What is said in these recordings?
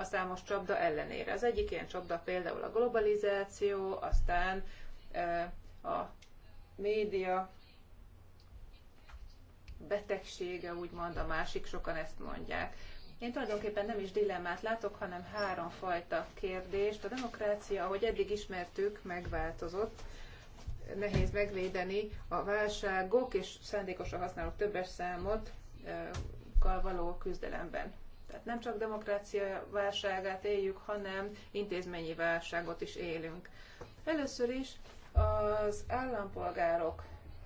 a számos csapda ellenére. Az egyik ilyen csapda például a globalizáció, aztán e, a média betegsége, úgymond a másik, sokan ezt mondják. Én tulajdonképpen nem is dilemmát látok, hanem háromfajta kérdést. A demokrácia, ahogy eddig ismertük, megváltozott. Nehéz megvédeni a válságok, és szándékosan használok többes számot, e, való küzdelemben. Tehát nem csak demokrácia válságát éljük, hanem intézményi válságot is élünk. Először is az állampolgárok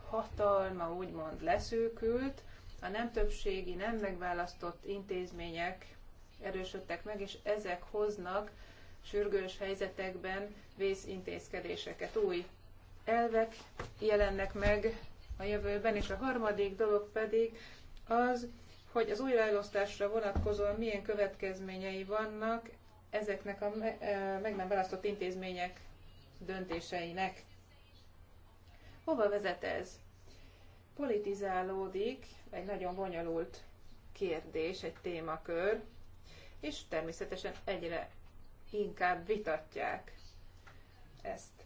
hatalma úgymond leszűkült, a nem többségi, nem megválasztott intézmények erősödtek meg, és ezek hoznak sürgős helyzetekben vészintézkedéseket. Új elvek jelennek meg a jövőben, és a harmadik dolog pedig az, hogy az újraelosztásra vonatkozóan milyen következményei vannak ezeknek a e, meg nem választott intézmények döntéseinek. Hova vezet ez? Politizálódik egy nagyon bonyolult kérdés, egy témakör, és természetesen egyre inkább vitatják ezt.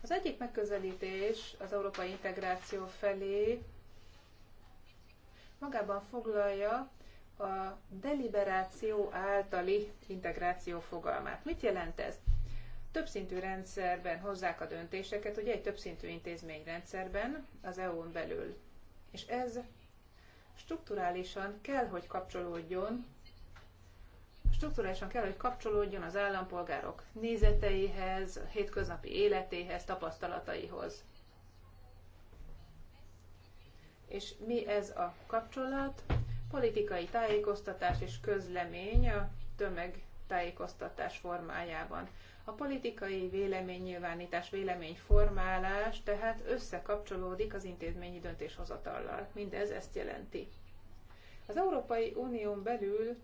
Az egyik megközelítés az európai integráció felé magában foglalja a deliberáció általi integráció fogalmát. Mit jelent ez? Többszintű rendszerben hozzák a döntéseket, ugye egy többszintű intézményrendszerben az EU-n belül. És ez strukturálisan kell, hogy kapcsolódjon strukturálisan kell, hogy kapcsolódjon az állampolgárok nézeteihez, hétköznapi életéhez, tapasztalataihoz. És mi ez a kapcsolat? Politikai tájékoztatás és közlemény a tömegtájékoztatás formájában. A politikai véleménynyilvánítás, véleményformálás tehát összekapcsolódik az intézményi döntéshozatallal. Mindez ezt jelenti. Az Európai Unión belül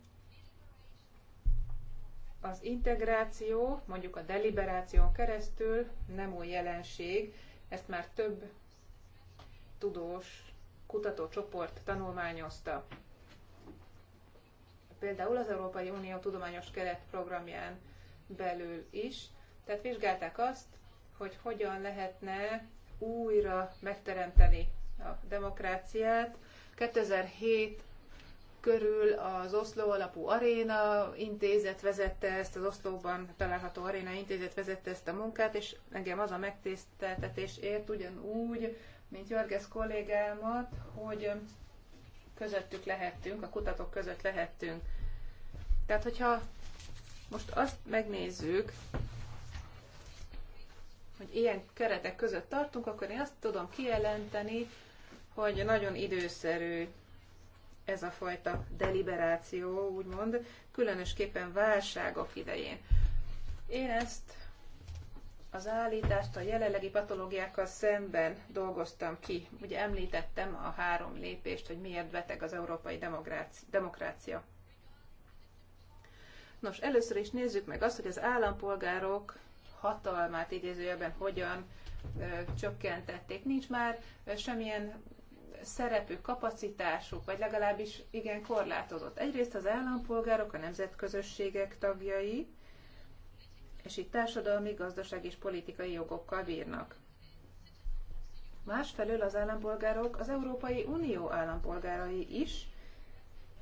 az integráció, mondjuk a deliberáción keresztül nem új jelenség, ezt már több tudós kutatócsoport tanulmányozta. Például az Európai Unió Tudományos programján belül is. Tehát vizsgálták azt, hogy hogyan lehetne újra megteremteni a demokráciát. 2007 körül az Oszló alapú aréna intézet vezette ezt, az Oszlóban található aréna intézet vezette ezt a munkát, és engem az a megtiszteltetés ért ugyanúgy, mint Jörges kollégámat, hogy közöttük lehettünk, a kutatók között lehettünk. Tehát, hogyha most azt megnézzük, hogy ilyen keretek között tartunk, akkor én azt tudom kijelenteni, hogy nagyon időszerű ez a fajta deliberáció, úgymond, különösképpen válságok idején. Én ezt az állítást a jelenlegi patológiákkal szemben dolgoztam ki. Ugye említettem a három lépést, hogy miért beteg az európai demokrácia. Nos, először is nézzük meg azt, hogy az állampolgárok hatalmát idézőjelben hogyan ö, csökkentették. Nincs már ö, semmilyen szerepük, kapacitásuk, vagy legalábbis igen korlátozott. Egyrészt az állampolgárok a nemzetközösségek tagjai, és így társadalmi, gazdasági és politikai jogokkal bírnak. Másfelől az állampolgárok az Európai Unió állampolgárai is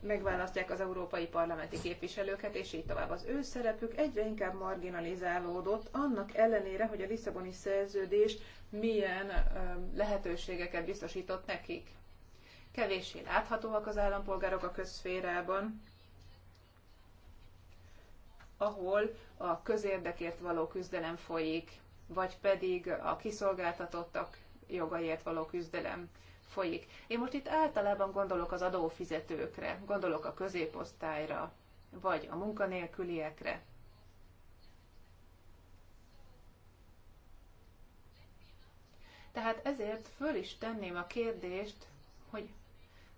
megválasztják az európai parlamenti képviselőket, és így tovább. Az ő szerepük egyre inkább marginalizálódott, annak ellenére, hogy a Lisszaboni szerződés milyen lehetőségeket biztosított nekik. Kevéssé láthatóak az állampolgárok a közszférában, ahol a közérdekért való küzdelem folyik, vagy pedig a kiszolgáltatottak jogaiért való küzdelem folyik. Én most itt általában gondolok az adófizetőkre, gondolok a középosztályra, vagy a munkanélküliekre. Tehát ezért föl is tenném a kérdést, hogy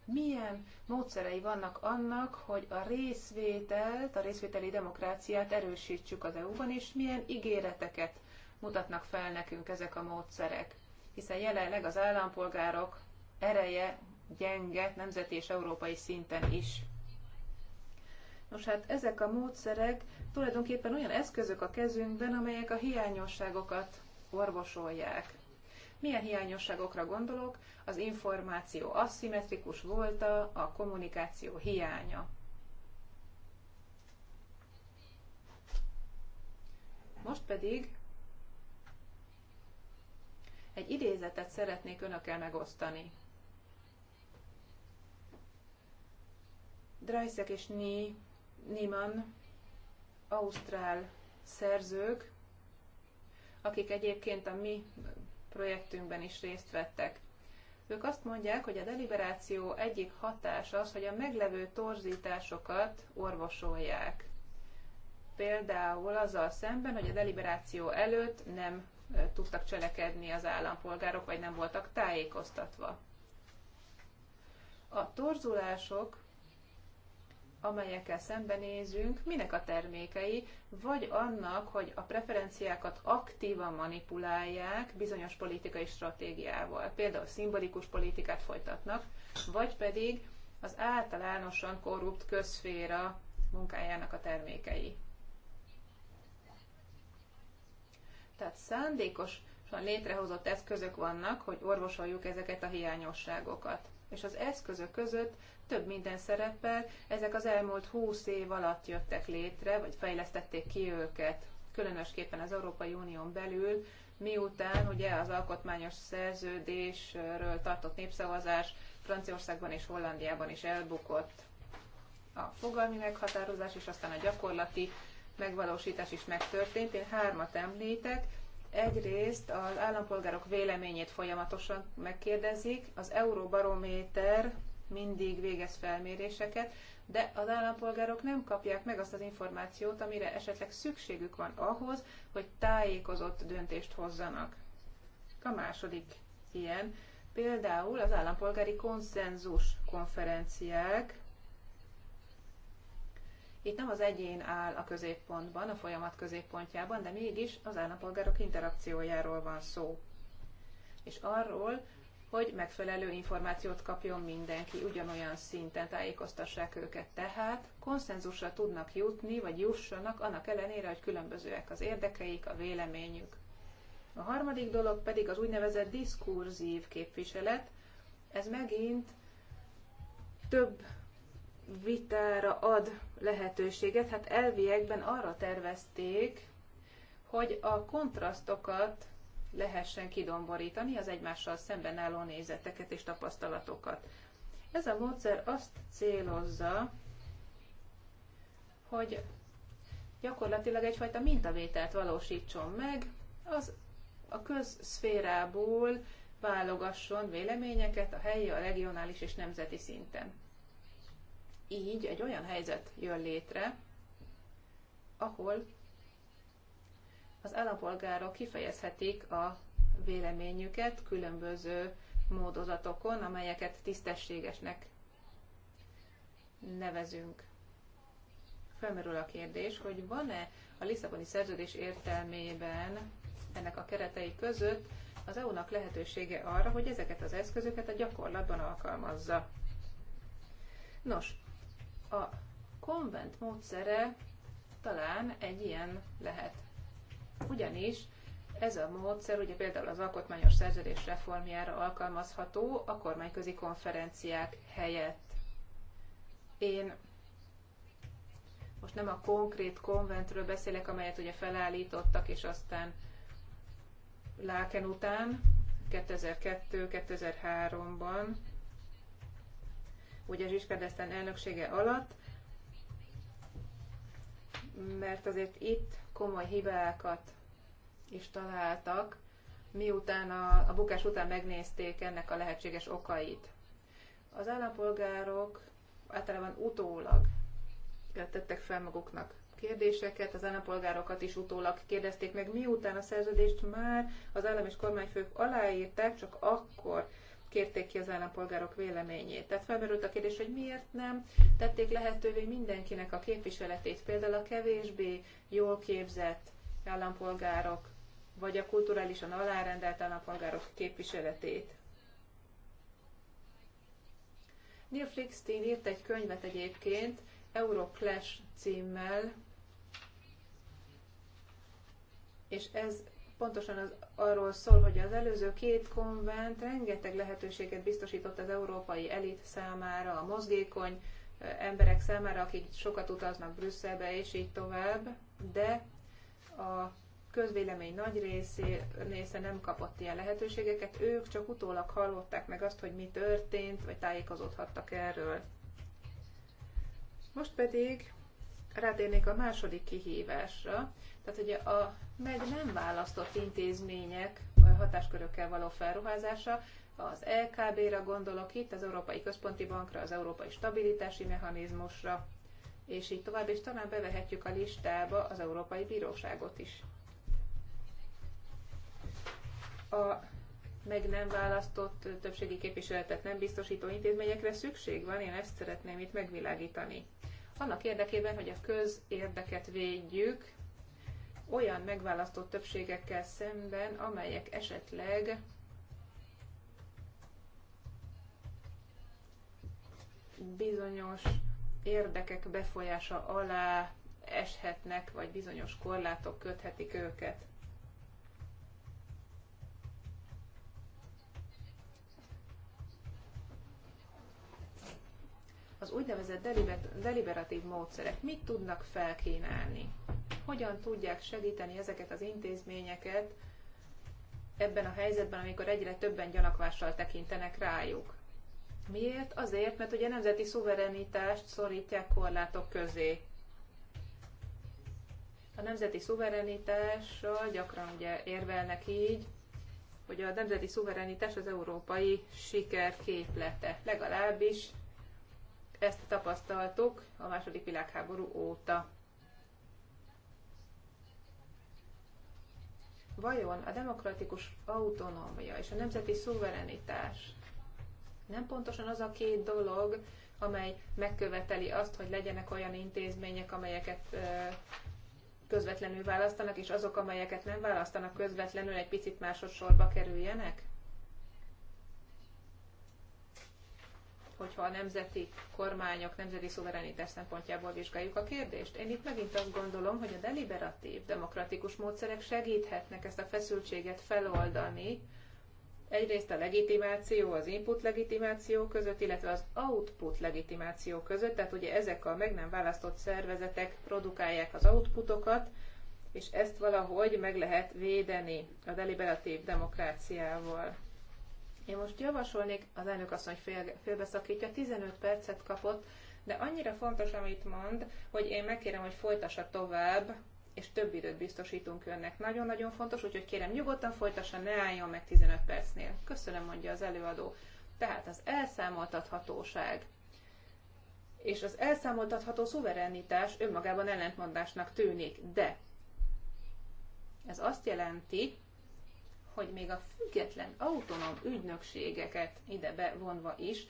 milyen módszerei vannak annak, hogy a részvételt, a részvételi demokráciát erősítsük az EU-ban, és milyen ígéreteket mutatnak fel nekünk ezek a módszerek. Hiszen jelenleg az állampolgárok ereje gyenge nemzeti és európai szinten is. Nos hát ezek a módszerek tulajdonképpen olyan eszközök a kezünkben, amelyek a hiányosságokat orvosolják. Milyen hiányosságokra gondolok? Az információ aszimmetrikus volt, -a, kommunikáció hiánya. Most pedig egy idézetet szeretnék önökkel megosztani. Dreisek és Ni, Niman, ausztrál szerzők, akik egyébként a mi projektünkben is részt vettek. Ők azt mondják, hogy a deliberáció egyik hatása az, hogy a meglevő torzításokat orvosolják. Például azzal szemben, hogy a deliberáció előtt nem tudtak cselekedni az állampolgárok, vagy nem voltak tájékoztatva. A torzulások amelyekkel szembenézünk, minek a termékei, vagy annak, hogy a preferenciákat aktívan manipulálják bizonyos politikai stratégiával, például szimbolikus politikát folytatnak, vagy pedig az általánosan korrupt közféra munkájának a termékei. Tehát szándékosan létrehozott eszközök vannak, hogy orvosoljuk ezeket a hiányosságokat. És az eszközök között több minden szerepel, ezek az elmúlt 20 év alatt jöttek létre, vagy fejlesztették ki őket, különösképpen az Európai Unión belül, miután ugye az alkotmányos szerződésről tartott népszavazás Franciaországban és Hollandiában is elbukott. A fogalmi meghatározás és aztán a gyakorlati megvalósítás is megtörtént. Én hármat említek. Egyrészt az állampolgárok véleményét folyamatosan megkérdezik. Az Euróbarométer mindig végez felméréseket, de az állampolgárok nem kapják meg azt az információt, amire esetleg szükségük van ahhoz, hogy tájékozott döntést hozzanak. A második ilyen, például az állampolgári konszenzus konferenciák. Itt nem az egyén áll a középpontban, a folyamat középpontjában, de mégis az állampolgárok interakciójáról van szó. És arról, hogy megfelelő információt kapjon mindenki, ugyanolyan szinten tájékoztassák őket. Tehát konszenzusra tudnak jutni, vagy jussanak, annak ellenére, hogy különbözőek az érdekeik, a véleményük. A harmadik dolog pedig az úgynevezett diskurzív képviselet. Ez megint több vitára ad lehetőséget. Hát elviekben arra tervezték, hogy a kontrasztokat lehessen kidomborítani az egymással szemben álló nézeteket és tapasztalatokat. Ez a módszer azt célozza, hogy gyakorlatilag egyfajta mintavételt valósítson meg, az a közszférából válogasson véleményeket a helyi, a regionális és nemzeti szinten. Így egy olyan helyzet jön létre, ahol az állampolgárok kifejezhetik a véleményüket különböző módozatokon, amelyeket tisztességesnek nevezünk. Felmerül a kérdés, hogy van-e a Lisszaboni szerződés értelmében ennek a keretei között az EU-nak lehetősége arra, hogy ezeket az eszközöket a gyakorlatban alkalmazza. Nos, a konvent módszere talán egy ilyen lehet. Ugyanis ez a módszer ugye például az alkotmányos szerződés reformjára alkalmazható a kormányközi konferenciák helyett. Én most nem a konkrét konventről beszélek, amelyet ugye felállítottak, és aztán Láken után, 2002-2003-ban, ugye Zsiskadesztán elnöksége alatt, mert azért itt komoly hibákat is találtak, miután a, a bukás után megnézték ennek a lehetséges okait. Az állampolgárok általában utólag tettek fel maguknak kérdéseket, az állampolgárokat is utólag kérdezték meg, miután a szerződést már az állam és kormányfők aláírták, csak akkor kérték ki az állampolgárok véleményét. Tehát felmerült a kérdés, hogy miért nem tették lehetővé mindenkinek a képviseletét, például a kevésbé jól képzett állampolgárok, vagy a kulturálisan alárendelt állampolgárok képviseletét. Neil Flickstein írt egy könyvet egyébként, Euroclash címmel, és ez pontosan az, arról szól, hogy az előző két konvent rengeteg lehetőséget biztosított az európai elit számára, a mozgékony emberek számára, akik sokat utaznak Brüsszelbe, és így tovább, de a közvélemény nagy része nem kapott ilyen lehetőségeket, ők csak utólag hallották meg azt, hogy mi történt, vagy tájékozódhattak erről. Most pedig rátérnék a második kihívásra, tehát ugye a meg nem választott intézmények hatáskörökkel való felruházása, az LKB-ra gondolok itt, az Európai Központi Bankra, az Európai Stabilitási Mechanizmusra, és így tovább, és talán bevehetjük a listába az Európai Bíróságot is. A meg nem választott többségi képviseletet nem biztosító intézményekre szükség van, én ezt szeretném itt megvilágítani. Annak érdekében, hogy a közérdeket védjük, olyan megválasztott többségekkel szemben, amelyek esetleg bizonyos érdekek befolyása alá eshetnek, vagy bizonyos korlátok köthetik őket. az úgynevezett deliberatív módszerek mit tudnak felkínálni? Hogyan tudják segíteni ezeket az intézményeket ebben a helyzetben, amikor egyre többen gyanakvással tekintenek rájuk? Miért? Azért, mert ugye nemzeti szuverenitást szorítják korlátok közé. A nemzeti szuverenitással gyakran ugye érvelnek így, hogy a nemzeti szuverenitás az európai siker képlete, legalábbis ezt tapasztaltuk a második világháború óta. Vajon a demokratikus autonómia és a nemzeti szuverenitás nem pontosan az a két dolog, amely megköveteli azt, hogy legyenek olyan intézmények, amelyeket közvetlenül választanak, és azok, amelyeket nem választanak közvetlenül, egy picit másodszorba kerüljenek? hogyha a nemzeti kormányok nemzeti szuverenitás szempontjából vizsgáljuk a kérdést. Én itt megint azt gondolom, hogy a deliberatív demokratikus módszerek segíthetnek ezt a feszültséget feloldani, egyrészt a legitimáció, az input legitimáció között, illetve az output legitimáció között, tehát ugye ezek a meg nem választott szervezetek produkálják az outputokat, és ezt valahogy meg lehet védeni a deliberatív demokráciával. Én most javasolnék, az elnök asszony fél, félbeszakítja, 15 percet kapott, de annyira fontos, amit mond, hogy én megkérem, hogy folytassa tovább, és több időt biztosítunk önnek. Nagyon-nagyon fontos, úgyhogy kérem nyugodtan folytassa, ne álljon meg 15 percnél. Köszönöm, mondja az előadó. Tehát az elszámoltathatóság és az elszámoltatható szuverenitás önmagában ellentmondásnak tűnik, de ez azt jelenti, hogy még a független autonóm ügynökségeket ide bevonva is,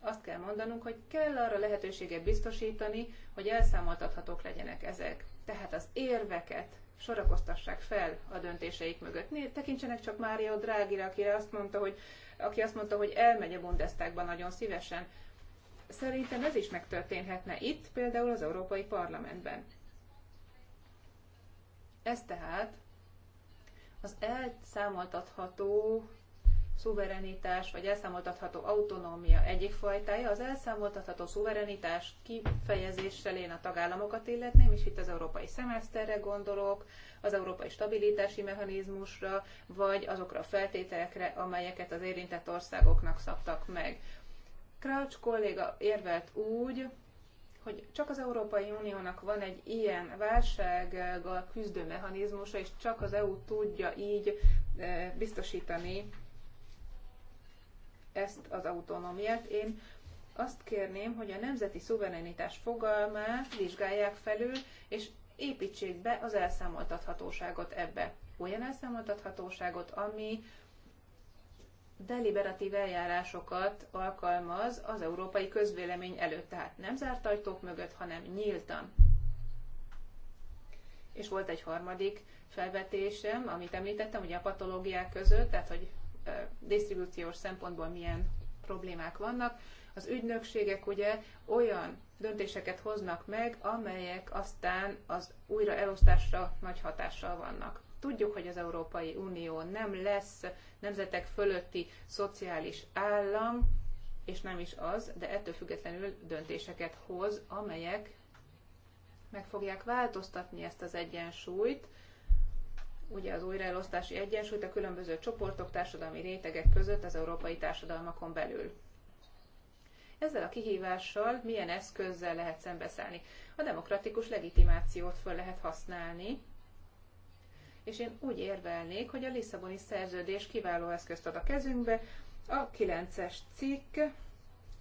azt kell mondanunk, hogy kell arra lehetőséget biztosítani, hogy elszámoltathatók legyenek ezek. Tehát az érveket sorakoztassák fel a döntéseik mögött. Né, tekintsenek csak Mária Drágira, akire azt mondta, hogy, aki azt mondta, hogy elmegy a Bundestagba nagyon szívesen. Szerintem ez is megtörténhetne itt, például az Európai Parlamentben. Ez tehát az elszámoltatható szuverenitás, vagy elszámoltatható autonómia egyik fajtája. Az elszámoltatható szuverenitás kifejezéssel én a tagállamokat illetném, és itt az európai szemeszterre gondolok, az európai stabilitási mechanizmusra, vagy azokra a feltételekre, amelyeket az érintett országoknak szabtak meg. Crouch kolléga érvelt úgy, hogy csak az Európai Uniónak van egy ilyen válsággal küzdő mechanizmusa, és csak az EU tudja így eh, biztosítani ezt az autonómiát. Én azt kérném, hogy a nemzeti szuverenitás fogalmát vizsgálják felül, és építsék be az elszámoltathatóságot ebbe. Olyan elszámoltathatóságot, ami deliberatív eljárásokat alkalmaz az európai közvélemény előtt, tehát nem zárt ajtók mögött, hanem nyíltan. És volt egy harmadik felvetésem, amit említettem, ugye a patológiák között, tehát hogy disztribúciós szempontból milyen problémák vannak. Az ügynökségek ugye olyan döntéseket hoznak meg, amelyek aztán az újra elosztásra nagy hatással vannak. Tudjuk, hogy az Európai Unió nem lesz nemzetek fölötti szociális állam, és nem is az, de ettől függetlenül döntéseket hoz, amelyek meg fogják változtatni ezt az egyensúlyt, ugye az újraelosztási egyensúlyt a különböző csoportok, társadalmi rétegek között az európai társadalmakon belül. Ezzel a kihívással milyen eszközzel lehet szembeszállni? A demokratikus legitimációt föl lehet használni, és én úgy érvelnék, hogy a Lisszaboni szerződés kiváló eszközt ad a kezünkbe. A 9-es cikk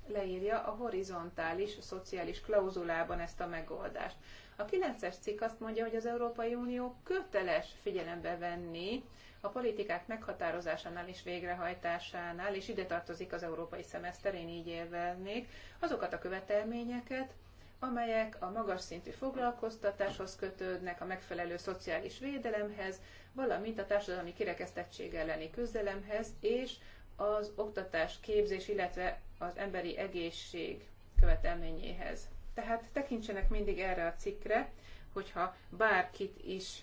leírja a horizontális szociális klauzulában ezt a megoldást. A 9-es cikk azt mondja, hogy az Európai Unió köteles figyelembe venni a politikák meghatározásánál és végrehajtásánál, és ide tartozik az európai szemeszter, én így érvelnék, azokat a követelményeket, amelyek a magas szintű foglalkoztatáshoz kötődnek, a megfelelő szociális védelemhez, valamint a társadalmi kirekesztettség elleni küzdelemhez, és az oktatás, képzés, illetve az emberi egészség követelményéhez. Tehát tekintsenek mindig erre a cikkre, hogyha bárkit is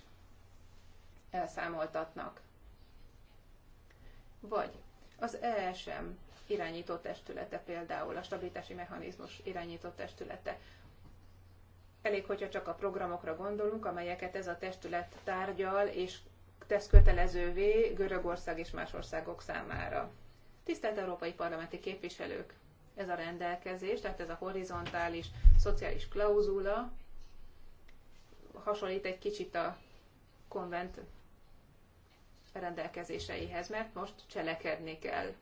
elszámoltatnak. Vagy az ESM irányító testülete például, a stabilitási mechanizmus irányító testülete. Elég, hogyha csak a programokra gondolunk, amelyeket ez a testület tárgyal és tesz kötelezővé Görögország és más országok számára. Tisztelt Európai Parlamenti képviselők! Ez a rendelkezés, tehát ez a horizontális szociális klauzula hasonlít egy kicsit a konvent rendelkezéseihez, mert most cselekedni kell.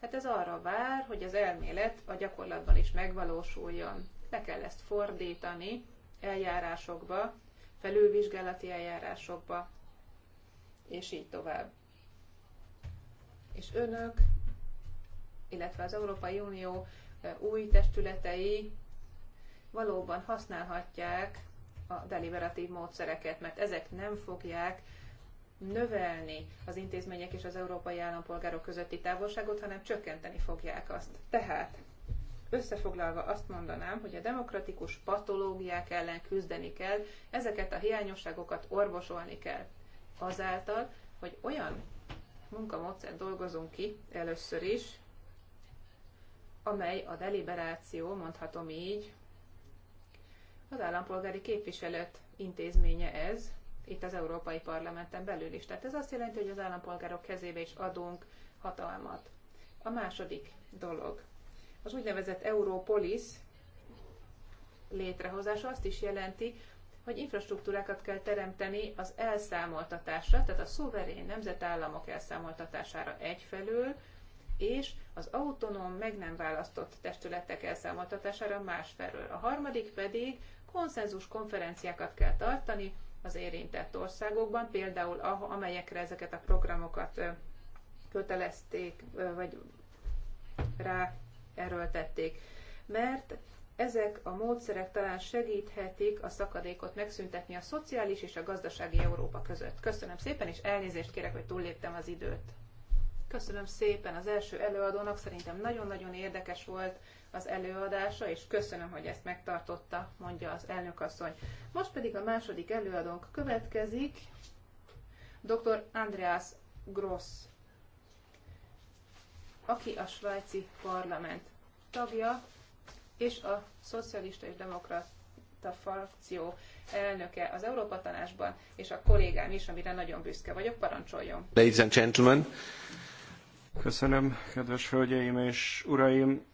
Tehát ez arra vár, hogy az elmélet a gyakorlatban is megvalósuljon le kell ezt fordítani eljárásokba, felülvizsgálati eljárásokba, és így tovább. És önök, illetve az Európai Unió e, új testületei valóban használhatják a deliberatív módszereket, mert ezek nem fogják növelni az intézmények és az európai állampolgárok közötti távolságot, hanem csökkenteni fogják azt. Tehát Összefoglalva azt mondanám, hogy a demokratikus patológiák ellen küzdeni kell, ezeket a hiányosságokat orvosolni kell. Azáltal, hogy olyan munkamódszert dolgozunk ki először is, amely a deliberáció, mondhatom így, az állampolgári képviselet intézménye ez, itt az Európai Parlamenten belül is. Tehát ez azt jelenti, hogy az állampolgárok kezébe is adunk hatalmat. A második dolog. Az úgynevezett Europolis létrehozása azt is jelenti, hogy infrastruktúrákat kell teremteni az elszámoltatásra, tehát a szuverén nemzetállamok elszámoltatására egyfelől, és az autonóm meg nem választott testületek elszámoltatására másfelől. A harmadik pedig konszenzus konferenciákat kell tartani az érintett országokban, például amelyekre ezeket a programokat kötelezték, vagy rá erőltették, mert ezek a módszerek talán segíthetik a szakadékot megszüntetni a szociális és a gazdasági Európa között. Köszönöm szépen, és elnézést kérek, hogy túlléptem az időt. Köszönöm szépen az első előadónak, szerintem nagyon-nagyon érdekes volt az előadása, és köszönöm, hogy ezt megtartotta, mondja az elnökasszony. Most pedig a második előadónk következik, dr. Andreas Gross aki a svájci parlament tagja, és a szocialista és demokrata frakció elnöke az Európa Tanácsban, és a kollégám is, amire nagyon büszke vagyok, parancsoljon. Ladies and gentlemen. Köszönöm, kedves hölgyeim és uraim.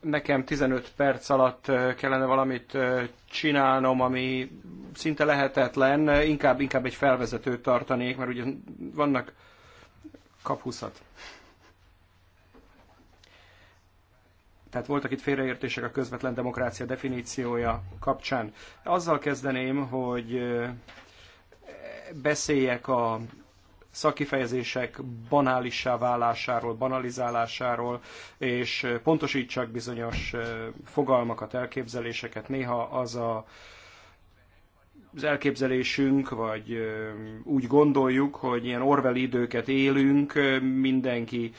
Nekem 15 perc alatt eh, kellene valamit eh, csinálnom, ami szinte lehetetlen. Inkább, inkább egy felvezetőt tartanék, mert ugye vannak kap 20 Tehát voltak itt félreértések a közvetlen demokrácia definíciója kapcsán. Azzal kezdeném, hogy beszéljek a szakifejezések banálissá válásáról, banalizálásáról, és pontosítsak bizonyos fogalmakat, elképzeléseket. Néha az a az elképzelésünk, vagy úgy gondoljuk, hogy ilyen Orwell időket élünk, mindenki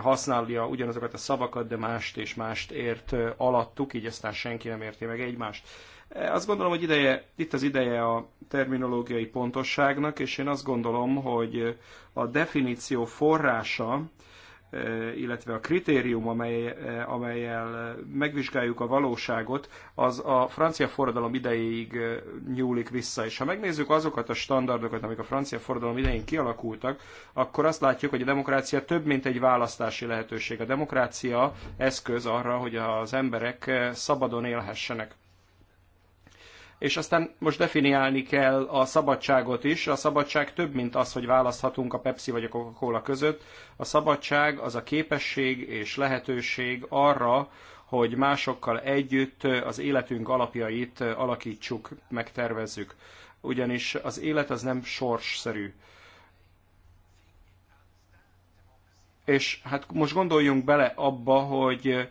használja ugyanazokat a szavakat, de mást és mást ért alattuk, így aztán senki nem érti meg egymást. Azt gondolom, hogy ideje, itt az ideje a terminológiai pontosságnak, és én azt gondolom, hogy a definíció forrása illetve a kritérium, amely, amelyel megvizsgáljuk a valóságot, az a francia forradalom idejéig nyúlik vissza. És ha megnézzük azokat a standardokat, amik a francia forradalom idején kialakultak, akkor azt látjuk, hogy a demokrácia több, mint egy választási lehetőség. A demokrácia eszköz arra, hogy az emberek szabadon élhessenek és aztán most definiálni kell a szabadságot is. A szabadság több, mint az, hogy választhatunk a Pepsi vagy a Coca-Cola között. A szabadság az a képesség és lehetőség arra, hogy másokkal együtt az életünk alapjait alakítsuk, megtervezzük. Ugyanis az élet az nem sorsszerű. És hát most gondoljunk bele abba, hogy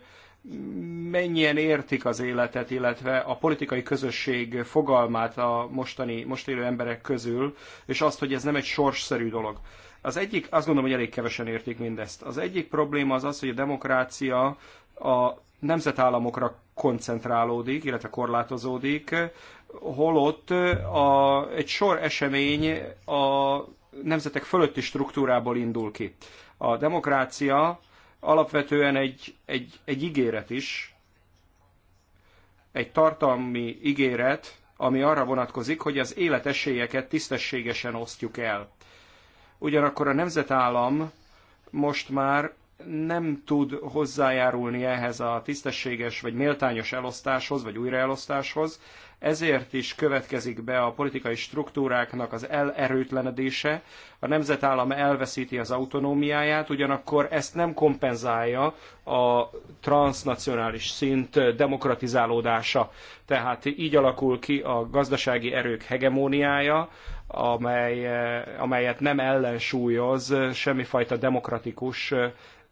mennyien értik az életet, illetve a politikai közösség fogalmát a mostani, most élő emberek közül, és azt, hogy ez nem egy sorsszerű dolog. Az egyik, azt gondolom, hogy elég kevesen értik mindezt. Az egyik probléma az az, hogy a demokrácia a nemzetállamokra koncentrálódik, illetve korlátozódik, holott a, egy sor esemény a nemzetek fölötti struktúrából indul ki. A demokrácia alapvetően egy, egy, egy ígéret is, egy tartalmi ígéret, ami arra vonatkozik, hogy az életesélyeket tisztességesen osztjuk el. Ugyanakkor a nemzetállam most már nem tud hozzájárulni ehhez a tisztességes vagy méltányos elosztáshoz, vagy újraelosztáshoz, ezért is következik be a politikai struktúráknak az elerőtlenedése, a nemzetállam elveszíti az autonómiáját, ugyanakkor ezt nem kompenzálja a transnacionális szint demokratizálódása. Tehát így alakul ki a gazdasági erők hegemóniája, amely, amelyet nem ellensúlyoz semmifajta demokratikus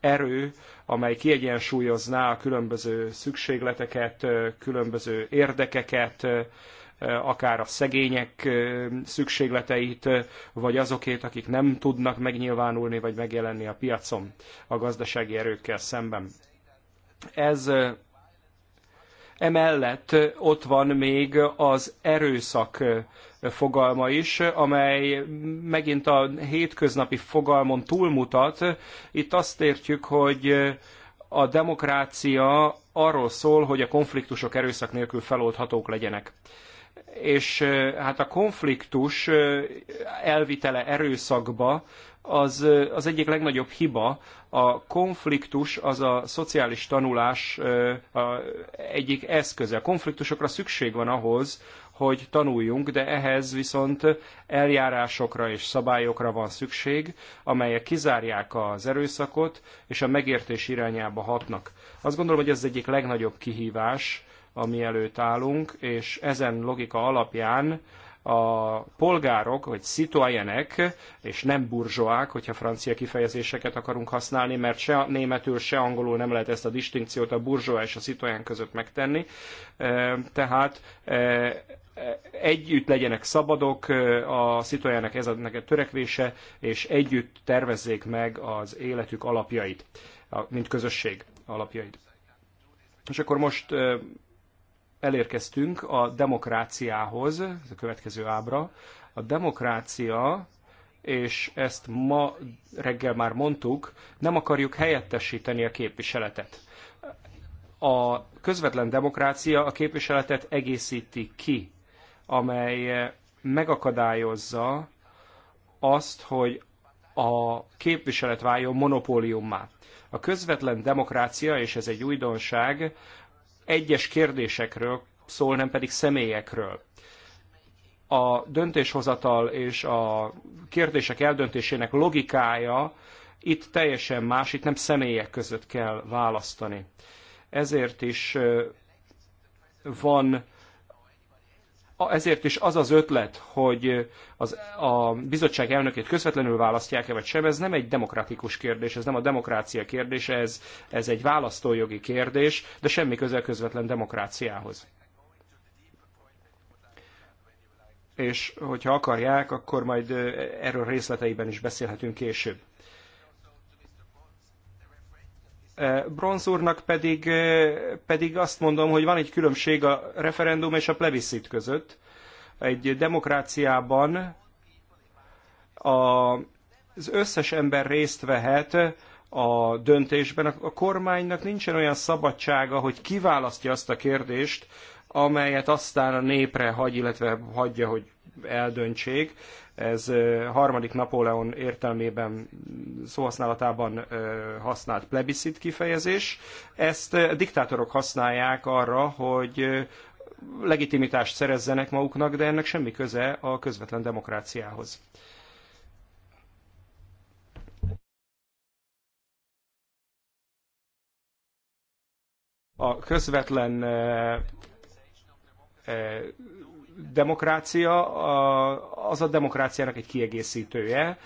erő amely kiegyensúlyozná a különböző szükségleteket, különböző érdekeket, akár a szegények szükségleteit, vagy azokét, akik nem tudnak megnyilvánulni vagy megjelenni a piacon a gazdasági erőkkel szemben. Ez emellett ott van még az erőszak fogalma is, amely megint a hétköznapi fogalmon túlmutat. Itt azt értjük, hogy a demokrácia arról szól, hogy a konfliktusok erőszak nélkül feloldhatók legyenek. És hát a konfliktus elvitele erőszakba az, az egyik legnagyobb hiba. A konfliktus az a szociális tanulás egyik eszköze. A konfliktusokra szükség van ahhoz, hogy tanuljunk, de ehhez viszont eljárásokra és szabályokra van szükség, amelyek kizárják az erőszakot és a megértés irányába hatnak. Azt gondolom, hogy ez az egyik legnagyobb kihívás, ami előtt állunk, és ezen logika alapján a polgárok, vagy citoyenek, és nem burzsoák, hogyha francia kifejezéseket akarunk használni, mert se németül, se angolul nem lehet ezt a distinkciót a burzsóa és a citoyen között megtenni. Tehát együtt legyenek szabadok, a szitojának ez a törekvése, és együtt tervezzék meg az életük alapjait, mint közösség alapjait. És akkor most elérkeztünk a demokráciához, ez a következő ábra. A demokrácia, és ezt ma reggel már mondtuk, nem akarjuk helyettesíteni a képviseletet. A közvetlen demokrácia a képviseletet egészíti ki amely eh, megakadályozza azt, hogy a képviselet váljon monopóliummá. A közvetlen demokrácia, és ez egy újdonság, egyes kérdésekről szól, nem pedig személyekről. A döntéshozatal és a kérdések eldöntésének logikája itt teljesen más, itt nem személyek között kell választani. Ezért is eh, van ezért is az az ötlet, hogy az, a bizottság elnökét közvetlenül választják-e vagy sem, ez nem egy demokratikus kérdés, ez nem a demokrácia kérdése, ez, ez egy választójogi kérdés, de semmi közel közvetlen demokráciához. És hogyha akarják, akkor majd eh, erről részleteiben is beszélhetünk később. Bronz úrnak pedig, pedig azt mondom, hogy van egy különbség a referendum és a plebiscit között. Egy demokráciában a, az összes ember részt vehet a döntésben. A kormánynak nincsen olyan szabadsága, hogy kiválasztja azt a kérdést, amelyet aztán a népre hagy, illetve hagyja, hogy eldöntsék. Ez harmadik Napóleon értelmében szóhasználatában használt plebiszit kifejezés. Ezt a diktátorok használják arra, hogy legitimitást szerezzenek maguknak, de ennek semmi köze a közvetlen demokráciához. A közvetlen demokrácia az a demokráciának egy kiegészítője,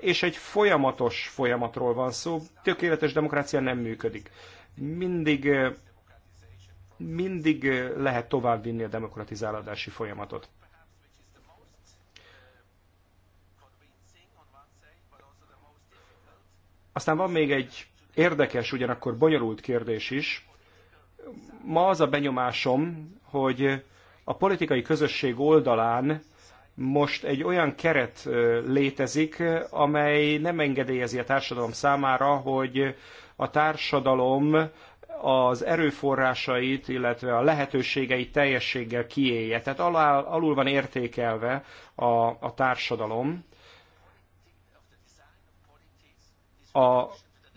és egy folyamatos folyamatról van szó. Tökéletes demokrácia nem működik. Mindig, mindig lehet továbbvinni a demokratizálódási folyamatot. Aztán van még egy érdekes, ugyanakkor bonyolult kérdés is. Ma az a benyomásom, hogy a politikai közösség oldalán most egy olyan keret létezik, amely nem engedélyezi a társadalom számára, hogy a társadalom az erőforrásait, illetve a lehetőségeit teljességgel kiélje. Tehát alul van értékelve a, a társadalom. A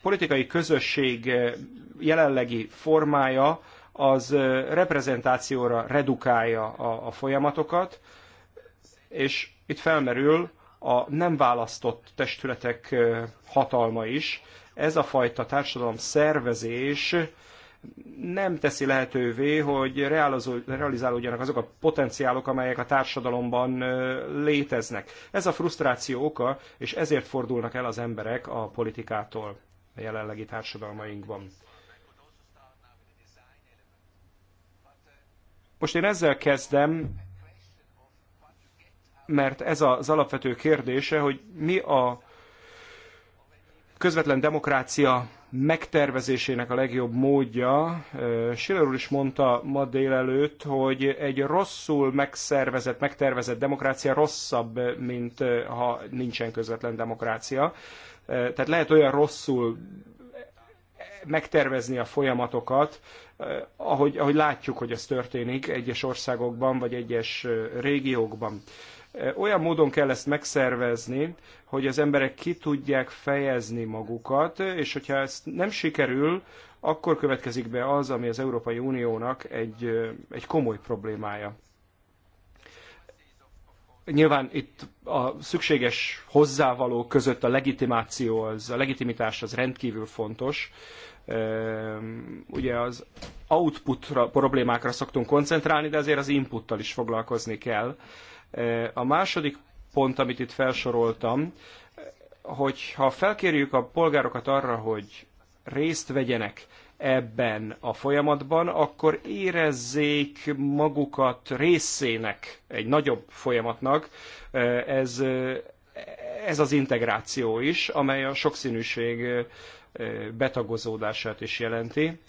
politikai közösség jelenlegi formája az reprezentációra redukálja a, a folyamatokat, és itt felmerül a nem választott testületek hatalma is. Ez a fajta társadalom szervezés nem teszi lehetővé, hogy realizálódjanak azok a potenciálok, amelyek a társadalomban léteznek. Ez a frusztráció oka, és ezért fordulnak el az emberek a politikától a jelenlegi társadalmainkban. Most én ezzel kezdem, mert ez az alapvető kérdése, hogy mi a közvetlen demokrácia megtervezésének a legjobb módja. Schiller úr is mondta ma délelőtt, hogy egy rosszul megszervezett, megtervezett demokrácia rosszabb, mint ha nincsen közvetlen demokrácia. Tehát lehet olyan rosszul megtervezni a folyamatokat, eh, ahogy, ahogy látjuk, hogy ez történik egyes országokban vagy egyes eh, régiókban. Eh, olyan módon kell ezt megszervezni, hogy az emberek ki tudják fejezni magukat, és hogyha ez nem sikerül, akkor következik be az, ami az Európai Uniónak egy, egy komoly problémája. Nyilván itt a szükséges hozzávaló között a legitimáció, az, a legitimitás az rendkívül fontos. Ehm, ugye az output problémákra szoktunk koncentrálni, de azért az inputtal is foglalkozni kell. Ehm, a második pont, amit itt felsoroltam, hogy ha felkérjük a polgárokat arra, hogy részt vegyenek ebben a folyamatban, akkor érezzék magukat részének egy nagyobb folyamatnak. Ez, ez az integráció is, amely a sokszínűség betagozódását is jelenti.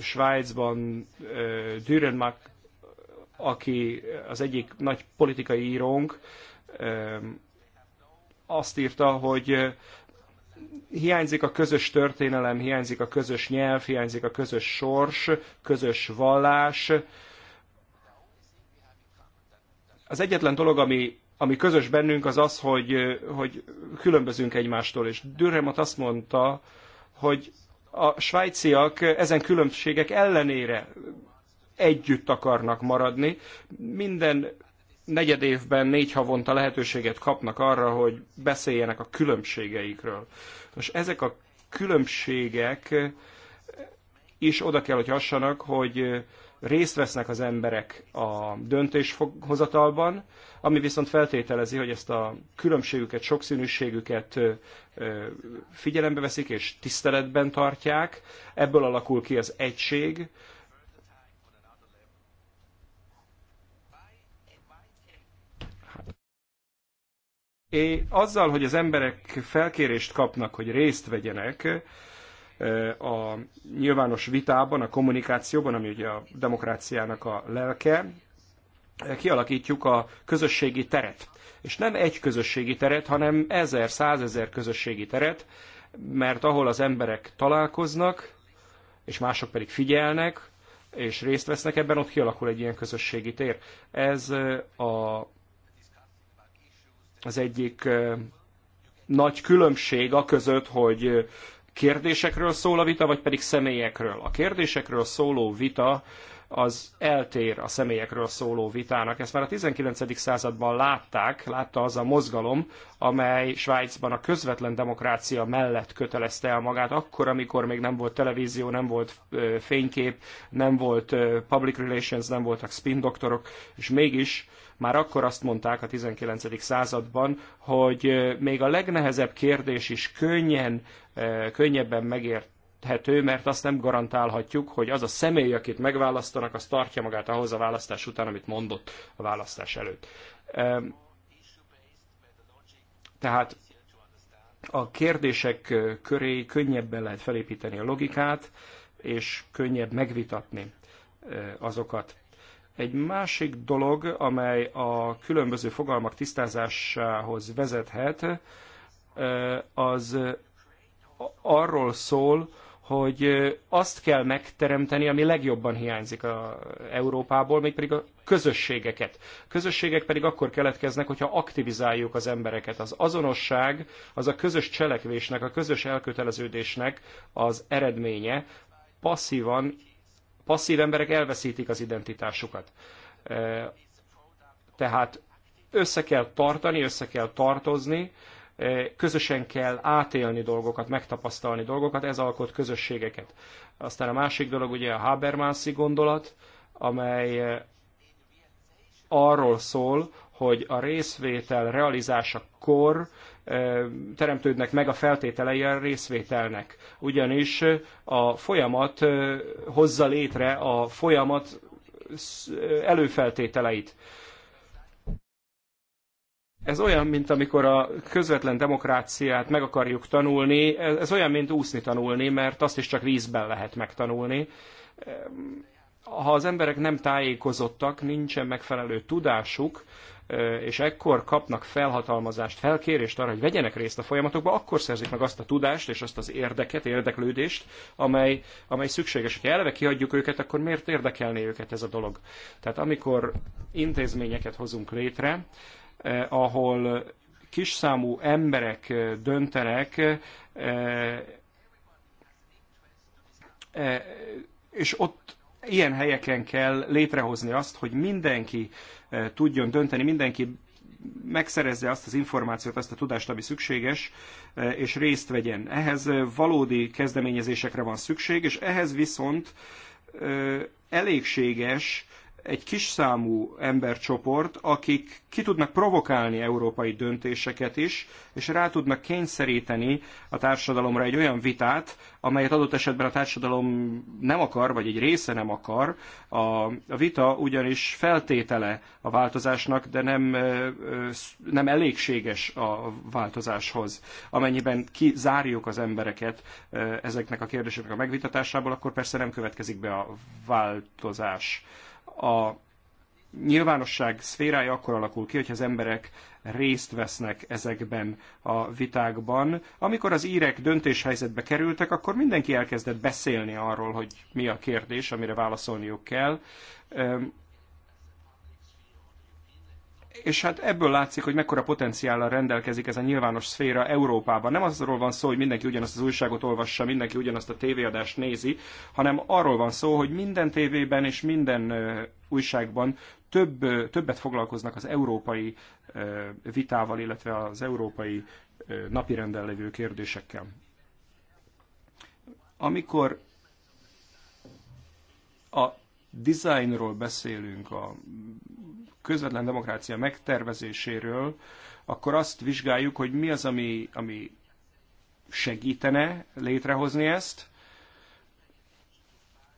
Svájcban Dürrenmatt, aki az egyik nagy politikai írónk, azt írta, hogy hiányzik a közös történelem, hiányzik a közös nyelv, hiányzik a közös sors, közös vallás. Az egyetlen dolog, ami, ami közös bennünk, az az, hogy, hogy különbözünk egymástól. És Dürremot azt mondta, hogy a svájciak ezen különbségek ellenére együtt akarnak maradni. Minden negyed évben, négy havonta lehetőséget kapnak arra, hogy beszéljenek a különbségeikről. Most ezek a különbségek is oda kell, hogy hassanak, hogy részt vesznek az emberek a döntéshozatalban, ami viszont feltételezi, hogy ezt a különbségüket, sokszínűségüket figyelembe veszik és tiszteletben tartják. Ebből alakul ki az egység, és azzal, hogy az emberek felkérést kapnak, hogy részt vegyenek e, a nyilvános vitában, a kommunikációban, ami ugye a demokráciának a lelke, e, kialakítjuk a közösségi teret. És nem egy közösségi teret, hanem ezer, százezer közösségi teret, mert ahol az emberek találkoznak, és mások pedig figyelnek, és részt vesznek ebben, ott kialakul egy ilyen közösségi tér. Ez e, a az egyik nagy különbség a között, hogy kérdésekről szól a vita, vagy pedig személyekről. A kérdésekről szóló vita az eltér a személyekről szóló vitának. Ezt már a 19. században látták, látta az a mozgalom, amely Svájcban a közvetlen demokrácia mellett kötelezte el magát, akkor, amikor még nem volt televízió, nem volt fénykép, nem volt public relations, nem voltak spin doktorok, és mégis már akkor azt mondták a 19. században, hogy még a legnehezebb kérdés is könnyen, könnyebben megért érthető, mert azt nem garantálhatjuk, hogy az a személy, akit megválasztanak, az tartja magát ahhoz a választás után, amit mondott a választás előtt. Tehát a kérdések köré könnyebben lehet felépíteni a logikát, és könnyebb megvitatni e, azokat. Egy másik dolog, amely a különböző fogalmak tisztázásához vezethet, e, az arról szól, hogy azt kell megteremteni, ami legjobban hiányzik a Európából, mégpedig a közösségeket. Közösségek pedig akkor keletkeznek, hogyha aktivizáljuk az embereket. Az azonosság az a közös cselekvésnek, a közös elköteleződésnek az eredménye. Passzívan, passzív emberek elveszítik az identitásukat. Tehát össze kell tartani, össze kell tartozni, közösen kell átélni dolgokat, megtapasztalni dolgokat, ez alkot közösségeket. Aztán a másik dolog ugye a Habermaszi gondolat, amely arról szól, hogy a részvétel realizásakor teremtődnek meg a feltételei a részvételnek. Ugyanis a folyamat hozza létre a folyamat előfeltételeit ez olyan, mint amikor a közvetlen demokráciát meg akarjuk tanulni, ez, ez olyan, mint úszni tanulni, mert azt is csak vízben lehet megtanulni. Ehm, ha az emberek nem tájékozottak, nincsen megfelelő tudásuk, és ekkor kapnak felhatalmazást, felkérést arra, hogy vegyenek részt a folyamatokba, akkor szerzik meg azt a tudást és azt az érdeket, érdeklődést, amely, amely szükséges. Ha eleve kihagyjuk őket, akkor miért érdekelné őket ez a dolog? Tehát amikor intézményeket hozunk létre, Eh, ahol számú emberek eh, döntenek, eh, és ott ilyen helyeken kell létrehozni azt, hogy mindenki tudjon dönteni, mindenki megszerezze azt az információt, azt a tudást, ami szükséges, és részt vegyen. Ehhez valódi kezdeményezésekre van szükség, és ehhez viszont elégséges egy kis számú embercsoport, akik ki tudnak provokálni európai döntéseket is, és rá tudnak kényszeríteni a társadalomra egy olyan vitát, amelyet adott esetben a társadalom nem akar, vagy egy része nem akar. A, a vita ugyanis feltétele a változásnak, de nem, nem elégséges a változáshoz. Amennyiben kizárjuk az embereket ezeknek a kérdéseknek a megvitatásából, akkor persze nem következik be a változás a nyilvánosság szférája akkor alakul ki, hogyha az emberek részt vesznek ezekben a vitákban. Amikor az írek döntéshelyzetbe kerültek, akkor mindenki elkezdett beszélni arról, hogy mi a kérdés, amire válaszolniuk kell és hát ebből látszik, hogy mekkora potenciállal rendelkezik ez a nyilvános szféra Európában. Nem azról van szó, hogy mindenki ugyanazt az újságot olvassa, mindenki ugyanazt a tévéadást nézi, hanem arról van szó, hogy minden tévében és minden újságban több, többet foglalkoznak az európai vitával, illetve az európai napirenden lévő kérdésekkel. Amikor a designról beszélünk, a közvetlen demokrácia megtervezéséről, akkor azt vizsgáljuk, hogy mi az, ami, ami segítene létrehozni ezt,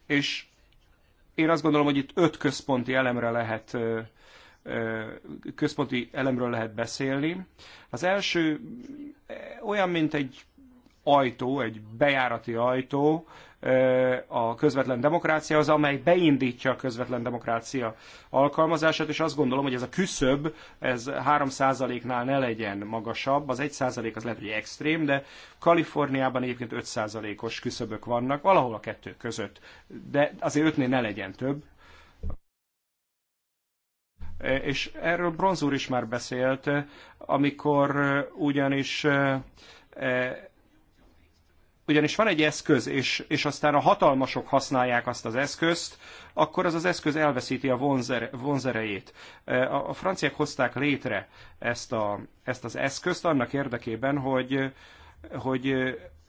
és én azt gondolom, hogy itt öt központi elemre lehet központi elemről lehet beszélni. Az első olyan, mint egy ajtó, egy bejárati ajtó, a közvetlen demokrácia az, amely beindítja a közvetlen demokrácia alkalmazását, és azt gondolom, hogy ez a küszöb, ez 3%-nál ne legyen magasabb, az 1% az lehet, hogy extrém, de Kaliforniában egyébként 5%-os küszöbök vannak, valahol a kettő között, de azért 5-nél ne legyen több, és erről Bronz úr is már beszélt, amikor ugyanis ugyanis van egy eszköz, és, és aztán a hatalmasok használják azt az eszközt, akkor az az eszköz elveszíti a vonzere, vonzerejét. E, a, a franciák hozták létre ezt, a, ezt az eszközt annak érdekében, hogy, hogy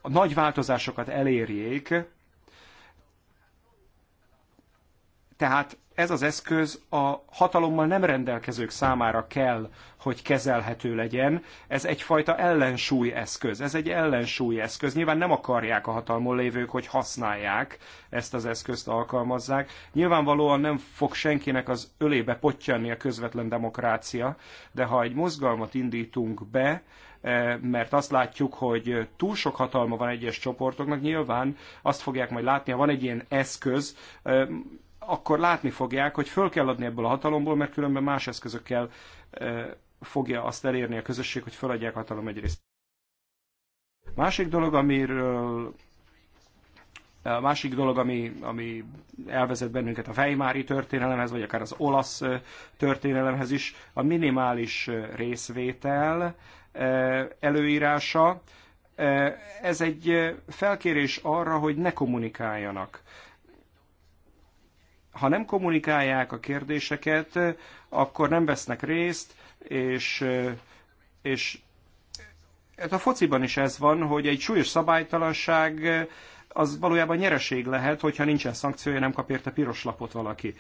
a nagy változásokat elérjék, tehát ez az eszköz a hatalommal nem rendelkezők számára kell, hogy kezelhető legyen. Ez egyfajta ellensúly eszköz. Ez egy ellensúly eszköz. Nyilván nem akarják a hatalmon lévők, hogy használják ezt az eszközt, alkalmazzák. Nyilvánvalóan nem fog senkinek az ölébe pottyanni a közvetlen demokrácia, de ha egy mozgalmat indítunk be, eh, mert azt látjuk, hogy túl sok hatalma van egyes csoportoknak, nyilván azt fogják majd látni, ha van egy ilyen eszköz, eh, akkor látni fogják, hogy föl kell adni ebből a hatalomból, mert különben más eszközökkel e, fogja azt elérni a közösség, hogy feladják hatalom egyrészt. Másik dolog, amiről a e, másik dolog, ami, ami elvezet bennünket a Weimári történelemhez, vagy akár az olasz e, történelemhez is, a minimális részvétel előírása. Ez egy felkérés arra, hogy ne kommunikáljanak ha nem kommunikálják a kérdéseket, akkor nem vesznek részt, és, és hát a fociban is ez van, hogy egy súlyos szabálytalanság az valójában nyereség lehet, hogyha nincsen szankciója, nem kap érte piros lapot valaki.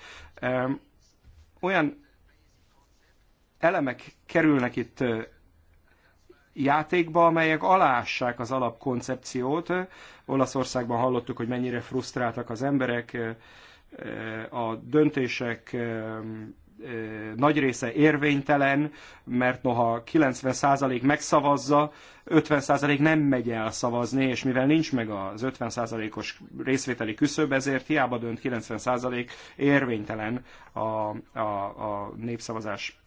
Olyan elemek kerülnek itt játékba, amelyek alássák az alapkoncepciót. Olaszországban hallottuk, hogy mennyire frusztráltak az emberek, a döntések nagy része érvénytelen, mert noha 90% megszavazza, 50% nem megy el szavazni, és mivel nincs meg az 50%-os részvételi küszöb, ezért hiába dönt 90% érvénytelen a, a, a népszavazás.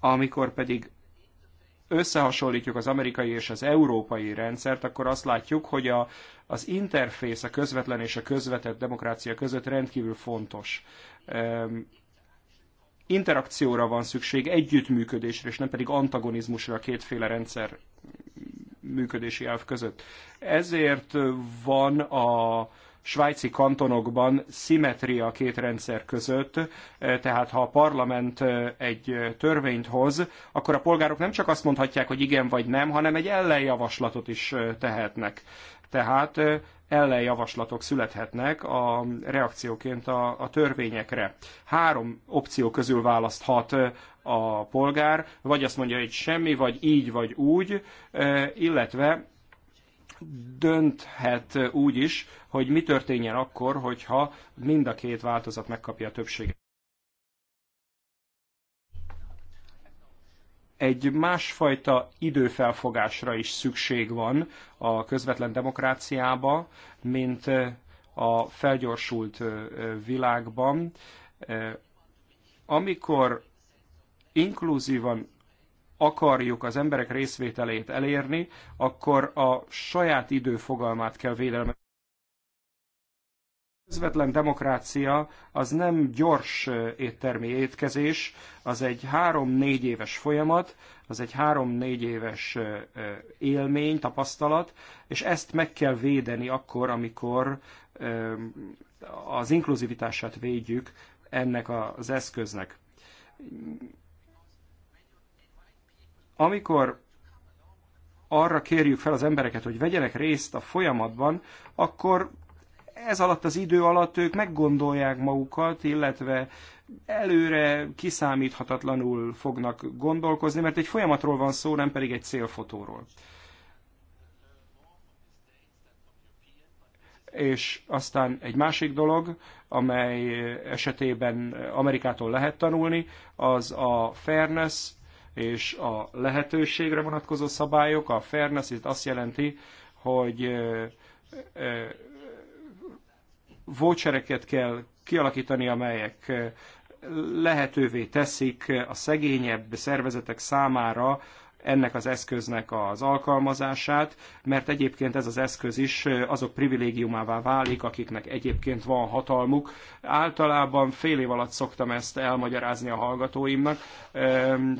Amikor pedig összehasonlítjuk az amerikai és az európai rendszert, akkor azt látjuk, hogy a, az interfész a közvetlen és a közvetett demokrácia között rendkívül fontos. Ehm, interakcióra van szükség, együttműködésre, és nem pedig antagonizmusra a kétféle rendszer működési elv között. Ezért van a svájci kantonokban szimetria a két rendszer között, e, tehát ha a parlament e, egy e, törvényt hoz, akkor a polgárok nem csak azt mondhatják, hogy igen vagy nem, hanem egy ellenjavaslatot is tehetnek. Tehát ellenjavaslatok születhetnek a reakcióként a, a törvényekre. Három opció közül választhat a polgár, vagy azt mondja, hogy semmi, vagy így, vagy úgy, illetve dönthet úgy is, hogy mi történjen akkor, hogyha mind a két változat megkapja a többséget. Egy másfajta időfelfogásra is szükség van a közvetlen demokráciába, mint a felgyorsult világban. Amikor inkluzívan akarjuk az emberek részvételét elérni, akkor a saját idő fogalmát kell védelmezni. A közvetlen demokrácia az nem gyors éttermi étkezés, az egy három-négy éves folyamat, az egy három-négy éves élmény, tapasztalat, és ezt meg kell védeni akkor, amikor az inkluzivitását védjük ennek az eszköznek. Amikor arra kérjük fel az embereket, hogy vegyenek részt a folyamatban, akkor ez alatt az idő alatt ők meggondolják magukat, illetve előre kiszámíthatatlanul fognak gondolkozni, mert egy folyamatról van szó, nem pedig egy célfotóról. És aztán egy másik dolog, amely esetében Amerikától lehet tanulni, az a fairness, és a lehetőségre vonatkozó szabályok, a fairness, itt azt jelenti, hogy vouchereket kell kialakítani, amelyek lehetővé teszik a szegényebb szervezetek számára ennek az eszköznek az alkalmazását, mert egyébként ez az eszköz is azok privilégiumává válik, akiknek egyébként van hatalmuk. Általában fél év alatt szoktam ezt elmagyarázni a hallgatóimnak,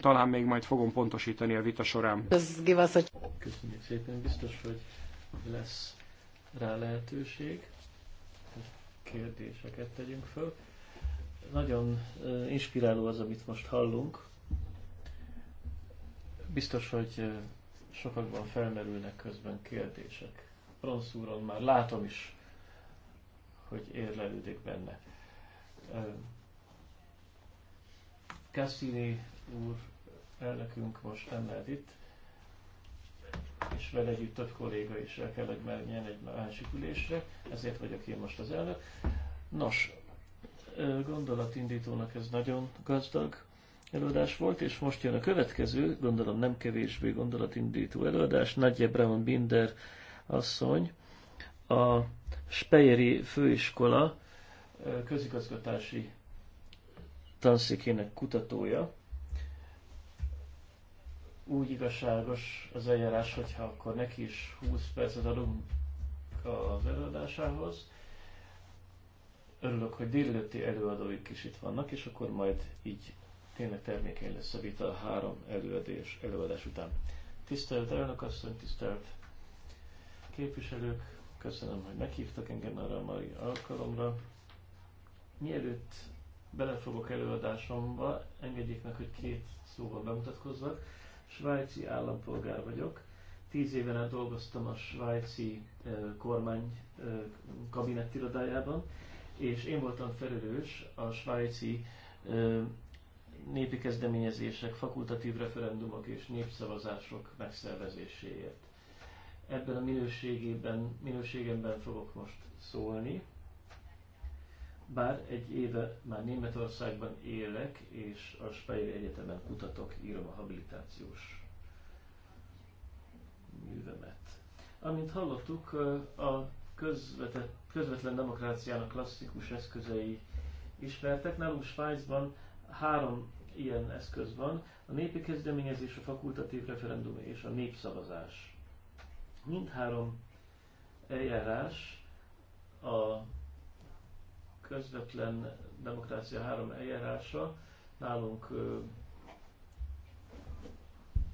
talán még majd fogom pontosítani a vita során. Köszönjük szépen, biztos, hogy lesz rá lehetőség, hogy kérdéseket tegyünk föl. Nagyon inspiráló az, amit most hallunk Biztos, hogy sokakban felmerülnek közben kérdések. Franszúron már látom is, hogy érlelődik benne. Cassini úr elnökünk most emelt itt, és vele együtt több kolléga is el kell, hogy menjen egy másik ülésre, ezért vagyok én most az elnök. Nos, gondolatindítónak ez nagyon gazdag, előadás volt, és most jön a következő, gondolom nem kevésbé gondolatindító előadás, Nagyja Brown Binder asszony, a Speyeri Főiskola közigazgatási tanszékének kutatója. Úgy igazságos az eljárás, hogyha akkor neki is 20 percet adunk az előadásához. Örülök, hogy délelőtti előadóik is itt vannak, és akkor majd így tényleg termékeny lesz a vita a három előadás, előadás után. Tisztelt elnök asszony, tisztelt képviselők, köszönöm, hogy meghívtak engem arra a mai alkalomra. Mielőtt belefogok előadásomba, engedjék meg, hogy két szóval bemutatkozzak. Svájci állampolgár vagyok. Tíz éven át dolgoztam a svájci kormány kabinettirodájában, és én voltam felelős a svájci népi kezdeményezések, fakultatív referendumok és népszavazások megszervezéséért. Ebben a minőségében, minőségemben fogok most szólni. Bár egy éve már Németországban élek, és a Speyer Egyetemen kutatok, írom a habilitációs művemet. Amint hallottuk, a közvetlen demokráciának klasszikus eszközei ismertek. Nálunk Svájcban három ilyen eszköz van, a népi kezdeményezés, a fakultatív referendum és a népszavazás. Mindhárom eljárás a közvetlen demokrácia három eljárása nálunk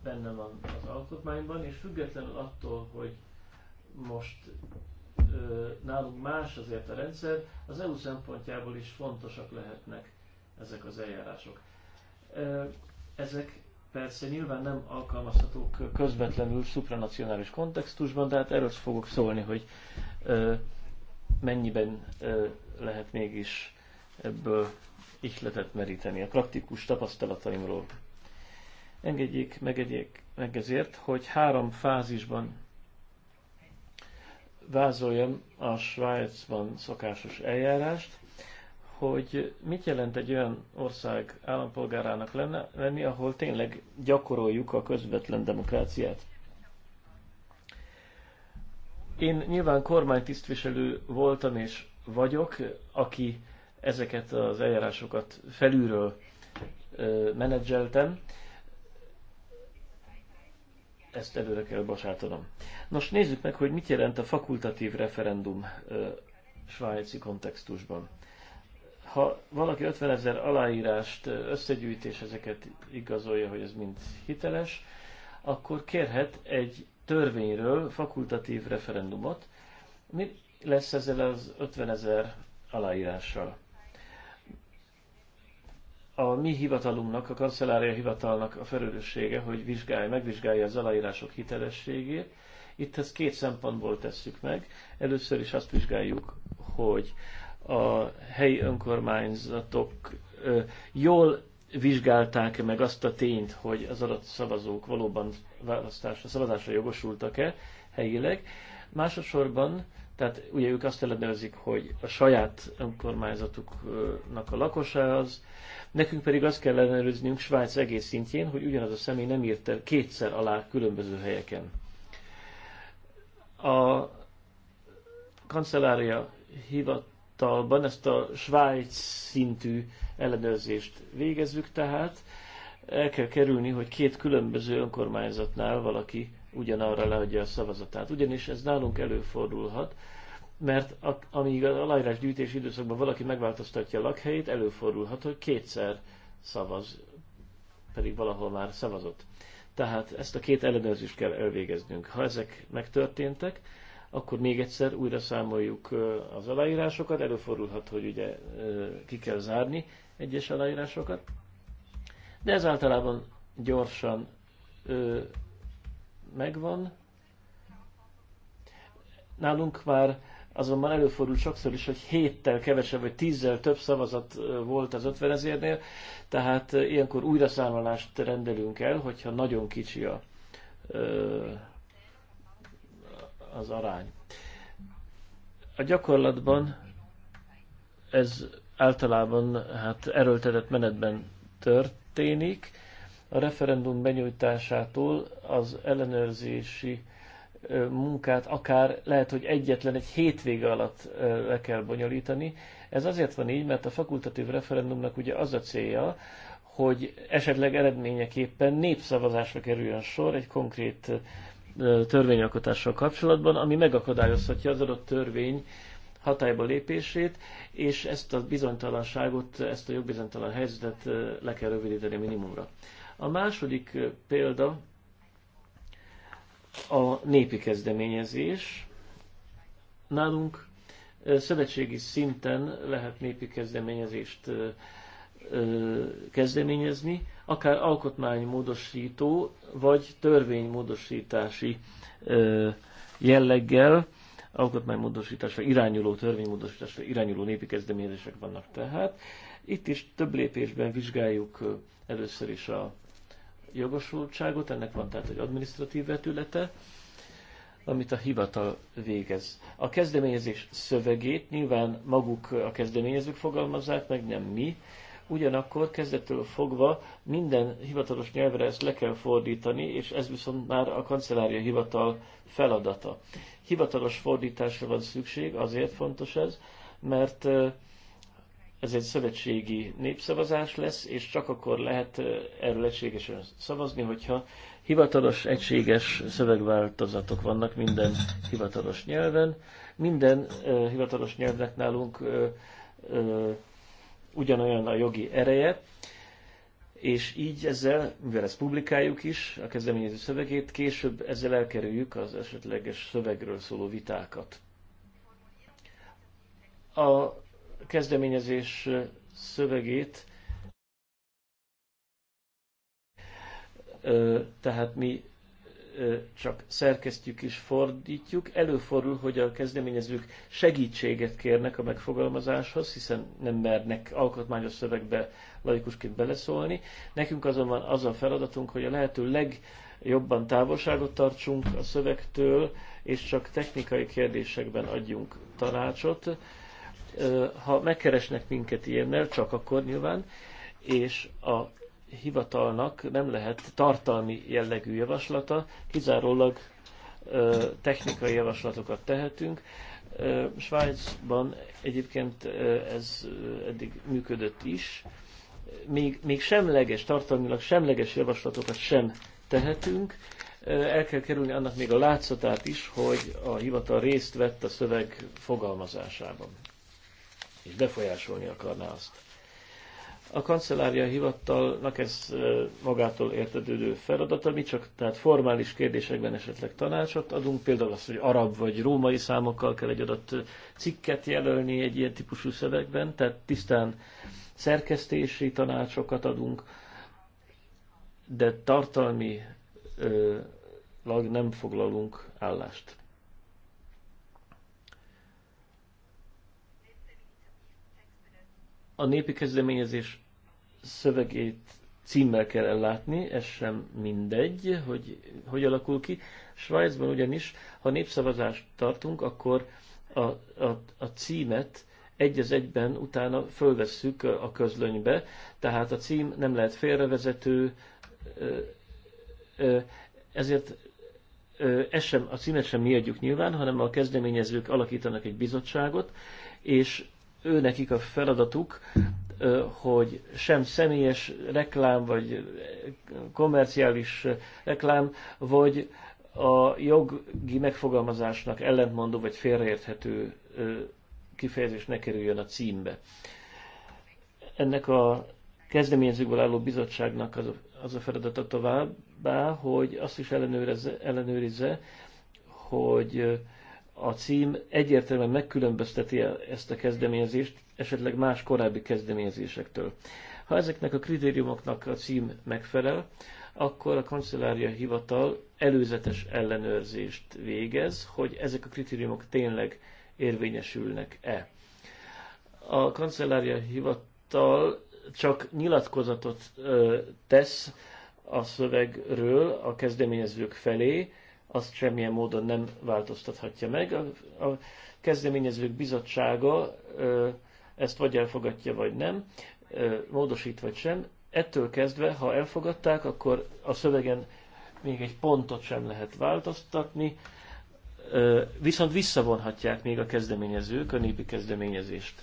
benne van az alkotmányban, és függetlenül attól, hogy most nálunk más azért a rendszer, az EU szempontjából is fontosak lehetnek ezek az eljárások. Ezek persze nyilván nem alkalmazhatók közvetlenül szupranacionális kontextusban, de hát erről fogok szólni, hogy mennyiben lehet mégis ebből ihletet meríteni a praktikus tapasztalataimról. Engedjék meg, egyék, meg ezért, hogy három fázisban vázoljam a Svájcban szokásos eljárást hogy mit jelent egy olyan ország állampolgárának lenne, lenni, ahol tényleg gyakoroljuk a közvetlen demokráciát. Én nyilván kormánytisztviselő voltam és vagyok, aki ezeket az eljárásokat felülről menedzseltem. Ezt előre kell bocsátanom. Nos, nézzük meg, hogy mit jelent a fakultatív referendum svájci kontextusban. Ha valaki 50 ezer aláírást összegyűjt és ezeket igazolja, hogy ez mind hiteles, akkor kérhet egy törvényről fakultatív referendumot. Mi lesz ezzel az 50 ezer aláírással? a mi hivatalunknak, a kancellária hivatalnak a felelőssége, hogy vizsgálja, megvizsgálja az aláírások hitelességét. Itt ezt két szempontból tesszük meg. Először is azt vizsgáljuk, hogy a helyi önkormányzatok jól vizsgálták meg azt a tényt, hogy az adott szavazók valóban választásra, szavazásra jogosultak-e helyileg. Másosorban, tehát ugye ők azt ellenőrzik, hogy a saját önkormányzatuknak a lakosa az, nekünk pedig azt kell ellenőriznünk Svájc egész szintjén, hogy ugyanaz a személy nem írta kétszer alá különböző helyeken. A kancellária hivat hivatalban ezt a Svájc szintű ellenőrzést végezzük tehát. El kell kerülni, hogy két különböző önkormányzatnál valaki ugyanarra leadja a szavazatát. Ugyanis ez nálunk előfordulhat, mert a, amíg az aláírásgyűjtés időszakban valaki megváltoztatja a lakhelyét, előfordulhat, hogy kétszer szavaz, pedig valahol már szavazott. Tehát ezt a két ellenőrzést kell elvégeznünk. Ha ezek megtörténtek, akkor még egyszer újra számoljuk az aláírásokat, előfordulhat, hogy ugye ki kell zárni egyes aláírásokat, de ez általában gyorsan megvan. Nálunk már azonban előfordult sokszor is, hogy héttel kevesebb vagy tízzel több szavazat volt az 50 ezérnél, tehát ilyenkor számolást rendelünk el, hogyha nagyon kicsi a az arány. A gyakorlatban ez általában hát erőltetett menetben történik. A referendum benyújtásától az ellenőrzési munkát akár lehet, hogy egyetlen egy hétvége alatt le kell bonyolítani. Ez azért van így, mert a fakultatív referendumnak ugye az a célja, hogy esetleg eredményeképpen népszavazásra kerüljön sor egy konkrét törvényalkotással kapcsolatban, ami megakadályozhatja az adott törvény hatályba lépését, és ezt a bizonytalanságot, ezt a jogbizonytalan helyzetet le kell rövidíteni minimumra. A második példa a népi kezdeményezés. Nálunk szövetségi szinten lehet népi kezdeményezést kezdeményezni, akár alkotmánymódosító vagy törvénymódosítási jelleggel, alkotmánymódosításra irányuló, törvénymódosításra irányuló népi kezdeményezések vannak tehát. Itt is több lépésben vizsgáljuk először is a jogosultságot, ennek van tehát egy administratív vetülete, amit a hivatal végez. A kezdeményezés szövegét nyilván maguk a kezdeményezők fogalmazzák, meg nem mi, ugyanakkor kezdettől fogva minden hivatalos nyelvre ezt le kell fordítani, és ez viszont már a kancellária hivatal feladata. Hivatalos fordításra van szükség, azért fontos ez, mert ez egy szövetségi népszavazás lesz, és csak akkor lehet erről egységesen szavazni, hogyha hivatalos, egységes szövegváltozatok vannak minden hivatalos nyelven. Minden uh, hivatalos nyelvnek nálunk uh, uh, ugyanolyan a jogi ereje, és így ezzel, mivel ezt publikáljuk is, a kezdeményező szövegét, később ezzel elkerüljük az esetleges szövegről szóló vitákat. A kezdeményezés szövegét tehát mi csak szerkesztjük és fordítjuk. Előfordul, hogy a kezdeményezők segítséget kérnek a megfogalmazáshoz, hiszen nem mernek alkotmányos szövegbe laikusként beleszólni. Nekünk azonban az a feladatunk, hogy a lehető legjobban távolságot tartsunk a szövegtől, és csak technikai kérdésekben adjunk tanácsot. Ha megkeresnek minket ilyennel, csak akkor nyilván, és a hivatalnak nem lehet tartalmi jellegű javaslata, kizárólag ö, technikai javaslatokat tehetünk. Ö, Svájcban egyébként ö, ez eddig működött is. Még, még semleges, tartalmilag semleges javaslatokat sem tehetünk. El kell kerülni annak még a látszatát is, hogy a hivatal részt vett a szöveg fogalmazásában, és befolyásolni akarná azt. A kancellária hivatalnak ez magától értetődő feladata, mi csak tehát formális kérdésekben esetleg tanácsot adunk, például az, hogy arab vagy római számokkal kell egy adott cikket jelölni egy ilyen típusú szövegben, tehát tisztán szerkesztési tanácsokat adunk, de tartalmi nem foglalunk állást. a népi kezdeményezés szövegét címmel kell ellátni, ez sem mindegy, hogy hogy alakul ki. Svájcban ugyanis, ha népszavazást tartunk, akkor a, a, a címet egy az egyben utána fölvesszük a közlönybe, tehát a cím nem lehet félrevezető, ezért ez sem, a címet sem mi adjuk nyilván, hanem a kezdeményezők alakítanak egy bizottságot, és nekik a feladatuk, hogy sem személyes reklám, vagy komerciális reklám, vagy a jogi megfogalmazásnak ellentmondó, vagy félreérthető kifejezés ne kerüljön a címbe. Ennek a kezdeményezőkből álló bizottságnak az a, az a feladata továbbá, hogy azt is ellenőrizze, ellenőrizze hogy a cím egyértelműen megkülönbözteti ezt a kezdeményezést esetleg más korábbi kezdeményezésektől. Ha ezeknek a kritériumoknak a cím megfelel, akkor a kancellária hivatal előzetes ellenőrzést végez, hogy ezek a kritériumok tényleg érvényesülnek-e. A kancellária hivatal csak nyilatkozatot tesz a szövegről a kezdeményezők felé, azt semmilyen módon nem változtathatja meg. A, a kezdeményezők bizottsága ezt vagy elfogadja, vagy nem, módosít vagy sem. Ettől kezdve, ha elfogadták, akkor a szövegen még egy pontot sem lehet változtatni, viszont visszavonhatják még a kezdeményezők a népi kezdeményezést.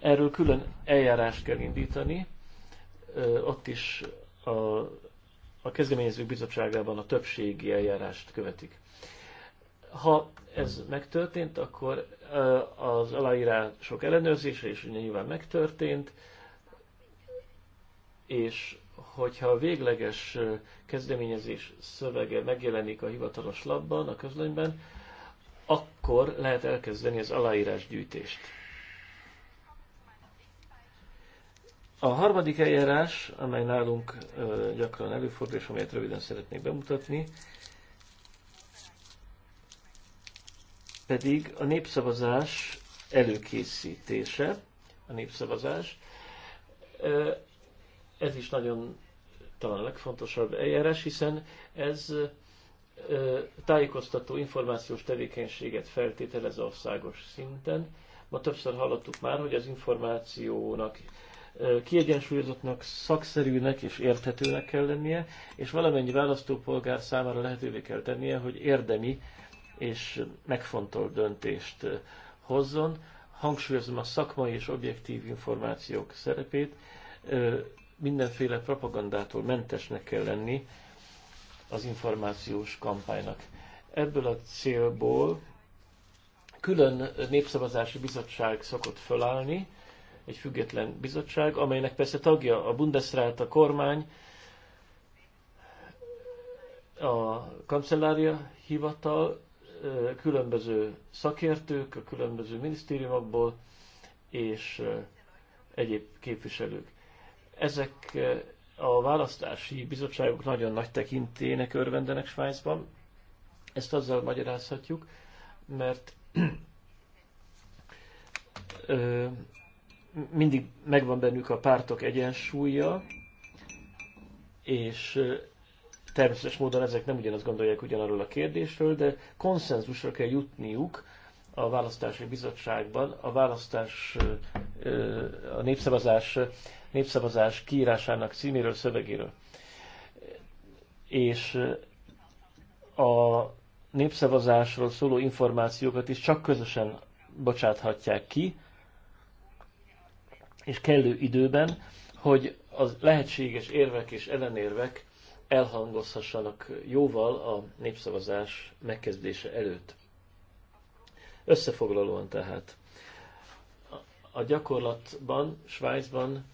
Erről külön eljárást kell indítani, ott is a a kezdeményezők bizottságában a többségi eljárást követik. Ha ez megtörtént, akkor az aláírások ellenőrzése is nyilván megtörtént, és hogyha a végleges kezdeményezés szövege megjelenik a hivatalos labban, a közlönyben, akkor lehet elkezdeni az aláírás gyűjtést. A harmadik eljárás, amely nálunk gyakran előfordul, és amelyet röviden szeretnék bemutatni, pedig a népszavazás előkészítése, a népszavazás. Ez is nagyon talán a legfontosabb eljárás, hiszen ez tájékoztató információs tevékenységet feltételez országos szinten. Ma többször hallottuk már, hogy az információnak kiegyensúlyozottnak, szakszerűnek és érthetőnek kell lennie, és valamennyi választópolgár számára lehetővé kell tennie, hogy érdemi és megfontolt döntést hozzon. Hangsúlyozom a szakmai és objektív információk szerepét, mindenféle propagandától mentesnek kell lenni az információs kampánynak. Ebből a célból külön népszavazási bizottság szokott fölállni, egy független bizottság, amelynek persze tagja a Bundesrat, a kormány, a kancellária hivatal, különböző szakértők, a különböző minisztériumokból és egyéb képviselők. Ezek a választási bizottságok nagyon nagy tekintének örvendenek Svájcban. Ezt azzal magyarázhatjuk, mert mindig megvan bennük a pártok egyensúlya, és természetes módon ezek nem ugyanazt gondolják ugyanarról a kérdésről, de konszenzusra kell jutniuk a választási bizottságban, a választás, a népszavazás, népszavazás kiírásának címéről, szövegéről. És a népszavazásról szóló információkat is csak közösen bocsáthatják ki, és kellő időben, hogy az lehetséges érvek és ellenérvek elhangozhassanak jóval a népszavazás megkezdése előtt. Összefoglalóan tehát. A gyakorlatban, Svájcban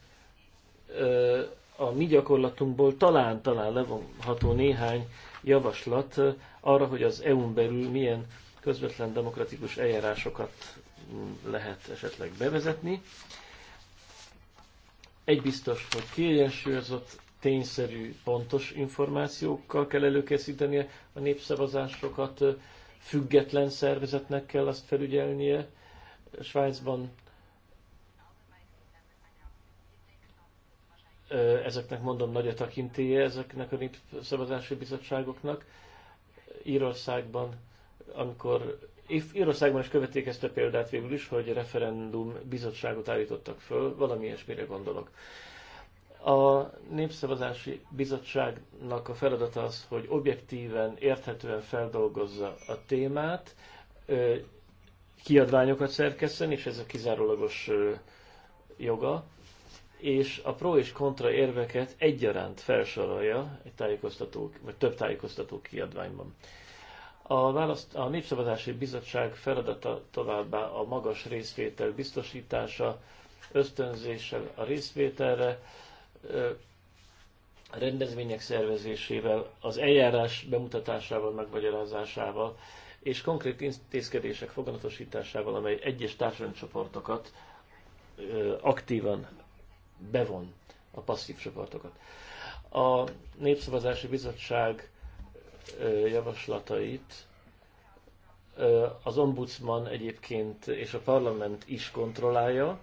a mi gyakorlatunkból talán-talán levonható néhány javaslat arra, hogy az EU-n belül milyen közvetlen demokratikus eljárásokat mm, lehet esetleg bevezetni. Egy biztos, hogy kiegyensúlyozott, tényszerű, pontos információkkal kell előkészítenie a népszavazásokat, független szervezetnek kell azt felügyelnie. Svájcban ezeknek mondom nagy a tekintélye, ezeknek a népszavazási bizottságoknak. Írországban, amikor Év Írországban is követték ezt a példát végül is, hogy referendum bizottságot állítottak föl, valami ilyesmire gondolok. A Népszavazási Bizottságnak a feladata az, hogy objektíven, érthetően feldolgozza a témát, kiadványokat szerkeszteni, és ez a kizárólagos joga, és a pro és kontra érveket egyaránt felsorolja egy tájékoztató, vagy több tájékoztató kiadványban. A, választ, a Népszavazási Bizottság feladata továbbá a magas részvétel biztosítása, ösztönzéssel a részvételre, a rendezvények szervezésével, az eljárás bemutatásával, megmagyarázásával és konkrét intézkedések foganatosításával, amely egyes társadalmi csoportokat aktívan bevon, a passzív csoportokat. A Népszavazási Bizottság javaslatait az ombudsman egyébként és a parlament is kontrollálja,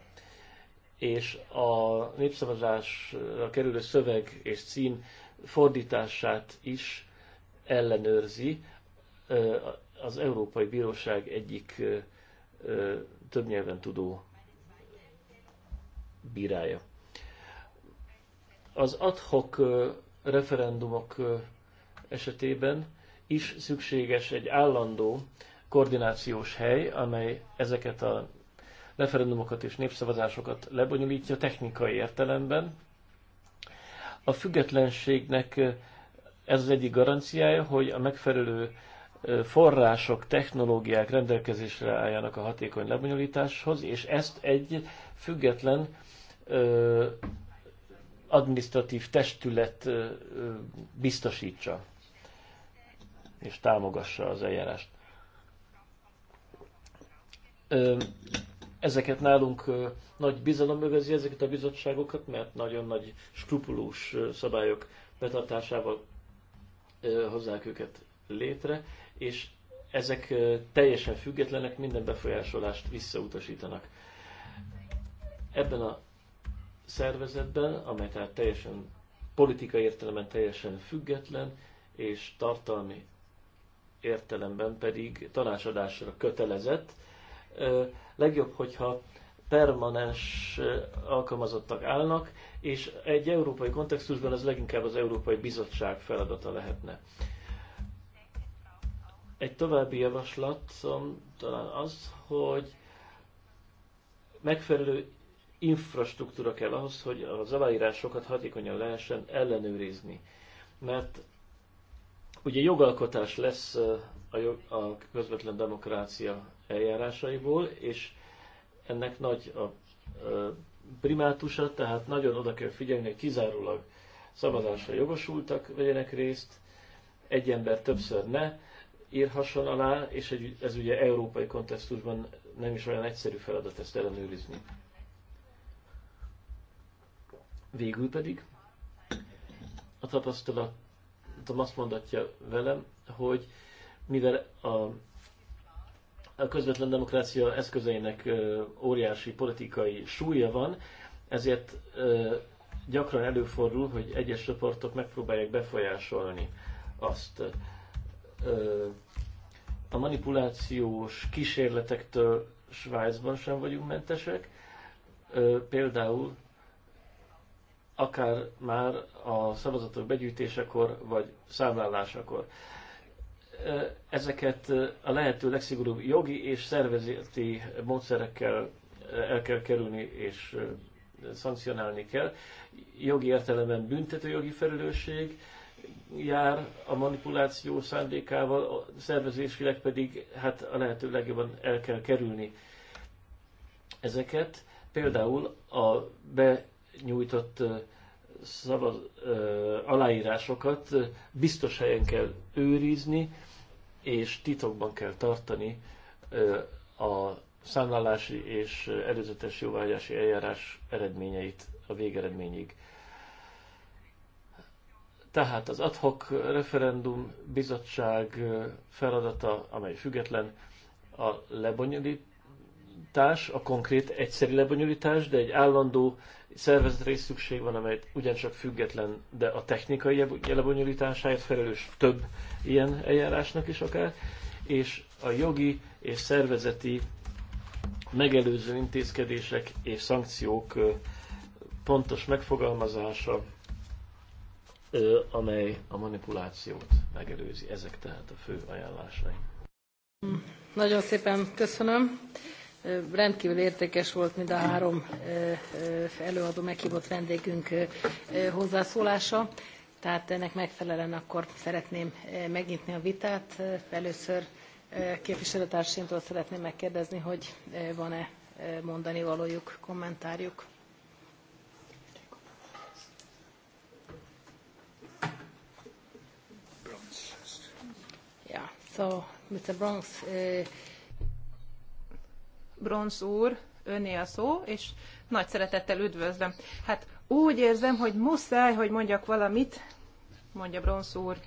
és a népszavazásra kerülő szöveg és cím fordítását is ellenőrzi az Európai Bíróság egyik több nyelven tudó bírája. Az adhok referendumok esetében is szükséges egy állandó koordinációs hely, amely ezeket a referendumokat és népszavazásokat lebonyolítja technikai értelemben. A függetlenségnek ez az egyik garanciája, hogy a megfelelő források, technológiák rendelkezésre álljanak a hatékony lebonyolításhoz, és ezt egy független administratív testület biztosítsa és támogassa az eljárást. Ezeket nálunk nagy bizalom övezi ezeket a bizottságokat, mert nagyon nagy skrupulós szabályok betartásával hozzák őket létre, és ezek teljesen függetlenek, minden befolyásolást visszautasítanak. Ebben a szervezetben, amely tehát teljesen politikai értelemben teljesen független és tartalmi értelemben pedig tanácsadásra kötelezett. Legjobb, hogyha permanens alkalmazottak állnak, és egy európai kontextusban ez leginkább az Európai Bizottság feladata lehetne. Egy további javaslatom talán az, hogy megfelelő infrastruktúra kell ahhoz, hogy az aláírásokat hatékonyan lehessen ellenőrizni. Mert Ugye jogalkotás lesz a, jog, a közvetlen demokrácia eljárásaiból, és ennek nagy a primátusa, tehát nagyon oda kell figyelni, hogy kizárólag szavazásra jogosultak vegyenek részt, egy ember többször ne írhasson alá, és ez ugye európai kontextusban nem is olyan egyszerű feladat ezt ellenőrizni. Végül pedig a tapasztalat tudom, azt mondatja velem, hogy mivel a, a közvetlen demokrácia eszközeinek óriási politikai súlya van, ezért gyakran előfordul, hogy egyes csoportok megpróbálják befolyásolni azt. A manipulációs kísérletektől Svájcban sem vagyunk mentesek. Például akár már a szavazatok begyűjtésekor, vagy számlálásakor. Ezeket a lehető legszigorúbb jogi és szervezeti módszerekkel el kell kerülni és szankcionálni kell. Jogi értelemben büntető jogi felelősség jár a manipuláció szándékával, a szervezésileg pedig hát a lehető legjobban el kell kerülni ezeket. Például a be nyújtott szavaz, aláírásokat biztos helyen kell őrizni, és titokban kell tartani a számlálási és előzetes jóvágyási eljárás eredményeit a végeredményig. Tehát az adhok referendum bizottság feladata, amely független, a lebonyolít, lebonyolítás, a konkrét egyszerű lebonyolítás, de egy állandó szervezetre is szükség van, amely ugyancsak független, de a technikai lebonyolításáért felelős több ilyen eljárásnak is akár, és a jogi és szervezeti megelőző intézkedések és szankciók pontos megfogalmazása, amely a manipulációt megelőzi. Ezek tehát a fő ajánlásai. Nagyon szépen köszönöm. Rendkívül értékes volt mind a három előadó meghívott vendégünk hozzászólása, tehát ennek megfelelően akkor szeretném megnyitni a vitát. Először képviselőtársaimtól szeretném megkérdezni, hogy van-e mondani valójuk, kommentárjuk. Yeah, so Mr. Bronx, uh, Bronz úr, öné a szó, és nagy szeretettel üdvözlöm. Hát úgy érzem, hogy muszáj, hogy mondjak valamit, mondja Bronz úr.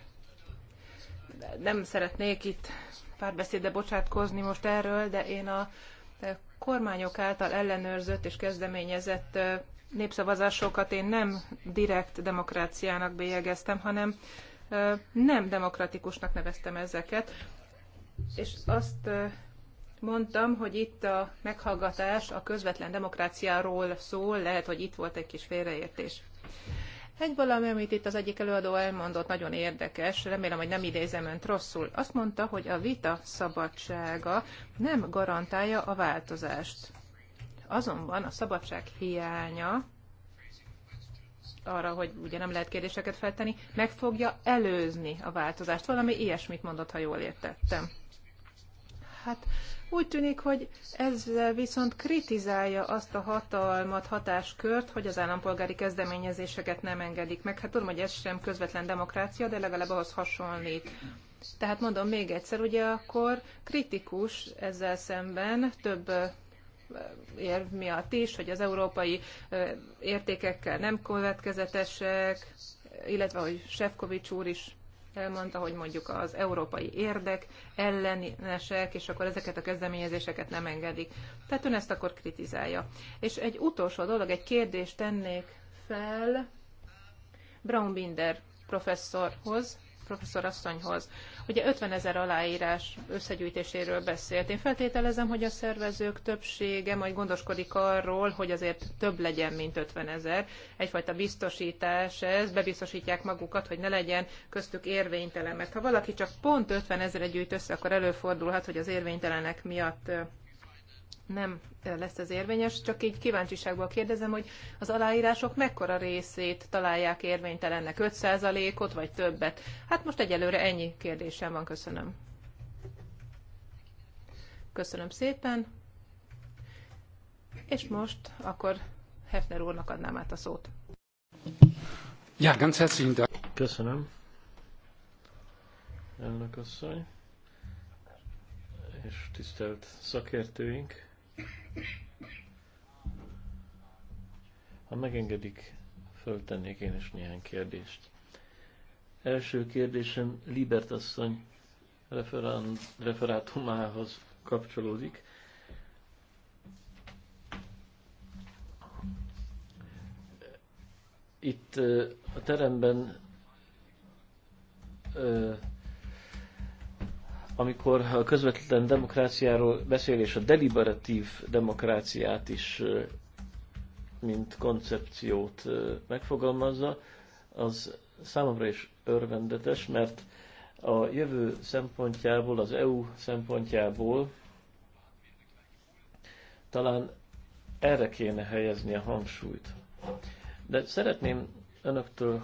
Nem szeretnék itt párbeszédbe bocsátkozni most erről, de én a kormányok által ellenőrzött és kezdeményezett népszavazásokat én nem direkt demokráciának bélyegeztem, hanem nem demokratikusnak neveztem ezeket. És azt mondtam, hogy itt a meghallgatás a közvetlen demokráciáról szól, lehet, hogy itt volt egy kis félreértés. Egy valami, amit itt az egyik előadó elmondott, nagyon érdekes, remélem, hogy nem idézem önt rosszul. Azt mondta, hogy a vita szabadsága nem garantálja a változást. Azonban a szabadság hiánya arra, hogy ugye nem lehet kérdéseket feltenni, meg fogja előzni a változást. Valami ilyesmit mondott, ha jól értettem. Hát úgy tűnik, hogy ezzel viszont kritizálja azt a hatalmat, hatáskört, hogy az állampolgári kezdeményezéseket nem engedik meg. Hát tudom, hogy ez sem közvetlen demokrácia, de legalább ahhoz hasonlít. Tehát mondom még egyszer, ugye akkor kritikus ezzel szemben több érv miatt is, hogy az európai értékekkel nem következetesek, illetve hogy Sefkovics úr is elmondta, hogy mondjuk az európai érdek ellenesek, és akkor ezeket a kezdeményezéseket nem engedik. Tehát ön ezt akkor kritizálja. És egy utolsó dolog, egy kérdést tennék fel Binder professzorhoz, professzor asszonyhoz. Ugye 50 ezer aláírás összegyűjtéséről beszélt. Én feltételezem, hogy a szervezők többsége majd gondoskodik arról, hogy azért több legyen, mint 50 ezer. Egyfajta biztosítás ez, bebiztosítják magukat, hogy ne legyen köztük érvénytelen. Mert ha valaki csak pont 50 ezerre gyűjt össze, akkor előfordulhat, hogy az érvénytelenek miatt nem lesz ez érvényes, csak így kíváncsiságból kérdezem, hogy az aláírások mekkora részét találják érvénytelennek, 5%-ot vagy többet? Hát most egyelőre ennyi kérdésem van, köszönöm. Köszönöm szépen. És most akkor Hefner úrnak adnám át a szót. Ja, ganz herzlichen Dank. Köszönöm. Elnök asszony és tisztelt szakértőink. Ha megengedik, föltennék én is néhány kérdést. Első kérdésem Libert asszony referátumához kapcsolódik. Itt a teremben amikor a közvetlen demokráciáról beszél, és a deliberatív demokráciát is, mint koncepciót megfogalmazza, az számomra is örvendetes, mert a jövő szempontjából, az EU szempontjából talán erre kéne helyezni a hangsúlyt. De szeretném önöktől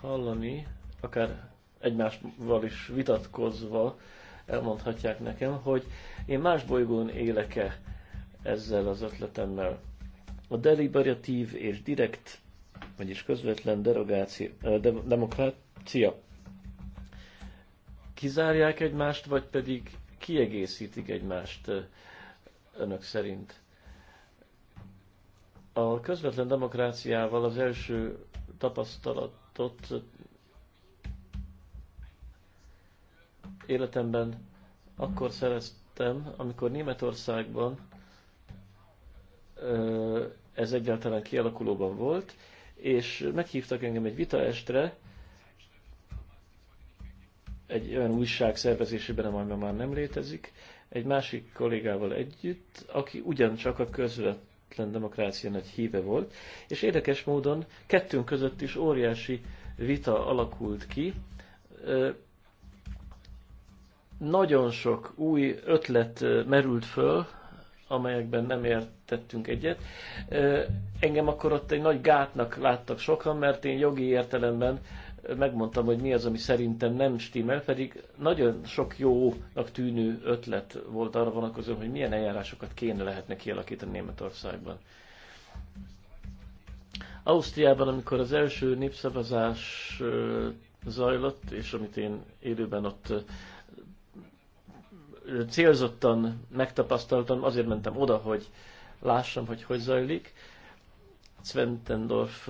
hallani, akár egymással is vitatkozva, elmondhatják nekem, hogy én más bolygón élek-e ezzel az ötletemmel. A deliberatív és direkt, vagyis közvetlen derogáció, de, demokrácia kizárják egymást, vagy pedig kiegészítik egymást önök szerint? A közvetlen demokráciával az első tapasztalatot életemben akkor szereztem, amikor Németországban ez egyáltalán kialakulóban volt, és meghívtak engem egy vitaestre, egy olyan újság szervezésében, amely már nem létezik, egy másik kollégával együtt, aki ugyancsak a közvetlen demokrácia nagy híve volt, és érdekes módon kettőnk között is óriási vita alakult ki, nagyon sok új ötlet merült föl, amelyekben nem értettünk egyet. Engem akkor ott egy nagy gátnak láttak sokan, mert én jogi értelemben megmondtam, hogy mi az, ami szerintem nem stimmel, pedig nagyon sok jónak tűnő ötlet volt arra vonatkozóan, hogy milyen eljárásokat kéne lehetne kialakítani Németországban. Ausztriában, amikor az első népszavazás zajlott, és amit én élőben ott célzottan megtapasztaltam, azért mentem oda, hogy lássam, hogy hogy zajlik. Sventendorf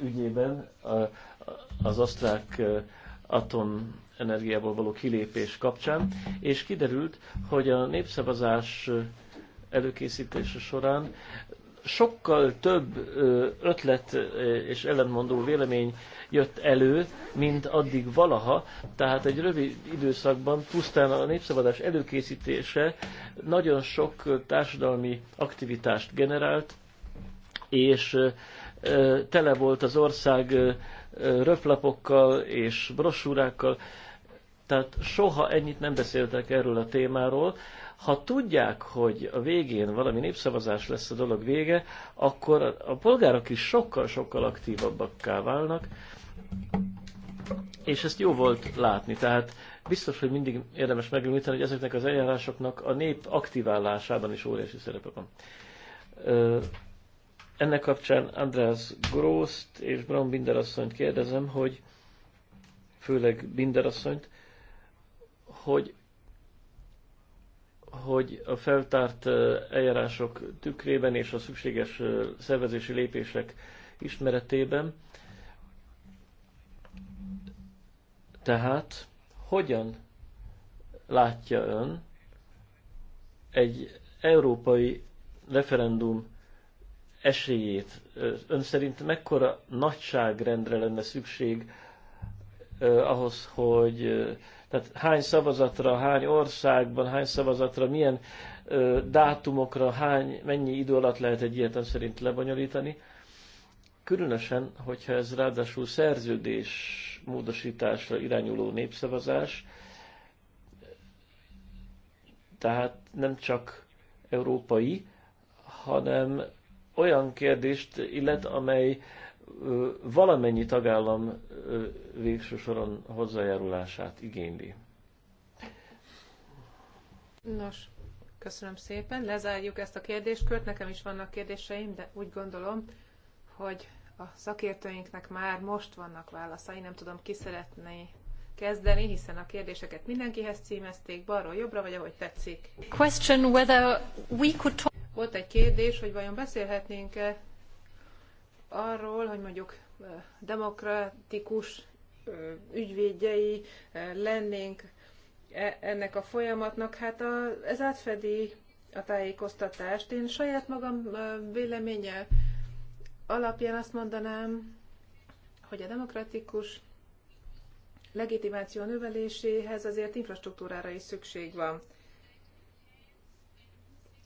ügyében az osztrák atomenergiából való kilépés kapcsán, és kiderült, hogy a népszavazás előkészítése során sokkal több ötlet és ellentmondó vélemény jött elő, mint addig valaha, tehát egy rövid időszakban pusztán a népszavazás előkészítése nagyon sok társadalmi aktivitást generált, és tele volt az ország röplapokkal és brosúrákkal, tehát soha ennyit nem beszéltek erről a témáról. Ha tudják, hogy a végén valami népszavazás lesz a dolog vége, akkor a polgárok is sokkal-sokkal aktívabbakká válnak, és ezt jó volt látni. Tehát biztos, hogy mindig érdemes megemlíteni, hogy ezeknek az eljárásoknak a nép aktiválásában is óriási szerepe van. Ennek kapcsán András Grószt és Brown Binder asszonyt kérdezem, hogy főleg Binder asszonyt, hogy hogy a feltárt eljárások tükrében és a szükséges szervezési lépések ismeretében. Tehát hogyan látja ön egy európai referendum esélyét? Ön szerint mekkora nagyságrendre lenne szükség ahhoz, hogy tehát hány szavazatra, hány országban, hány szavazatra, milyen ö, dátumokra, hány, mennyi idő alatt lehet egy ilyet szerint lebonyolítani. Különösen, hogyha ez ráadásul szerződés módosításra irányuló népszavazás, tehát nem csak európai, hanem olyan kérdést illet, amely valamennyi tagállam végső soron hozzájárulását igényli. Nos, köszönöm szépen. Lezárjuk ezt a kérdéskört. Nekem is vannak kérdéseim, de úgy gondolom, hogy a szakértőinknek már most vannak válaszai. Nem tudom, ki szeretné kezdeni, hiszen a kérdéseket mindenkihez címezték, balról jobbra, vagy ahogy tetszik. Question whether we could talk... Volt egy kérdés, hogy vajon beszélhetnénk-e arról, hogy mondjuk demokratikus ügyvédjei lennénk e, ennek a folyamatnak, hát a, ez átfedi a tájékoztatást. Én saját magam véleménye alapján azt mondanám, hogy a demokratikus legitimáció növeléséhez azért infrastruktúrára is szükség van.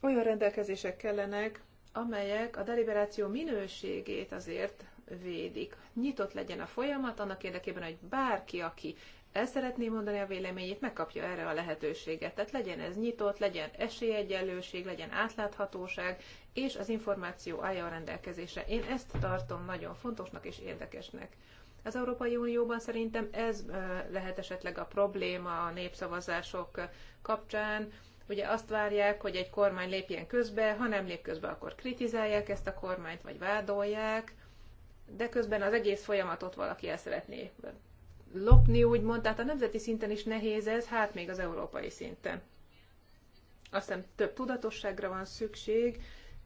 Olyan rendelkezések kellenek, amelyek a deliberáció minőségét azért védik. Nyitott legyen a folyamat annak érdekében, hogy bárki, aki el szeretné mondani a véleményét, megkapja erre a lehetőséget. Tehát legyen ez nyitott, legyen esélyegyenlőség, legyen átláthatóság, és az információ állja a rendelkezésre. Én ezt tartom nagyon fontosnak és érdekesnek. Az Európai Unióban szerintem ez lehet esetleg a probléma a népszavazások kapcsán, Ugye azt várják, hogy egy kormány lépjen közbe, ha nem lép közbe, akkor kritizálják ezt a kormányt, vagy vádolják, de közben az egész folyamatot valaki el szeretné lopni, úgymond. Tehát a nemzeti szinten is nehéz ez, hát még az európai szinten. Azt hiszem több tudatosságra van szükség,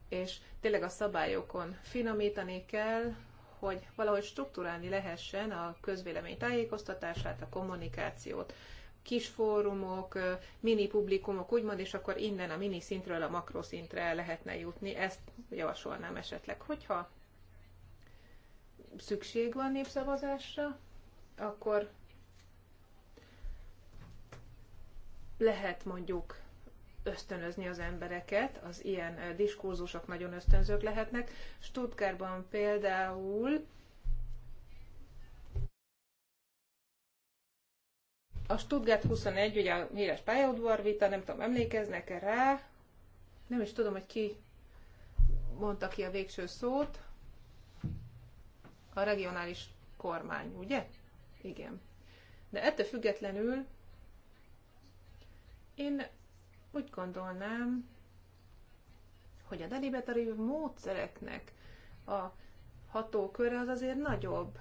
és tényleg a szabályokon finomítani kell, hogy valahogy struktúrálni lehessen a közvélemény tájékoztatását, a kommunikációt kis fórumok, mini publikumok, úgymond, és akkor innen a mini szintről a makroszintre lehetne jutni. Ezt javasolnám esetleg, hogyha szükség van népszavazásra, akkor lehet mondjuk ösztönözni az embereket, az ilyen diskurzusok nagyon ösztönzők lehetnek. Stuttgartban például a Stuttgart 21, ugye a híres vita, nem tudom, emlékeznek-e rá, nem is tudom, hogy ki mondta ki a végső szót, a regionális kormány, ugye? Igen. De ettől függetlenül én úgy gondolnám, hogy a deliberatív módszereknek a hatóköre az azért nagyobb,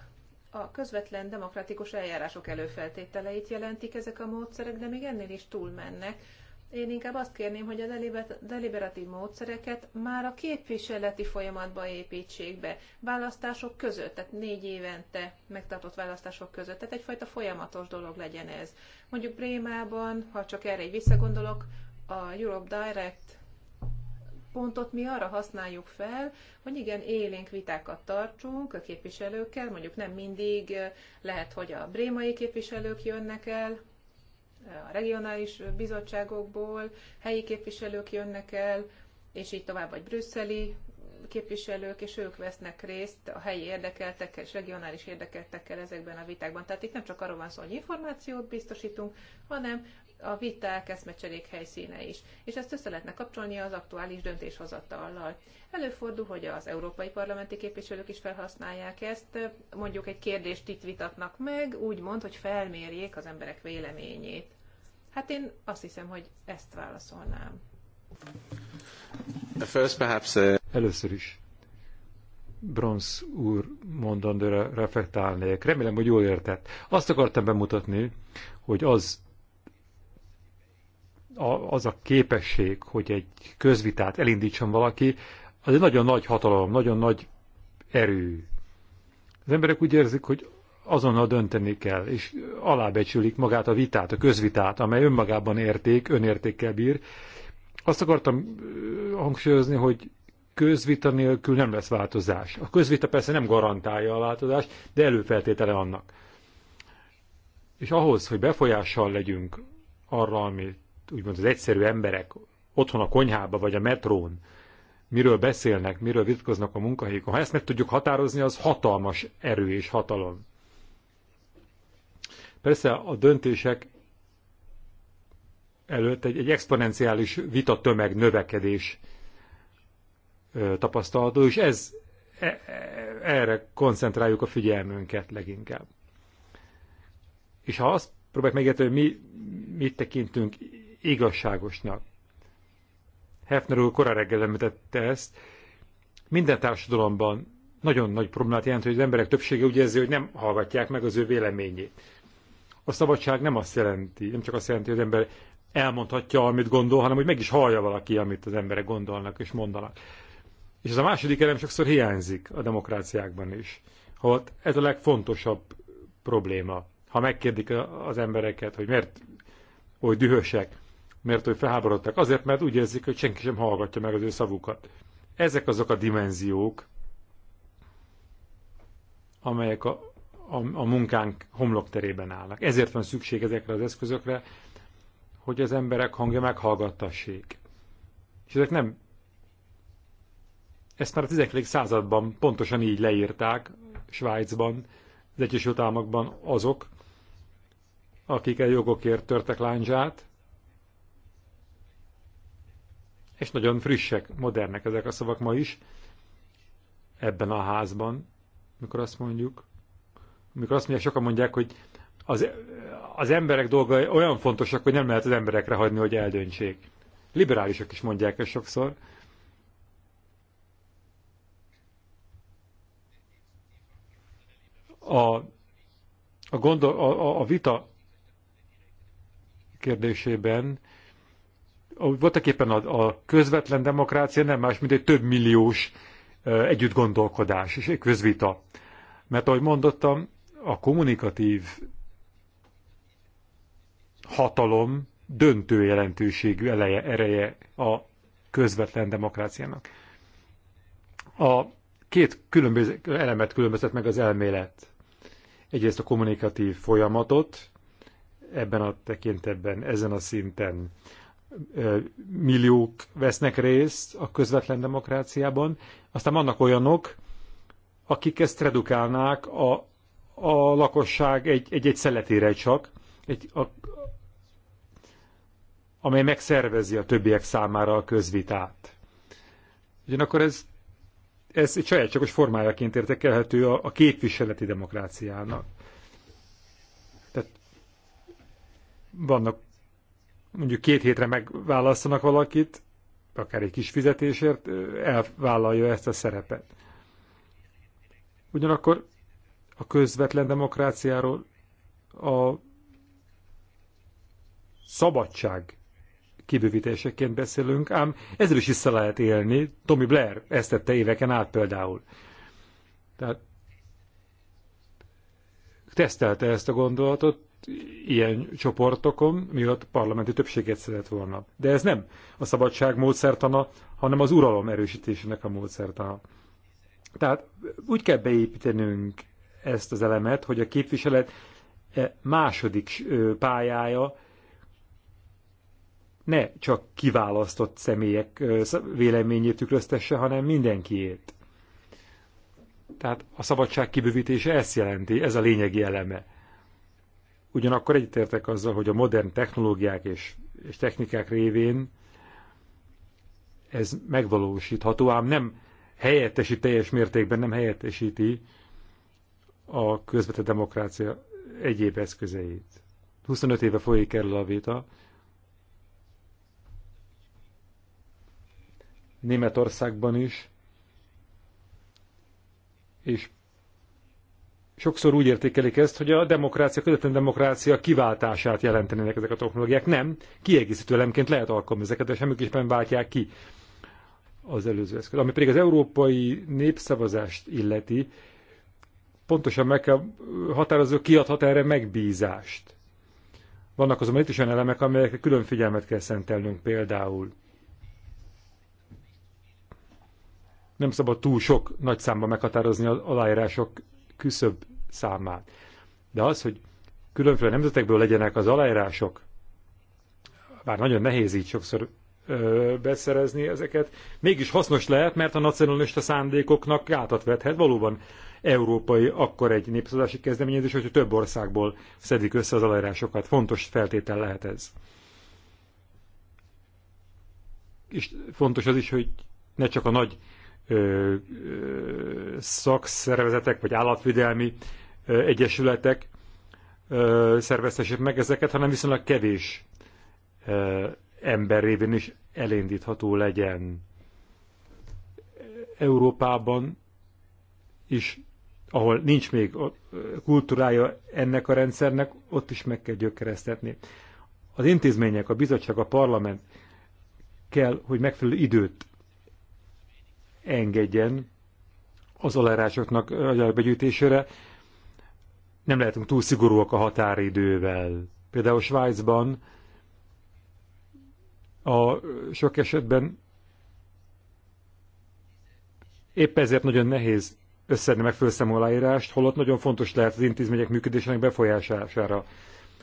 a közvetlen demokratikus eljárások előfeltételeit jelentik ezek a módszerek, de még ennél is túl mennek. Én inkább azt kérném, hogy a deliberatív módszereket már a képviseleti folyamatba építsék be, választások között, tehát négy évente megtartott választások között, tehát egyfajta folyamatos dolog legyen ez. Mondjuk Brémában, ha csak erre egy visszagondolok, a Europe Direct pontot mi arra használjuk fel, hogy igen, élénk vitákat tartsunk a képviselőkkel, mondjuk nem mindig eh, lehet, hogy a brémai képviselők jönnek el, eh, a regionális bizottságokból, helyi képviselők jönnek el, és így tovább, vagy brüsszeli képviselők, és ők vesznek részt a helyi érdekeltekkel és regionális érdekeltekkel ezekben a vitákban. Tehát itt nem csak arról van szó, hogy információt biztosítunk, hanem a viták eszmecserék helyszíne is, és ezt össze lehetne kapcsolni az aktuális döntéshozatallal. Előfordul, hogy az európai parlamenti képviselők is felhasználják ezt, mondjuk egy kérdést itt vitatnak meg, úgy mond, hogy felmérjék az emberek véleményét. Hát én azt hiszem, hogy ezt válaszolnám. First, perhaps, uh... Először is Bronz úr mondandóra reflektálnék. Remélem, hogy jól értett. Azt akartam bemutatni, hogy az a, az a képesség, hogy egy közvitát elindítson valaki, az egy nagyon nagy hatalom, nagyon nagy erő. Az emberek úgy érzik, hogy azonnal dönteni kell, és alábecsülik magát a vitát, a közvitát, amely önmagában érték, önértékkel bír. Azt akartam hangsúlyozni, hogy közvita nélkül nem lesz változás. A közvita persze nem garantálja a változást, de előfeltétele annak. És ahhoz, hogy befolyással legyünk arra, amit úgymond az egyszerű emberek otthon a konyhába vagy a metrón miről beszélnek, miről vitkoznak a munkahelyükön, ha ezt meg tudjuk határozni, az hatalmas erő és hatalom. Persze a döntések előtt egy, egy exponenciális vita tömeg növekedés ö, tapasztalható, és ez e, e erre koncentráljuk a figyelmünket leginkább. És ha azt próbáljuk megérteni, hogy mi mit tekintünk igazságosnak. Hefner úr korán reggel említette ezt. Minden társadalomban nagyon nagy problémát jelent, hogy az emberek többsége úgy érzi, hogy nem hallgatják meg az ő véleményét. A szabadság nem azt jelenti, nem csak azt jelenti, hogy az ember elmondhatja, amit gondol, hanem hogy meg is hallja valaki, amit az emberek gondolnak és mondanak. És ez a második elem sokszor hiányzik a demokráciákban is. Holott ez a legfontosabb probléma. Ha megkérdik az embereket, hogy miért oly dühösek, mert hogy felháborodtak. Azért, mert úgy érzik, hogy senki sem hallgatja meg az ő szavukat. Ezek azok a dimenziók, amelyek a, a, a munkánk homlokterében állnak. Ezért van szükség ezekre az eszközökre, hogy az emberek hangja meghallgattassék. És ezek nem... Ezt már a 19. században pontosan így leírták Svájcban, az Egyesült Államokban azok, akik a jogokért törtek lányzsát, és nagyon frissek, modernek ezek a szavak ma is, ebben a házban, mikor azt mondjuk, mikor azt mondják, sokan mondják, hogy az, az emberek dolga olyan fontosak, hogy nem lehet az emberekre hagyni, hogy eldöntsék. Liberálisok is mondják ezt sokszor. A, a, gondol, a, a vita kérdésében voltak éppen a, a közvetlen demokrácia nem más, mint egy több milliós együttgondolkodás és egy közvita. Mert ahogy mondottam, a kommunikatív hatalom döntő jelentőségű eleje, ereje a közvetlen demokráciának. A két különböző elemet különböztet meg az elmélet. Egyrészt a kommunikatív folyamatot, ebben a tekintetben, ezen a szinten milliók vesznek részt a közvetlen demokráciában. Aztán vannak olyanok, akik ezt redukálnák a, a lakosság egy-egy szeletére csak, egy, a, amely megszervezi a többiek számára a közvitát. Ugyanakkor ez, ez egy sajátságos formájaként értekelhető a, a képviseleti demokráciának. Tehát vannak mondjuk két hétre megválasztanak valakit, akár egy kis fizetésért, elvállalja ezt a szerepet. Ugyanakkor a közvetlen demokráciáról a szabadság kibővítéseként beszélünk, ám ezzel is vissza lehet élni. Tommy Blair ezt tette éveken át például. Tehát tesztelte ezt a gondolatot, ilyen csoportokon, miatt parlamenti többséget szeretett volna. De ez nem a szabadság módszertana, hanem az uralom erősítésének a módszertana. Tehát úgy kell beépítenünk ezt az elemet, hogy a képviselet e második pályája ne csak kiválasztott személyek véleményét tükröztesse, hanem mindenkiét. Tehát a szabadság kibővítése ezt jelenti, ez a lényegi eleme Ugyanakkor egyetértek azzal, hogy a modern technológiák és, és technikák révén ez megvalósítható, ám nem helyettesít teljes mértékben, nem helyettesíti a közvetett demokrácia egyéb eszközeit. 25 éve folyik erről a vita. Németországban is, és sokszor úgy értékelik ezt, hogy a demokrácia, közvetlen demokrácia kiváltását jelentenének ezek a technológiák. Nem, kiegészítő elemként lehet alkalmazni ezeket, de semmiképpen váltják ki az előző eszköz. Ami pedig az európai népszavazást illeti, pontosan meg kell határozni, kiadhat erre megbízást. Vannak azonban itt is olyan elemek, amelyekre külön figyelmet kell szentelnünk például. Nem szabad túl sok nagy számban meghatározni az aláírások küszöb számát. De az, hogy különféle nemzetekből legyenek az aláírások, bár nagyon nehéz így sokszor ö, beszerezni ezeket, mégis hasznos lehet, mert a nacionalista szándékoknak átat vethet valóban európai, akkor egy népszavazási kezdeményezés, hogy több országból szedik össze az aláírásokat. Fontos feltétel lehet ez. És fontos az is, hogy ne csak a nagy ö, ö, szakszervezetek vagy állatvédelmi ö, egyesületek ö, szerveztessék meg ezeket, hanem viszonylag kevés ö, ember révén is elindítható legyen. Európában is, ahol nincs még kultúrája ennek a rendszernek, ott is meg kell gyökeresztetni. Az intézmények, a bizottság, a parlament kell, hogy megfelelő időt engedjen az alárásoknak begyűjtésére. Nem lehetünk túl szigorúak a határidővel. Például Svájcban a sok esetben épp ezért nagyon nehéz összedni meg fölszem aláírást, holott nagyon fontos lehet az intézmények működésének befolyására.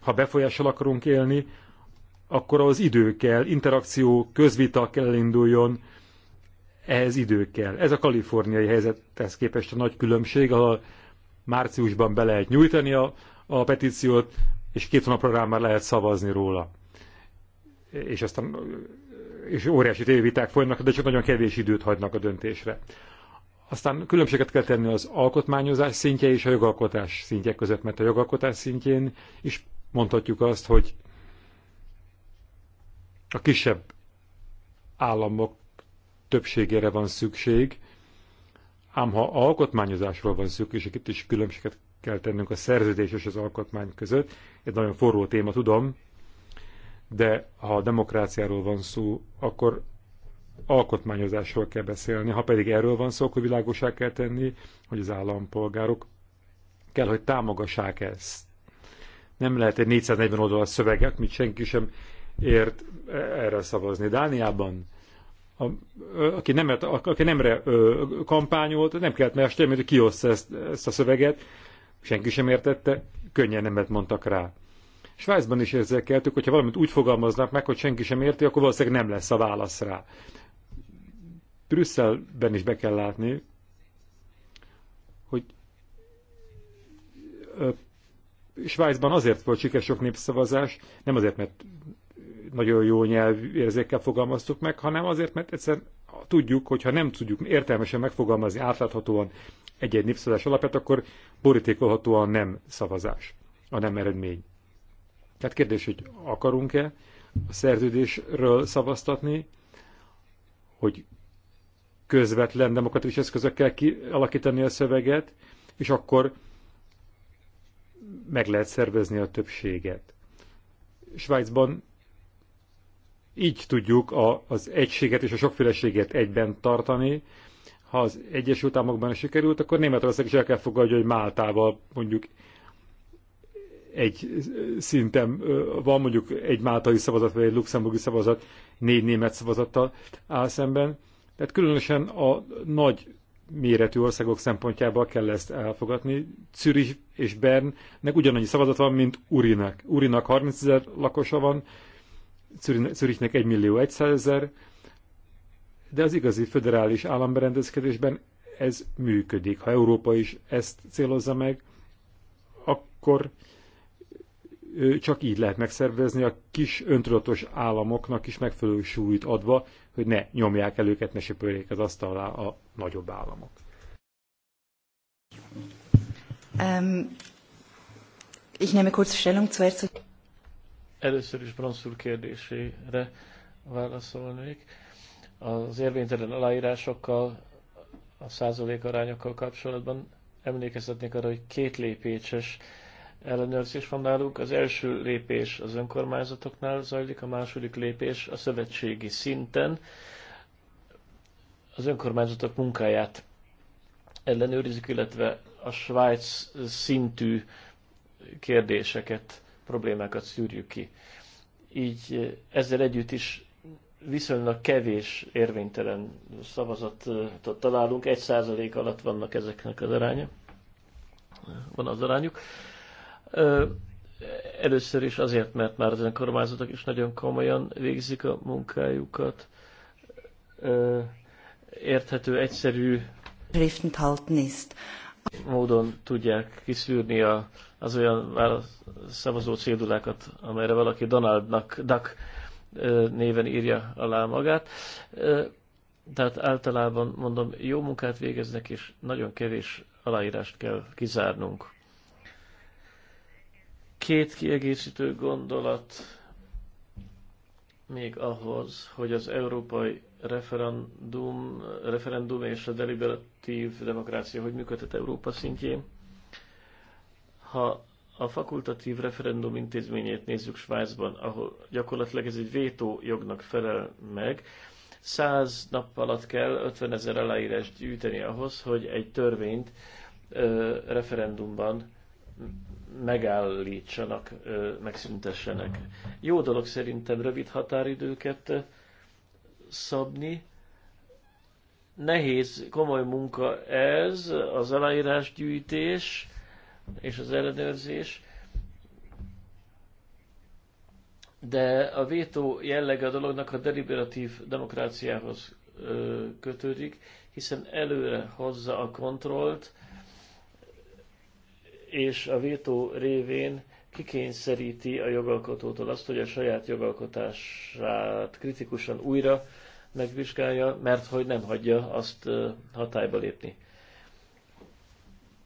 Ha befolyással akarunk élni, akkor az idő kell, interakció, közvita kell induljon, ehhez idő kell. Ez a kaliforniai helyzethez képest a nagy különbség, ahol márciusban be lehet nyújtani a, a petíciót, és két hónapra rá már lehet szavazni róla. És aztán és óriási téviták folynak, de csak nagyon kevés időt hagynak a döntésre. Aztán különbséget kell tenni az alkotmányozás szintje és a jogalkotás szintje között, mert a jogalkotás szintjén is mondhatjuk azt, hogy a kisebb államok többségére van szükség, ám ha alkotmányozásról van szükség, és itt is különbséget kell tennünk a szerződés és az alkotmány között. Egy nagyon forró téma, tudom, de ha a demokráciáról van szó, akkor alkotmányozásról kell beszélni. Ha pedig erről van szó, akkor világosá kell tenni, hogy az állampolgárok kell, hogy támogassák ezt. Nem lehet egy 440 oldalas szöveget, mit senki sem ért erre szavazni. Dániában a, aki, nem, aki nemre ö, kampányolt, nem kellett mesélni, mert kioszta ezt, ezt a szöveget, senki sem értette, könnyen nemet mondtak rá. Svájcban is ezzel keltük, hogyha valamit úgy fogalmaznak meg, hogy senki sem érti, akkor valószínűleg nem lesz a válasz rá. Brüsszelben is be kell látni, hogy Svájcban azért volt sikeres sok népszavazás, nem azért, mert nagyon jó nyelv érzékkel fogalmaztuk meg, hanem azért, mert egyszerűen tudjuk, hogy ha nem tudjuk értelmesen megfogalmazni átláthatóan egy-egy népszavazás alapját, akkor borítékolhatóan nem szavazás, a nem eredmény. Tehát kérdés, hogy akarunk-e a szerződésről szavaztatni, hogy közvetlen demokratikus eszközökkel kialakítani a szöveget, és akkor meg lehet szervezni a többséget. Svájcban így tudjuk a, az egységet és a sokféleséget egyben tartani. Ha az Egyesült Államokban sikerült, akkor Németország is el kell fogadja, hogy Máltával mondjuk egy szinten van mondjuk egy máltai szavazat, vagy egy luxemburgi szavazat, négy német szavazattal áll szemben. Tehát különösen a nagy méretű országok szempontjából kell ezt elfogadni. Zürich és Bernnek ugyanannyi szavazat van, mint Urinak. Urinak 30 ezer lakosa van, Zürichnek 1 millió 100 ezer, de az igazi föderális államberendezkedésben ez működik. Ha Európa is ezt célozza meg, akkor csak így lehet megszervezni a kis öntudatos államoknak is megfelelő súlyt adva, hogy ne nyomják el őket, ne söpörjék az asztal alá a nagyobb államok. Um, ich nehme kurz Stellung zuerst. Először is bronzul kérdésére válaszolnék. Az érvénytelen aláírásokkal, a százalék arányokkal kapcsolatban emlékeztetnék arra, hogy két lépéses ellenőrzés van náluk. Az első lépés az önkormányzatoknál zajlik, a második lépés a szövetségi szinten. Az önkormányzatok munkáját ellenőrizik, illetve a Svájc szintű kérdéseket problémákat szűrjük ki. Így eh, ezzel együtt is viszonylag kevés érvénytelen szavazatot találunk, egy százalék alatt vannak ezeknek az aránya, van az arányuk. Először is azért, mert már az önkormányzatok is nagyon komolyan végzik a munkájukat. Érthető, egyszerű módon tudják kiszűrni a az olyan szavazó cédulákat, amelyre valaki Donaldnak, Duck néven írja alá magát. Tehát általában mondom, jó munkát végeznek, és nagyon kevés aláírást kell kizárnunk. Két kiegészítő gondolat még ahhoz, hogy az európai referendum, referendum és a deliberatív demokrácia hogy működhet Európa szintjén ha a fakultatív referendum intézményét nézzük Svájcban, ahol gyakorlatilag ez egy vétó jognak felel meg, 100 nap alatt kell 50 ezer aláírást gyűjteni ahhoz, hogy egy törvényt ö, referendumban megállítsanak, ö, megszüntessenek. Jó dolog szerintem rövid határidőket szabni. Nehéz, komoly munka ez, az aláírás gyűjtés, és az ellenőrzés, de a vétó jellege a dolognak a deliberatív demokráciához kötődik, hiszen előre hozza a kontrollt, és a vétó révén kikényszeríti a jogalkotótól azt, hogy a saját jogalkotását kritikusan újra megvizsgálja, mert hogy nem hagyja azt hatályba lépni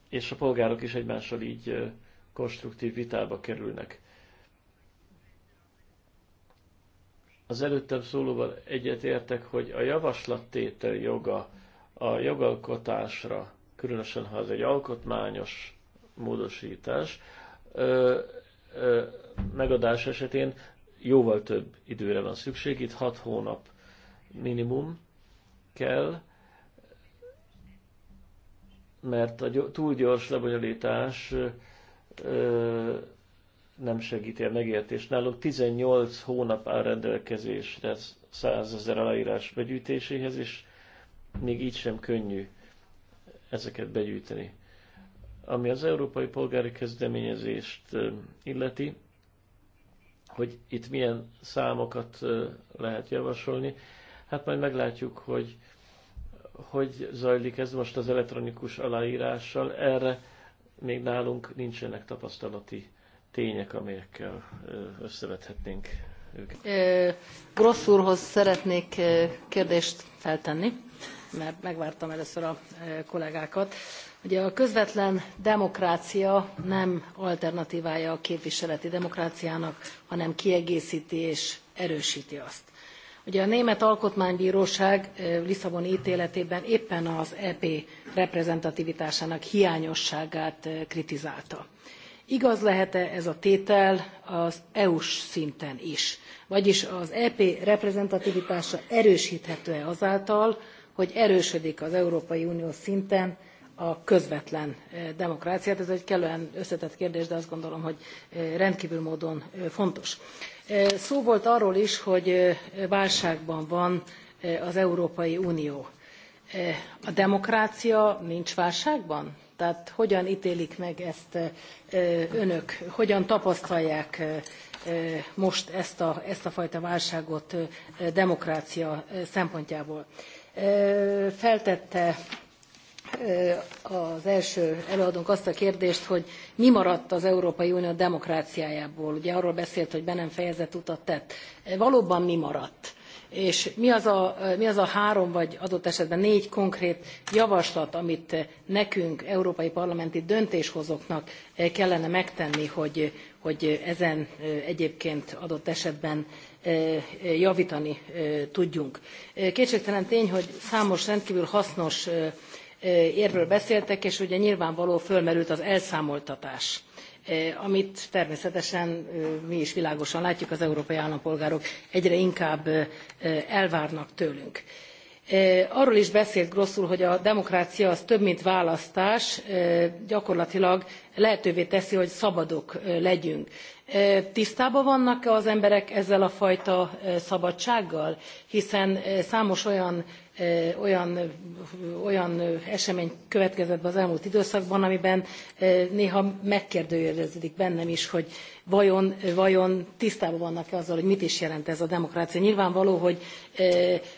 és a polgárok is egymással így konstruktív vitába kerülnek. Az előttem szólóval egyetértek, hogy a javaslattétel joga a jogalkotásra, különösen ha ez egy alkotmányos módosítás, ö, ö, megadás esetén jóval több időre van szükség, itt 6 hónap minimum kell, mert a túl gyors lebonyolítás nem segíti a megértést. Nálunk 18 hónap áll rendelkezésre 100 ezer aláírás begyűjtéséhez, és még így sem könnyű ezeket begyűjteni. Ami az európai polgári kezdeményezést illeti, hogy itt milyen számokat lehet javasolni, hát majd meglátjuk, hogy hogy zajlik ez most az elektronikus aláírással, erre még nálunk nincsenek tapasztalati tények, amelyekkel összevethetnénk őket. Grossz úrhoz szeretnék kérdést feltenni, mert megvártam először a kollégákat. Ugye a közvetlen demokrácia nem alternatívája a képviseleti demokráciának, hanem kiegészíti és erősíti azt Ugye a Német Alkotmánybíróság Lisszaboni ítéletében éppen az EP reprezentativitásának hiányosságát kritizálta. Igaz lehet-e ez a tétel az EU-s szinten is? Vagyis az EP reprezentativitása erősíthető-e azáltal, hogy erősödik az Európai Unió szinten a közvetlen eh, demokráciát. Ez egy kellően összetett kérdés, de azt gondolom, hogy eh, rendkívül módon eh, fontos. Szó volt arról is, hogy válságban van az Európai Unió. A demokrácia nincs válságban? Tehát hogyan ítélik meg ezt önök, hogyan tapasztalják most ezt a, ezt a fajta válságot demokrácia szempontjából? Feltette az első előadónk azt a kérdést, hogy mi maradt az Európai Unió demokráciájából. Ugye arról beszélt, hogy be nem fejezett utat tett. Valóban mi maradt? és mi az, a, mi az a három vagy adott esetben négy konkrét javaslat, amit nekünk, európai parlamenti döntéshozóknak kellene megtenni, hogy, hogy ezen egyébként adott esetben javítani tudjunk. Kétségtelen tény, hogy számos rendkívül hasznos érvről beszéltek, és ugye nyilvánvaló fölmerült az elszámoltatás amit természetesen mi is világosan látjuk, az európai állampolgárok egyre inkább elvárnak tőlünk. Arról is beszélt Grosszul, hogy a demokrácia az több, mint választás, gyakorlatilag lehetővé teszi, hogy szabadok legyünk. Tisztában vannak -e az emberek ezzel a fajta szabadsággal? Hiszen számos olyan olyan, olyan esemény következett be az elmúlt időszakban, amiben néha megkérdőjeleződik bennem is, hogy vajon, vajon tisztában vannak-e azzal, hogy mit is jelent ez a demokrácia. Nyilvánvaló, hogy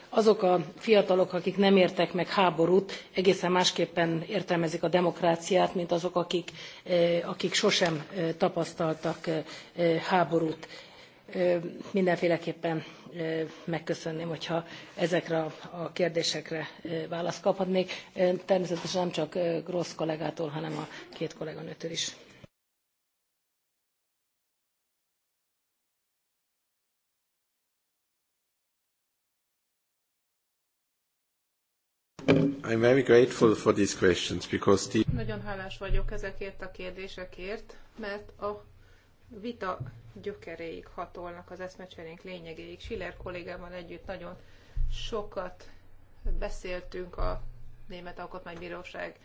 azok a fiatalok, akik nem értek meg háborút, egészen másképpen értelmezik a demokráciát, mint azok, akik, akik sosem tapasztaltak háborút. Mindenféleképpen megköszönném, hogyha ezekre a kérdésekre választ kaphatnék. Természetesen nem csak Grossz kollégától, hanem a két kolléganőtől is. I'm very grateful for these questions because the... Nagyon hálás vagyok ezekért a kérdésekért, mert a vita gyökeréig hatolnak az eszmecserénk lényegéig. Schiller kollégámmal együtt nagyon sokat beszéltünk a Német Alkotmánybíróság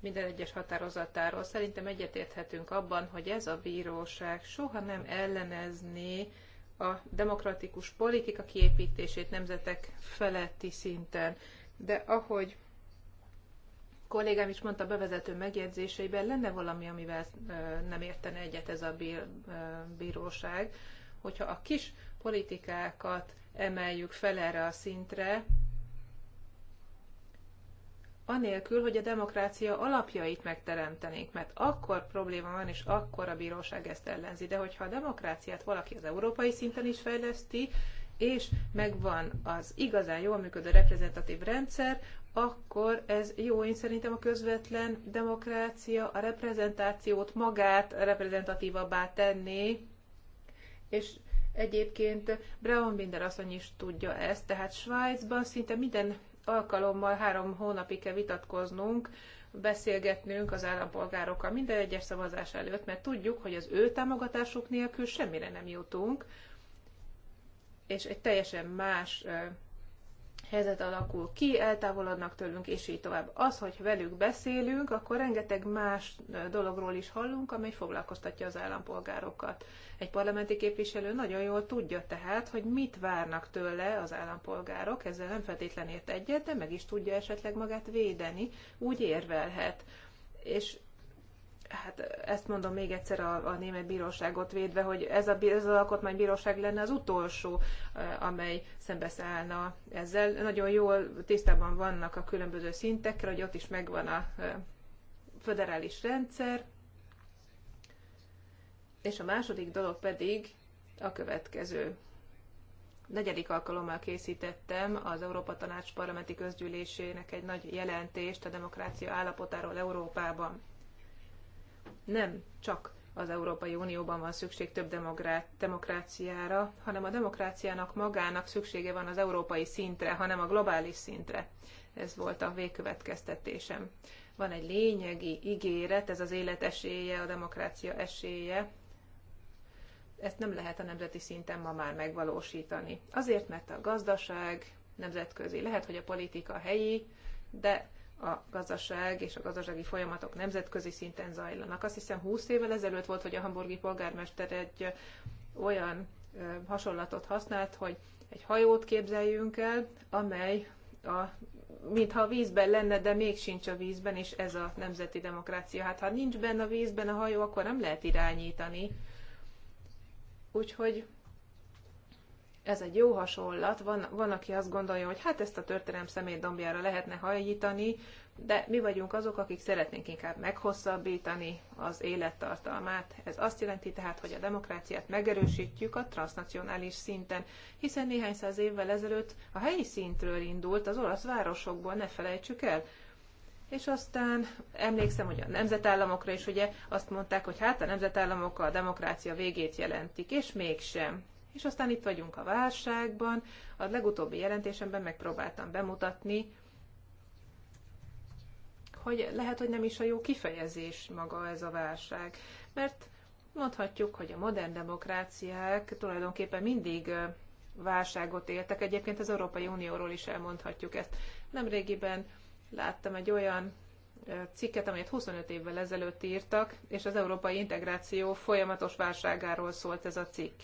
minden egyes határozatáról. Szerintem egyetérthetünk abban, hogy ez a bíróság soha nem ellenezni a demokratikus politika kiépítését nemzetek feletti szinten. De ahogy kollégám is mondta bevezető megjegyzéseiben, lenne valami, amivel nem értene egyet ez a bíróság, hogyha a kis politikákat emeljük fel erre a szintre, anélkül, hogy a demokrácia alapjait megteremtenénk, mert akkor probléma van, és akkor a bíróság ezt ellenzi. De hogyha a demokráciát valaki az európai szinten is fejleszti, és megvan az igazán jól működő reprezentatív rendszer, akkor ez jó, én szerintem a közvetlen demokrácia a reprezentációt magát reprezentatívabbá tenni, és egyébként Braun Binder asszony is tudja ezt, tehát Svájcban szinte minden alkalommal három hónapig kell vitatkoznunk, beszélgetnünk az állampolgárokkal minden egyes szavazás előtt, mert tudjuk, hogy az ő támogatásuk nélkül semmire nem jutunk, és egy teljesen más helyzet alakul ki, eltávolodnak tőlünk, és így tovább. Az, hogy velük beszélünk, akkor rengeteg más dologról is hallunk, amely foglalkoztatja az állampolgárokat. Egy parlamenti képviselő nagyon jól tudja tehát, hogy mit várnak tőle az állampolgárok, ezzel nem feltétlen ért egyet, de meg is tudja esetleg magát védeni, úgy érvelhet. És hát ezt mondom még egyszer a, a német bíróságot védve, hogy ez, a, ez az alkotmánybíróság lenne az utolsó, amely szembeszállna ezzel. Nagyon jól tisztában vannak a különböző szintekkel, hogy ott is megvan a föderális rendszer. És a második dolog pedig a következő. Negyedik alkalommal készítettem az Európa Tanács Parlamenti Közgyűlésének egy nagy jelentést a demokrácia állapotáról Európában nem csak az Európai Unióban van szükség több demokráciára, hanem a demokráciának magának szüksége van az európai szintre, hanem a globális szintre. Ez volt a végkövetkeztetésem. Van egy lényegi ígéret, ez az élet esélye, a demokrácia esélye. Ezt nem lehet a nemzeti szinten ma már megvalósítani. Azért, mert a gazdaság nemzetközi, lehet, hogy a politika helyi, de a gazdaság és a gazdasági folyamatok nemzetközi szinten zajlanak. Azt hiszem 20 évvel ezelőtt volt, hogy a hamburgi polgármester egy olyan hasonlatot használt, hogy egy hajót képzeljünk el, amely a, mintha a vízben lenne, de még sincs a vízben, és ez a nemzeti demokrácia. Hát ha nincs benne a vízben a hajó, akkor nem lehet irányítani. Úgyhogy ez egy jó hasonlat. Van, van, aki azt gondolja, hogy hát ezt a történelem szemét dombjára lehetne hajítani, de mi vagyunk azok, akik szeretnénk inkább meghosszabbítani az élettartalmát. Ez azt jelenti tehát, hogy a demokráciát megerősítjük a transnacionális szinten, hiszen néhány száz évvel ezelőtt a helyi szintről indult, az olasz városokból, ne felejtsük el. És aztán emlékszem, hogy a nemzetállamokra is ugye azt mondták, hogy hát a nemzetállamok a demokrácia végét jelentik, és mégsem. És aztán itt vagyunk a válságban. A legutóbbi jelentésemben megpróbáltam bemutatni, hogy lehet, hogy nem is a jó kifejezés maga ez a válság. Mert mondhatjuk, hogy a modern demokráciák tulajdonképpen mindig válságot éltek. Egyébként az Európai Unióról is elmondhatjuk ezt. Nemrégiben láttam egy olyan cikket, amelyet 25 évvel ezelőtt írtak, és az európai integráció folyamatos válságáról szólt ez a cikk.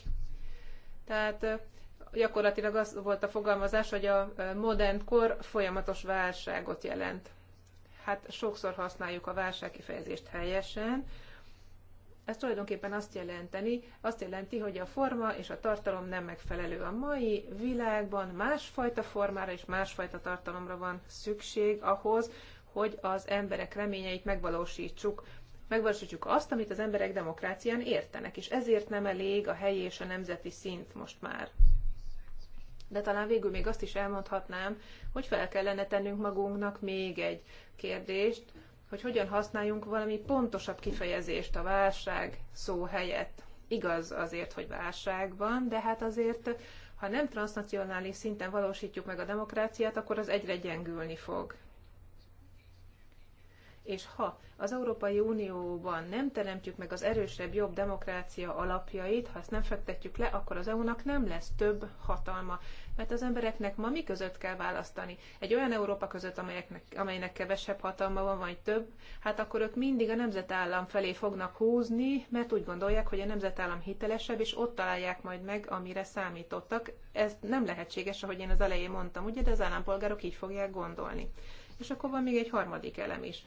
Tehát gyakorlatilag az volt a fogalmazás, hogy a modern kor folyamatos válságot jelent. Hát sokszor használjuk a válság kifejezést helyesen. Ez tulajdonképpen azt jelenteni, azt jelenti, hogy a forma és a tartalom nem megfelelő. A mai világban másfajta formára és másfajta tartalomra van szükség ahhoz, hogy az emberek reményeit megvalósítsuk megvalósítjuk azt, amit az emberek demokrácián értenek, és ezért nem elég a helyi és a nemzeti szint most már. De talán végül még azt is elmondhatnám, hogy fel kellene tennünk magunknak még egy kérdést, hogy hogyan használjunk valami pontosabb kifejezést a válság szó helyett. Igaz azért, hogy válság van, de hát azért, ha nem transnacionális szinten valósítjuk meg a demokráciát, akkor az egyre gyengülni fog és ha az Európai Unióban nem teremtjük meg az erősebb, jobb demokrácia alapjait, ha ezt nem fektetjük le, akkor az EU-nak nem lesz több hatalma. Mert az embereknek ma mi között kell választani? Egy olyan Európa között, amelyeknek, amelynek kevesebb hatalma van, vagy több, hát akkor ők mindig a nemzetállam felé fognak húzni, mert úgy gondolják, hogy a nemzetállam hitelesebb, és ott találják majd meg, amire számítottak. Ez nem lehetséges, ahogy én az elején mondtam, ugye, de az állampolgárok így fogják gondolni. És akkor van még egy harmadik elem is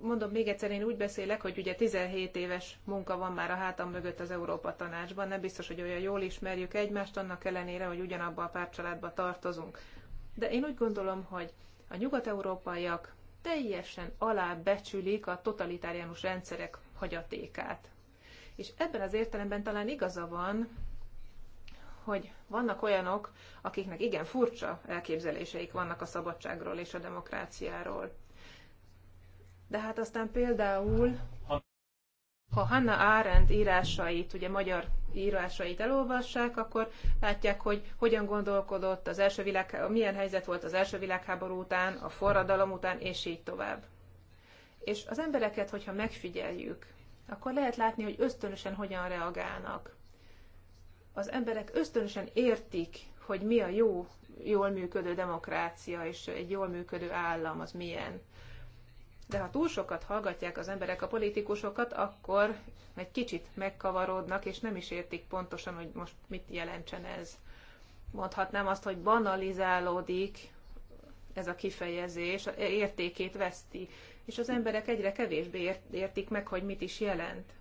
mondom még egyszer, én úgy beszélek, hogy ugye 17 éves munka van már a hátam mögött az Európa Tanácsban, nem biztos, hogy olyan jól ismerjük egymást, annak ellenére, hogy ugyanabba a párcsaládba tartozunk. De én úgy gondolom, hogy a nyugat-európaiak teljesen alábecsülik a totalitáriánus rendszerek hagyatékát. És ebben az értelemben talán igaza van, hogy vannak olyanok, akiknek igen furcsa elképzeléseik vannak a szabadságról és a demokráciáról. De hát aztán például, ha Hanna Arendt írásait, ugye magyar írásait elolvassák, akkor látják, hogy hogyan gondolkodott az első világ, milyen helyzet volt az első világháború után, a forradalom után, és így tovább. És az embereket, hogyha megfigyeljük, akkor lehet látni, hogy ösztönösen hogyan reagálnak. Az emberek ösztönösen értik, hogy mi a jó, jól működő demokrácia és egy jól működő állam az milyen de ha túl sokat hallgatják az emberek a politikusokat, akkor egy kicsit megkavarodnak, és nem is értik pontosan, hogy most mit jelentsen ez. Mondhatnám azt, hogy banalizálódik ez a kifejezés, értékét veszti, és az emberek egyre kevésbé értik meg, hogy mit is jelent.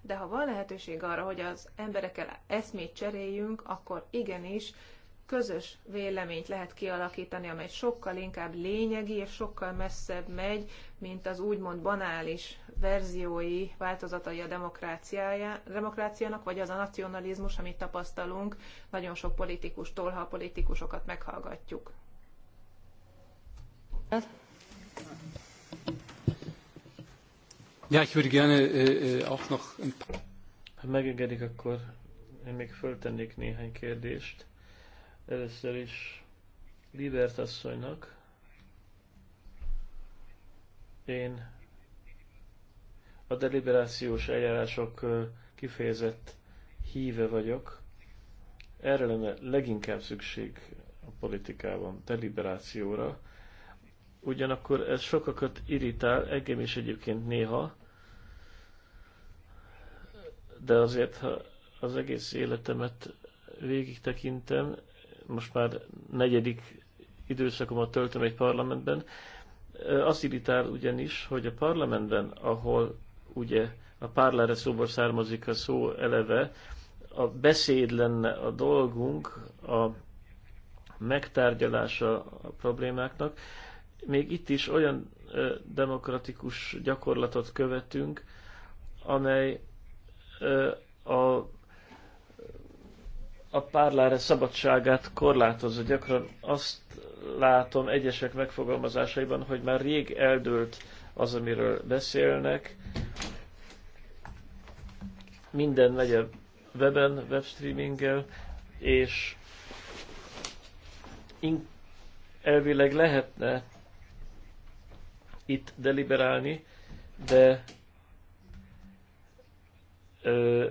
De ha van lehetőség arra, hogy az emberekkel eszmét cseréljünk, akkor igenis közös véleményt lehet kialakítani, amely sokkal inkább lényegi és sokkal messzebb megy, mint az úgymond banális verziói, változatai a demokráciának, vagy az a nacionalizmus, amit tapasztalunk nagyon sok politikustól, ha a politikusokat meghallgatjuk. Ja, ich würde gerne äh, äh auch noch... Ha megengedik, akkor én még föltennék néhány kérdést Először is Libert asszonynak én a deliberációs eljárások kifejezett híve vagyok. Erre lenne leginkább szükség a politikában, deliberációra. Ugyanakkor ez sokakat irritál, engem is egyébként néha, de azért, ha az egész életemet végig tekintem, most már negyedik időszakomat töltöm egy parlamentben. Azt irítál ugyanis, hogy a parlamentben, ahol ugye a párlára szóból származik a szó eleve, a beszéd lenne a dolgunk, a megtárgyalása a problémáknak. Még itt is olyan demokratikus gyakorlatot követünk, amely a a párlára szabadságát korlátozza. Gyakran azt látom egyesek megfogalmazásaiban, hogy már rég eldőlt az, amiről beszélnek. Minden megy a weben, webstreaminggel, és elvileg lehetne itt deliberálni, de ö,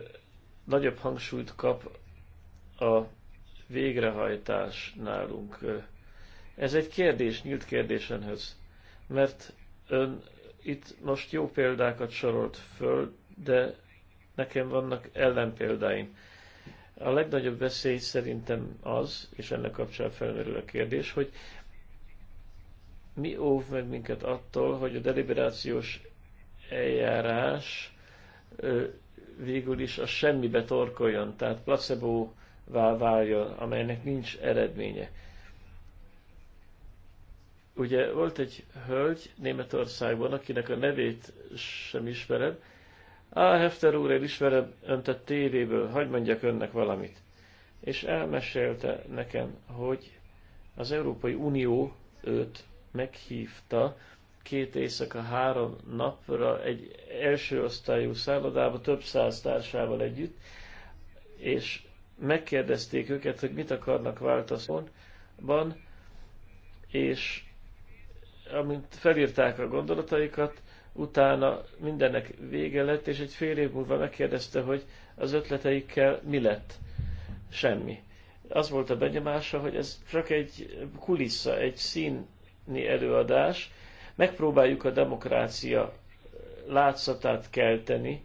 nagyobb hangsúlyt kap a végrehajtás nálunk? Ez egy kérdés, nyílt kérdésenhöz, mert ön itt most jó példákat sorolt föl, de nekem vannak ellenpéldáim. A legnagyobb veszély szerintem az, és ennek kapcsán felmerül a kérdés, hogy mi óv meg minket attól, hogy a deliberációs eljárás végül is a semmibe torkoljon, tehát placebo váljon, amelynek nincs eredménye. Ugye volt egy hölgy Németországban, akinek a nevét sem ismered. Á, Hefter úr, én ismerem önt a tévéből, hagyd mondjak önnek valamit. És elmesélte nekem, hogy az Európai Unió őt meghívta két éjszaka, három napra egy első osztályú szállodába több száz társával együtt, és megkérdezték őket, hogy mit akarnak változóban, és amint felírták a gondolataikat, utána mindennek vége lett, és egy fél év múlva megkérdezte, hogy az ötleteikkel mi lett. Semmi. Az volt a benyomása, hogy ez csak egy kulissza, egy színi előadás. Megpróbáljuk a demokrácia látszatát kelteni,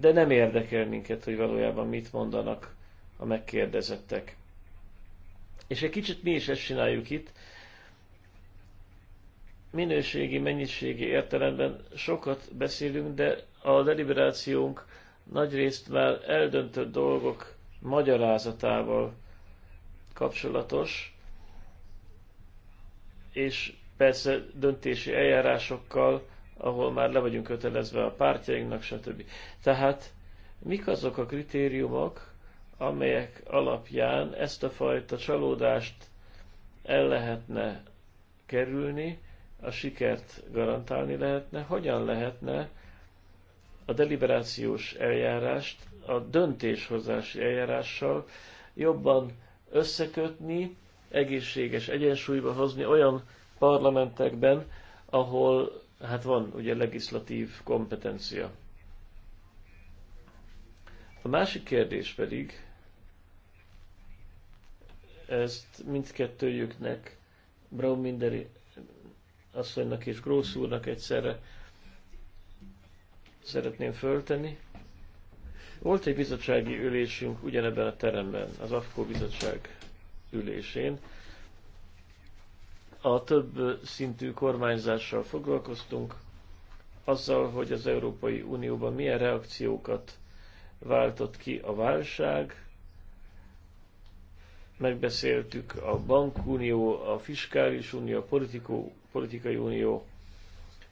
de nem érdekel minket, hogy valójában mit mondanak a megkérdezettek. És egy kicsit mi is ezt csináljuk itt. Minőségi, mennyiségi értelemben sokat beszélünk, de a deliberációnk nagyrészt már eldöntött dolgok magyarázatával kapcsolatos, és persze döntési eljárásokkal, ahol már le vagyunk kötelezve a pártjainknak, stb. Tehát mik azok a kritériumok, amelyek alapján ezt a fajta csalódást el lehetne kerülni, a sikert garantálni lehetne, hogyan lehetne a deliberációs eljárást a döntéshozási eljárással jobban összekötni, egészséges egyensúlyba hozni olyan parlamentekben, ahol hát van ugye legislatív kompetencia. A másik kérdés pedig, ezt mindkettőjüknek, Braun Minderi asszonynak és Grósz úrnak egyszerre szeretném föltenni. Volt egy bizottsági ülésünk ugyanebben a teremben, az AFKO bizottság ülésén. A több szintű kormányzással foglalkoztunk, azzal, hogy az Európai Unióban milyen reakciókat váltott ki a válság, megbeszéltük a bankunió, a fiskális unió, a politikó, politikai unió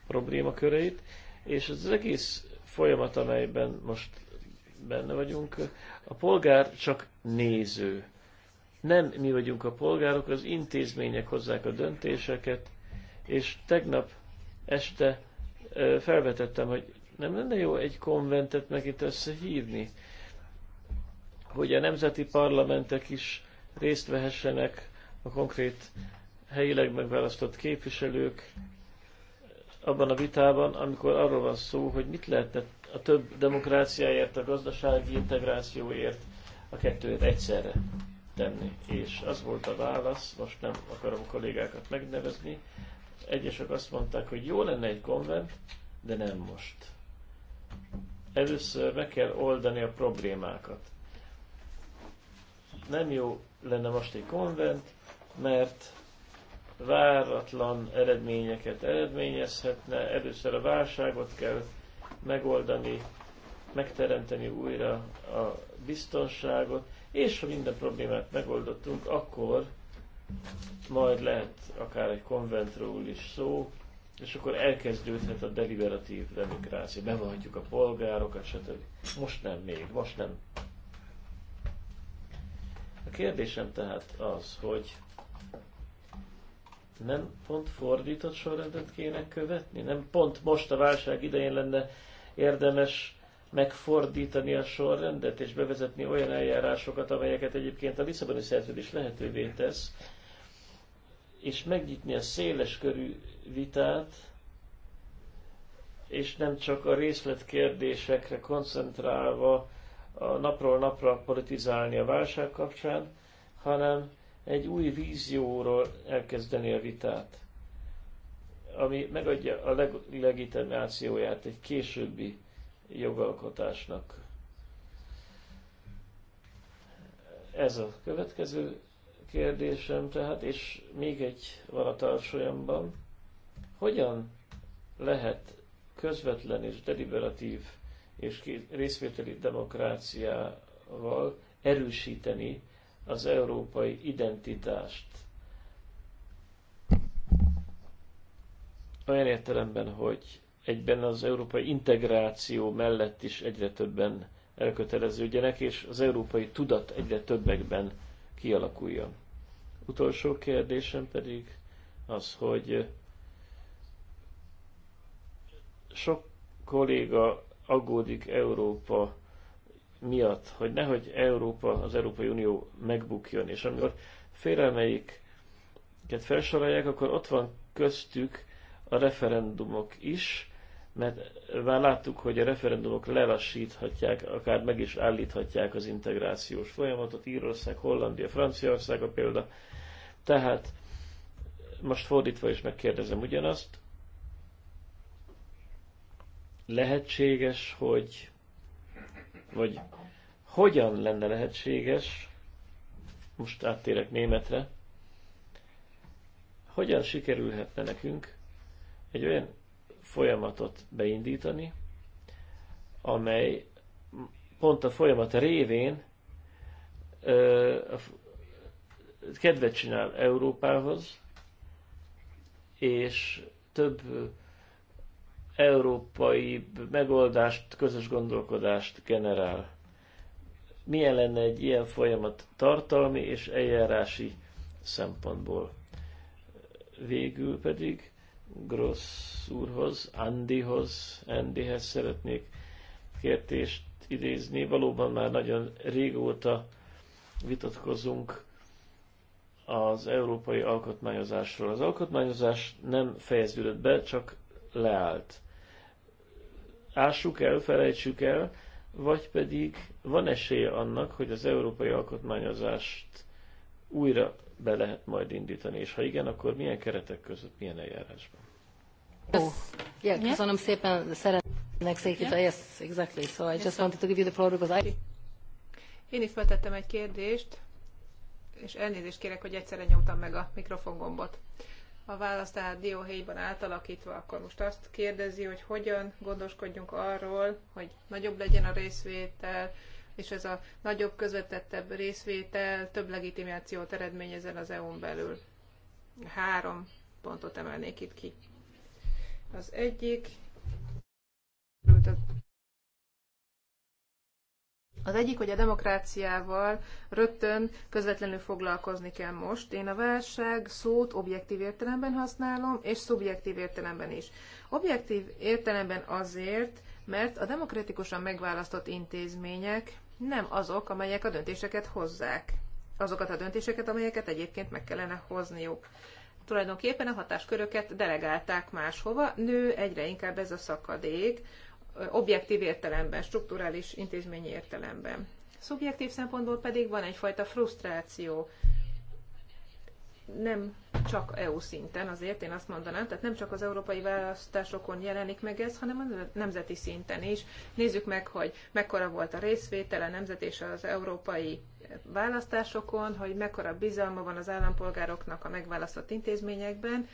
problémaköreit, és az egész folyamat, amelyben most benne vagyunk, a polgár csak néző. Nem mi vagyunk a polgárok, az intézmények hozzák a döntéseket, és tegnap este felvetettem, hogy nem lenne jó egy konventet meg itt összehívni, hogy a nemzeti parlamentek is részt vehessenek a konkrét helyileg megválasztott képviselők abban a vitában, amikor arról van szó, hogy mit lehetne a több demokráciáért, a gazdasági integrációért a kettőt egyszerre tenni. És az volt a válasz, most nem akarom kollégákat megnevezni, egyesek azt mondták, hogy jó lenne egy konvent, de nem most. Először meg kell oldani a problémákat. Nem jó lenne most egy konvent, mert váratlan eredményeket eredményezhetne, először a válságot kell megoldani, megteremteni újra a biztonságot, és ha minden problémát megoldottunk, akkor majd lehet akár egy konventról is szó, és akkor elkezdődhet a deliberatív demokrácia, bevonhatjuk a polgárokat, stb. Most nem még, most nem a kérdésem tehát az, hogy nem pont fordított sorrendet kéne követni? Nem pont most a válság idején lenne érdemes megfordítani a sorrendet, és bevezetni olyan eljárásokat, amelyeket egyébként a Lisszaboni szerződés lehetővé tesz, és megnyitni a széles körű vitát, és nem csak a részletkérdésekre koncentrálva a napról napra politizálni a válság kapcsán, hanem egy új vízióról elkezdeni a vitát, ami megadja a leg- legitimációját egy későbbi jogalkotásnak. Ez a következő kérdésem tehát, és még egy van a tarsolyamban. Hogyan lehet közvetlen és deliberatív és részvételi demokráciával erősíteni az európai identitást. Olyan értelemben, hogy egyben az európai integráció mellett is egyre többen elköteleződjenek, és az európai tudat egyre többekben kialakuljon. Utolsó kérdésem pedig az, hogy sok kolléga aggódik Európa miatt, hogy nehogy Európa, az Európai Unió megbukjon, és amikor félelmeiket felsorolják, akkor ott van köztük a referendumok is, mert már láttuk, hogy a referendumok lelassíthatják, akár meg is állíthatják az integrációs folyamatot, Írország, Hollandia, Franciaország a példa. Tehát most fordítva is megkérdezem ugyanazt, lehetséges, hogy vagy hogyan lenne lehetséges, most áttérek németre, hogyan sikerülhetne nekünk egy olyan folyamatot beindítani, amely pont a folyamat révén ö, kedvet csinál Európához, és több európai megoldást, közös gondolkodást generál. Milyen lenne egy ilyen folyamat tartalmi és eljárási szempontból? Végül pedig Grossz úrhoz, Andihoz, Andihez szeretnék kértést idézni. Valóban már nagyon régóta vitatkozunk az európai alkotmányozásról. Az alkotmányozás nem fejeződött be, csak leállt ássuk el, felejtsük el, vagy pedig van esély annak, hogy az európai alkotmányozást újra be lehet majd indítani, és ha igen, akkor milyen keretek között, milyen eljárásban? Oh. köszönöm szépen, szeretnék szépen, Yeah. Yes, exactly. So I just wanted to give you the floor because I... Én is feltettem egy kérdést, és elnézést kérek, hogy egyszerre nyomtam meg a mikrofongombot a tehát dióhéjban átalakítva, akkor most azt kérdezi, hogy hogyan gondoskodjunk arról, hogy nagyobb legyen a részvétel, és ez a nagyobb, közvetettebb részvétel több legitimációt eredményezen az EU-n belül. Három pontot emelnék itt ki. Az egyik, az egyik, hogy a demokráciával rögtön közvetlenül foglalkozni kell most. Én a válság szót objektív értelemben használom, és szubjektív értelemben is. Objektív értelemben azért, mert a demokratikusan megválasztott intézmények nem azok, amelyek a döntéseket hozzák. Azokat a döntéseket, amelyeket egyébként meg kellene hozniuk. Tulajdonképpen a hatásköröket delegálták máshova, nő egyre inkább ez a szakadék, objektív értelemben, strukturális intézményi értelemben. Szubjektív szempontból pedig van egyfajta frusztráció, nem csak EU szinten, azért én azt mondanám, tehát nem csak az európai választásokon jelenik meg ez, hanem a nemzeti szinten is. Nézzük meg, hogy mekkora volt a részvétele a nemzet és az európai választásokon, hogy mekkora bizalma van az állampolgároknak a megválasztott intézményekben,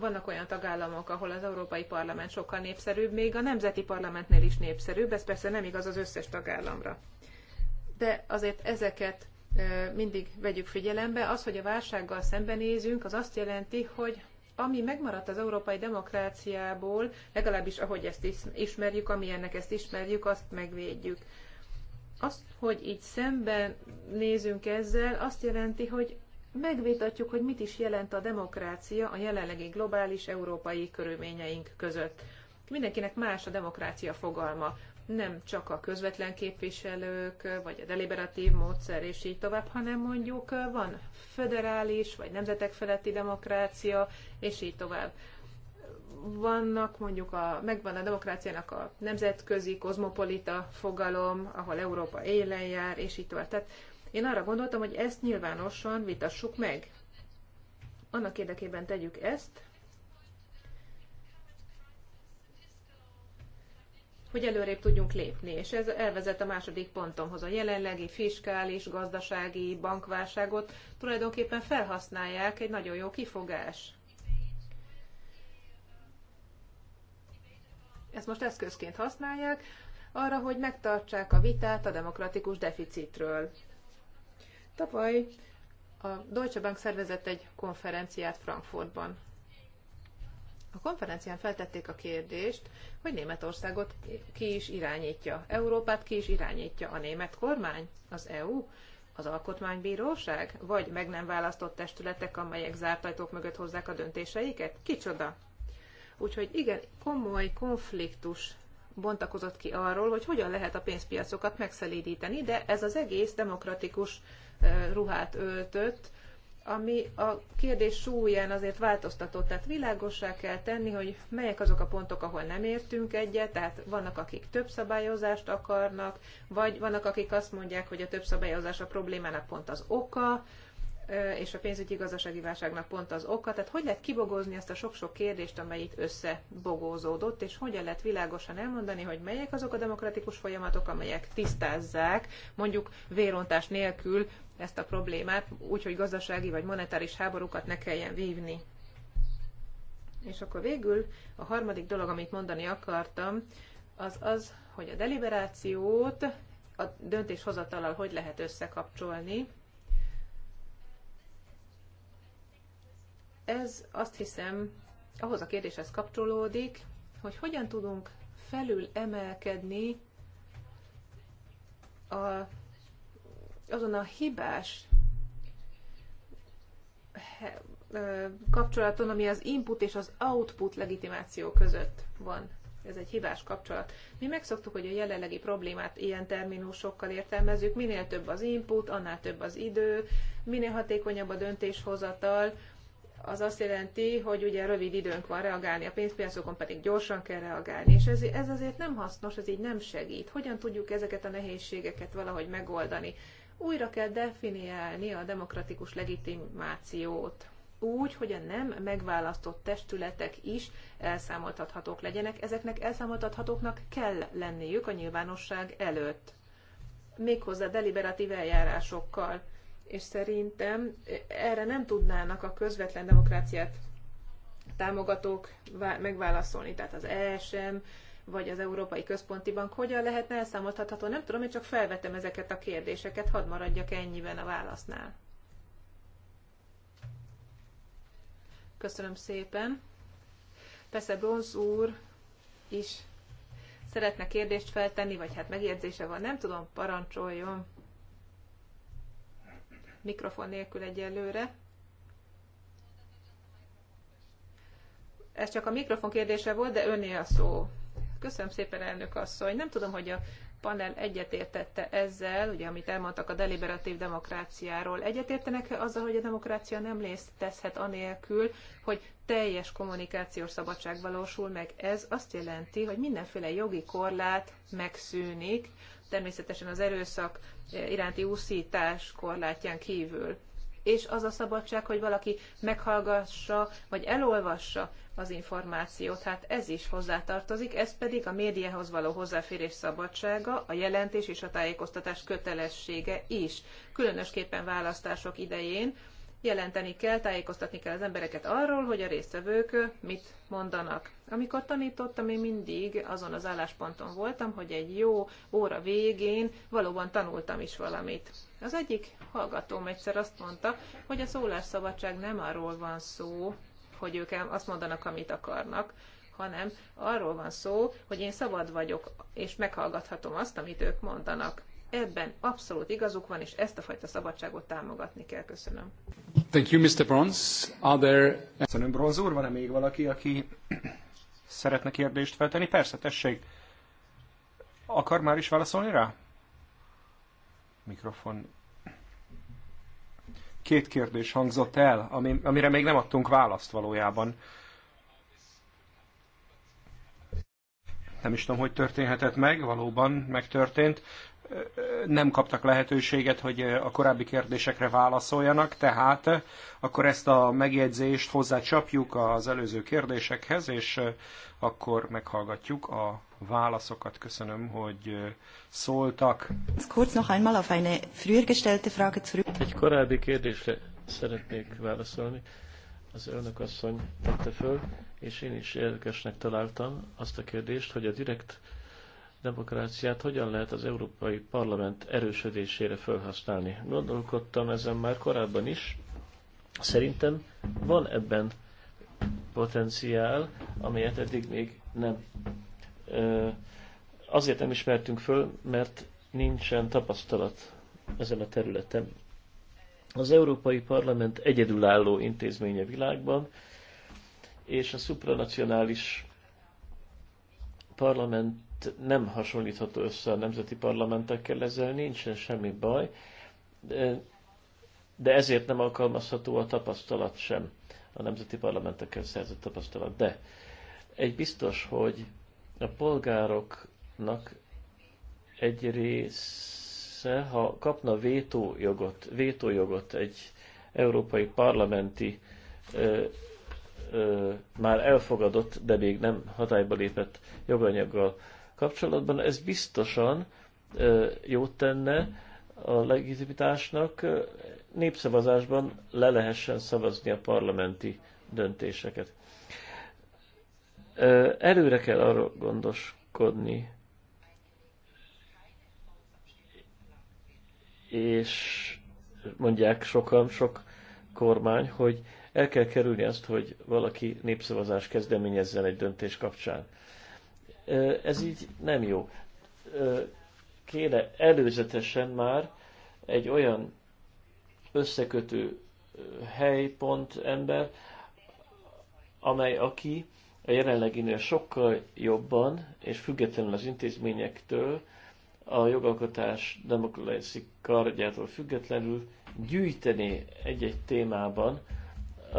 vannak olyan tagállamok, ahol az Európai Parlament sokkal népszerűbb, még a Nemzeti Parlamentnél is népszerűbb, ez persze nem igaz az összes tagállamra. De azért ezeket mindig vegyük figyelembe. Az, hogy a válsággal szembenézünk, az azt jelenti, hogy ami megmaradt az európai demokráciából, legalábbis ahogy ezt ismerjük, amilyennek ezt ismerjük, azt megvédjük. Azt, hogy így szemben nézünk ezzel, azt jelenti, hogy megvitatjuk, hogy mit is jelent a demokrácia a jelenlegi globális európai körülményeink között. Mindenkinek más a demokrácia fogalma, nem csak a közvetlen képviselők, vagy a deliberatív módszer, és így tovább, hanem mondjuk van föderális, vagy nemzetek feletti demokrácia, és így tovább. Vannak mondjuk a, megvan a demokráciának a nemzetközi, kozmopolita fogalom, ahol Európa élen jár, és így tovább. Tehát én arra gondoltam, hogy ezt nyilvánosan vitassuk meg. Annak érdekében tegyük ezt, hogy előrébb tudjunk lépni, és ez elvezet a második pontomhoz. A jelenlegi fiskális, gazdasági bankválságot tulajdonképpen felhasználják egy nagyon jó kifogás. Ezt most eszközként használják arra, hogy megtartsák a vitát a demokratikus deficitről. Tavaly a Deutsche Bank szervezett egy konferenciát Frankfurtban. A konferencián feltették a kérdést, hogy Németországot ki is irányítja. Európát ki is irányítja a német kormány? Az EU? Az alkotmánybíróság? Vagy meg nem választott testületek, amelyek zárt ajtók mögött hozzák a döntéseiket? Kicsoda? Úgyhogy igen, komoly konfliktus bontakozott ki arról, hogy hogyan lehet a pénzpiacokat megszelídíteni, de ez az egész demokratikus ruhát öltött, ami a kérdés súlyán azért változtatott, tehát világossá kell tenni, hogy melyek azok a pontok, ahol nem értünk egyet, tehát vannak, akik több szabályozást akarnak, vagy vannak, akik azt mondják, hogy a több szabályozás a problémának pont az oka, és a pénzügyi gazdasági válságnak pont az oka. Tehát hogy lehet kibogozni azt a sok-sok kérdést, amely itt összebogózódott, és hogyan lehet világosan elmondani, hogy melyek azok a demokratikus folyamatok, amelyek tisztázzák mondjuk vérontás nélkül ezt a problémát, úgyhogy gazdasági vagy monetáris háborúkat ne kelljen vívni. És akkor végül a harmadik dolog, amit mondani akartam, az az, hogy a deliberációt a döntéshozatalal hogy lehet összekapcsolni, ez azt hiszem ahhoz a kérdéshez kapcsolódik, hogy hogyan tudunk felül emelkedni a, azon a hibás kapcsolaton, ami az input és az output legitimáció között van. Ez egy hibás kapcsolat. Mi megszoktuk, hogy a jelenlegi problémát ilyen terminusokkal értelmezzük, minél több az input, annál több az idő, minél hatékonyabb a döntéshozatal, az azt jelenti, hogy ugye rövid időnk van reagálni, a pénzpiacokon pedig gyorsan kell reagálni, és ez, ez azért nem hasznos, ez így nem segít. Hogyan tudjuk ezeket a nehézségeket valahogy megoldani? Újra kell definiálni a demokratikus legitimációt úgy, hogy a nem megválasztott testületek is elszámoltathatók legyenek. Ezeknek elszámoltathatóknak kell lenniük a nyilvánosság előtt. Méghozzá deliberatív eljárásokkal és szerintem erre nem tudnának a közvetlen demokráciát támogatók megválaszolni, tehát az ESM, vagy az Európai Központi Bank hogyan lehetne elszámoltatható. Nem tudom, én csak felvetem ezeket a kérdéseket, hadd maradjak ennyiben a válasznál. Köszönöm szépen. Persze Bronz úr is szeretne kérdést feltenni, vagy hát megjegyzése van, nem tudom, parancsoljon mikrofon nélkül egyelőre. Ez csak a mikrofon kérdése volt, de öné a szó. Köszönöm szépen, elnök asszony. Nem tudom, hogy a panel egyetértette ezzel, ugye, amit elmondtak a deliberatív demokráciáról. Egyetértenek-e azzal, hogy a demokrácia nem létezhet anélkül, hogy teljes kommunikációs szabadság valósul meg? Ez azt jelenti, hogy mindenféle jogi korlát megszűnik, természetesen az erőszak eh, iránti úszítás korlátján kívül. És az a szabadság, hogy valaki meghallgassa, vagy elolvassa az információt, hát ez is hozzátartozik, ez pedig a médiához való hozzáférés szabadsága, a jelentés és a tájékoztatás kötelessége is, különösképpen választások idején, jelenteni kell, tájékoztatni kell az embereket arról, hogy a résztvevők mit mondanak. Amikor tanítottam, én mindig azon az állásponton voltam, hogy egy jó óra végén valóban tanultam is valamit. Az egyik hallgatóm egyszer azt mondta, hogy a szólásszabadság nem arról van szó, hogy ők azt mondanak, amit akarnak, hanem arról van szó, hogy én szabad vagyok, és meghallgathatom azt, amit ők mondanak. Ebben abszolút igazuk van, és ezt a fajta szabadságot támogatni kell. Köszönöm. Thank you, Mr. Bronze. Are there... Köszönöm, Bronze úr. Van-e még valaki, aki szeretne kérdést feltenni? Persze, tessék. Akar már is válaszolni rá? Mikrofon. Két kérdés hangzott el, ami, amire még nem adtunk választ valójában. nem is tudom, hogy történhetett meg, valóban megtörtént nem kaptak lehetőséget, hogy a korábbi kérdésekre válaszoljanak, tehát akkor ezt a megjegyzést hozzácsapjuk az előző kérdésekhez, és akkor meghallgatjuk a válaszokat. Köszönöm, hogy szóltak. Egy korábbi kérdésre szeretnék válaszolni. Az önök asszony tette föl, és én is érdekesnek találtam azt a kérdést, hogy a direkt demokráciát hogyan lehet az Európai Parlament erősödésére felhasználni. Gondolkodtam ezen már korábban is. Szerintem van ebben potenciál, amelyet eddig még nem. Azért nem ismertünk föl, mert nincsen tapasztalat ezen a területen. Az Európai Parlament egyedülálló intézménye világban, és a szupranacionális parlament nem hasonlítható össze a nemzeti parlamentekkel, ezzel nincsen semmi baj, de ezért nem alkalmazható a tapasztalat sem, a nemzeti parlamentekkel szerzett tapasztalat. De egy biztos, hogy a polgároknak egy része, ha kapna vétójogot, vétójogot egy európai parlamenti ö, ö, már elfogadott, de még nem hatályba lépett joganyaggal kapcsolatban. Ez biztosan jót tenne a legitimitásnak, népszavazásban le lehessen szavazni a parlamenti döntéseket. Előre kell arra gondoskodni, és mondják sokan, sok kormány, hogy el kell kerülni azt, hogy valaki népszavazás kezdeményezzen egy döntés kapcsán. Ez így nem jó. Kéne előzetesen már egy olyan összekötő helypont ember, amely aki a jelenleginél sokkal jobban és függetlenül az intézményektől, a jogalkotás demokráci kardjától függetlenül gyűjteni egy-egy témában a,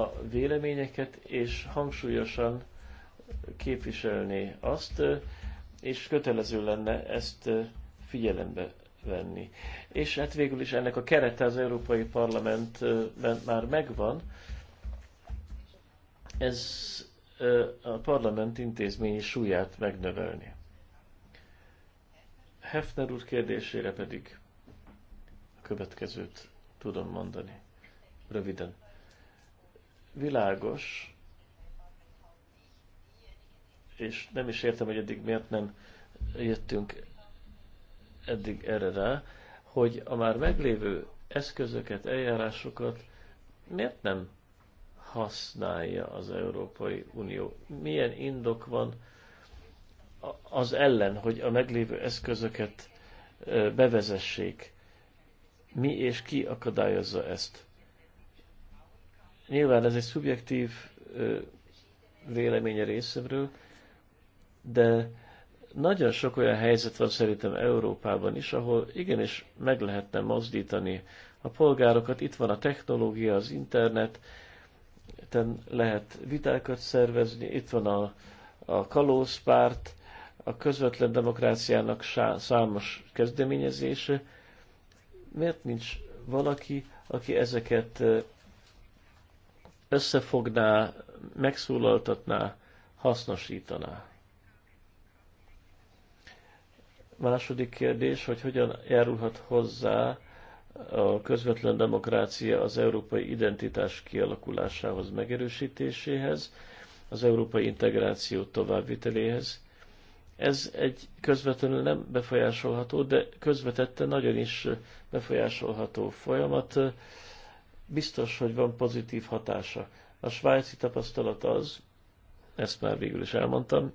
a véleményeket, és hangsúlyosan képviselni azt, és kötelező lenne ezt figyelembe venni. És hát végül is ennek a kerete az Európai Parlamentben már megvan. Ez a parlament intézményi súlyát megnövelni. Hefner úr kérdésére pedig a következőt tudom mondani. Röviden. Világos, és nem is értem, hogy eddig miért nem jöttünk eddig erre rá, hogy a már meglévő eszközöket, eljárásokat miért nem használja az Európai Unió? Milyen indok van az ellen, hogy a meglévő eszközöket bevezessék? Mi és ki akadályozza ezt? Nyilván ez egy szubjektív véleménye részemről, de nagyon sok olyan helyzet van szerintem Európában is, ahol igenis meg lehetne mozdítani a polgárokat. Itt van a technológia, az internet, lehet vitákat szervezni, itt van a, a kalózpárt, a közvetlen demokráciának számos kezdeményezése. Miért nincs valaki, aki ezeket összefogná, megszólaltatná, hasznosítaná? Második kérdés, hogy hogyan járulhat hozzá a közvetlen demokrácia az európai identitás kialakulásához, megerősítéséhez, az európai integráció továbbviteléhez. Ez egy közvetlenül nem befolyásolható, de közvetette nagyon is befolyásolható folyamat. Biztos, hogy van pozitív hatása. A svájci tapasztalat az, ezt már végül is elmondtam,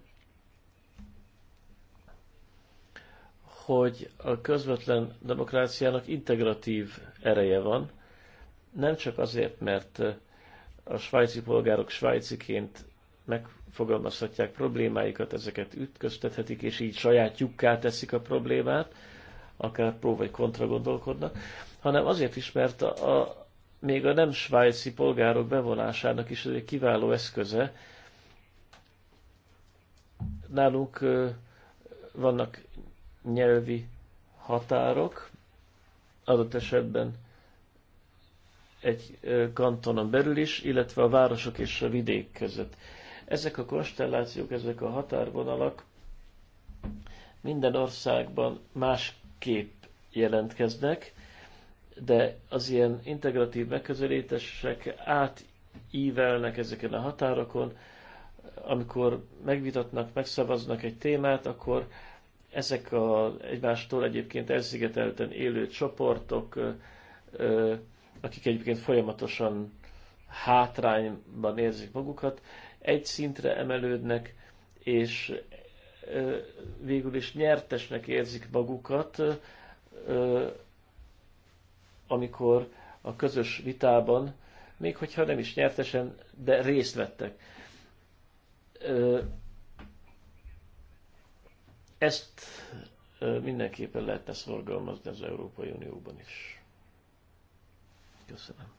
hogy a közvetlen demokráciának integratív ereje van, nem csak azért, mert a svájci polgárok svájciként megfogalmazhatják problémáikat, ezeket ütköztethetik, és így sajátjukká teszik a problémát, akár pró vagy kontra gondolkodnak, hanem azért is, mert a, a, még a nem svájci polgárok bevonásának is ez egy kiváló eszköze. Nálunk vannak nyelvi határok, adott esetben egy kantonon belül is, illetve a városok és a vidék között. Ezek a konstellációk, ezek a határvonalak minden országban másképp jelentkeznek, de az ilyen integratív megközelítések átívelnek ezeken a határokon, amikor megvitatnak, megszavaznak egy témát, akkor ezek a egymástól egyébként elszigetelten élő csoportok, akik egyébként folyamatosan hátrányban érzik magukat, egy szintre emelődnek, és végül is nyertesnek érzik magukat, amikor a közös vitában, még hogyha nem is nyertesen, de részt vettek. Ezt mindenképpen lehetne szorgalmazni az Európai Unióban is. Köszönöm.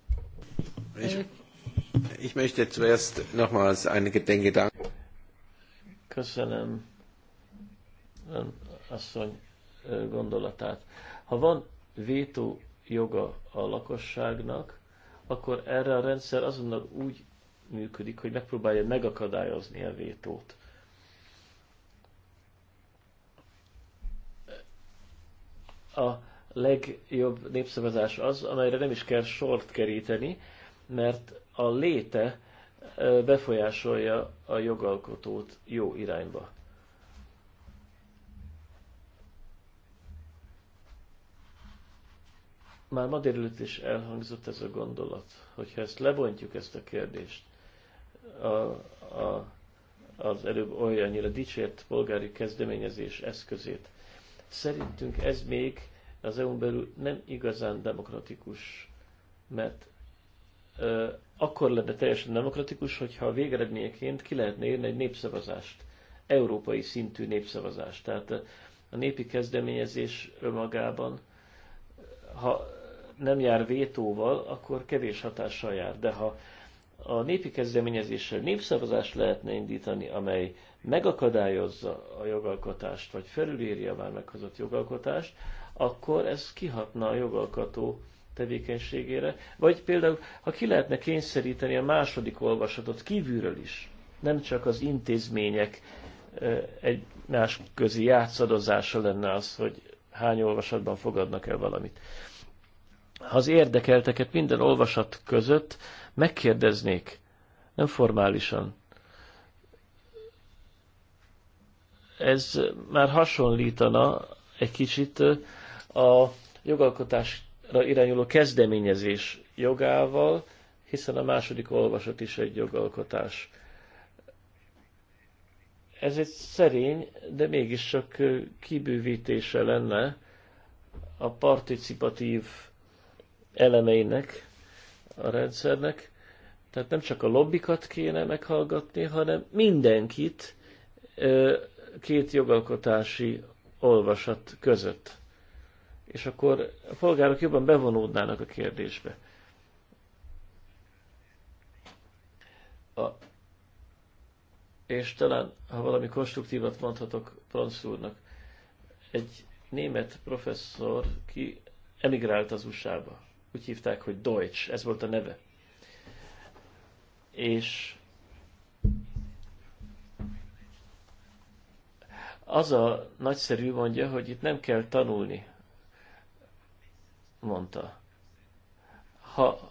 Ich, möchte zuerst nochmals einige danken. Köszönöm asszony gondolatát. Ha van vétó joga a lakosságnak, akkor erre a rendszer azonnal úgy működik, hogy megpróbálja megakadályozni a vétót. a legjobb népszavazás az, amelyre nem is kell sort keríteni, mert a léte befolyásolja a jogalkotót jó irányba. Már ma délelőtt is elhangzott ez a gondolat, hogyha ezt lebontjuk ezt a kérdést, a, a, az előbb olyannyira dicsért polgári kezdeményezés eszközét, Szerintünk ez még az EU-n belül nem igazán demokratikus, mert ö, akkor lenne teljesen demokratikus, hogyha a végeredményeként ki lehetne érni egy népszavazást, európai szintű népszavazást. Tehát a népi kezdeményezés önmagában, ha nem jár vétóval, akkor kevés hatással jár. De ha a népi kezdeményezéssel népszavazást lehetne indítani, amely megakadályozza a jogalkotást, vagy felülírja már meghozott jogalkotást, akkor ez kihatna a jogalkotó tevékenységére. Vagy például, ha ki lehetne kényszeríteni a második olvasatot kívülről is, nem csak az intézmények egy más közi játszadozása lenne az, hogy hány olvasatban fogadnak el valamit. Ha az érdekelteket minden olvasat között megkérdeznék, nem formálisan, ez már hasonlítana egy kicsit a jogalkotásra irányuló kezdeményezés jogával, hiszen a második olvasat is egy jogalkotás. Ez egy szerény, de mégiscsak kibővítése lenne a participatív elemeinek a rendszernek. Tehát nem csak a lobbikat kéne meghallgatni, hanem mindenkit, két jogalkotási olvasat között. És akkor a polgárok jobban bevonódnának a kérdésbe. A, és talán, ha valami konstruktívat mondhatok Franz úrnak, egy német professzor, ki emigrált az USA-ba. Úgy hívták, hogy Deutsch, ez volt a neve. És Az a nagyszerű mondja, hogy itt nem kell tanulni, mondta. Ha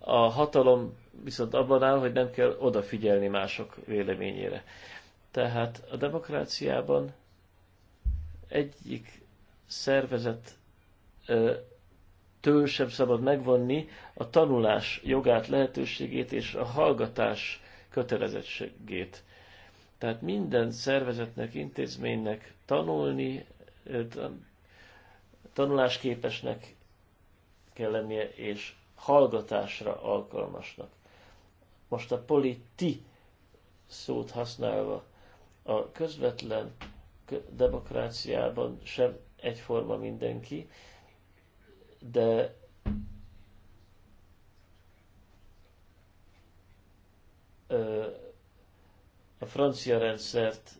a hatalom viszont abban áll, hogy nem kell odafigyelni mások véleményére. Tehát a demokráciában egyik szervezet től sem szabad megvonni a tanulás jogát, lehetőségét és a hallgatás kötelezettségét. Tehát minden szervezetnek, intézménynek tanulni, tanulásképesnek kell lennie, és hallgatásra alkalmasnak. Most a politi szót használva, a közvetlen demokráciában sem egyforma mindenki, de ö, a francia rendszert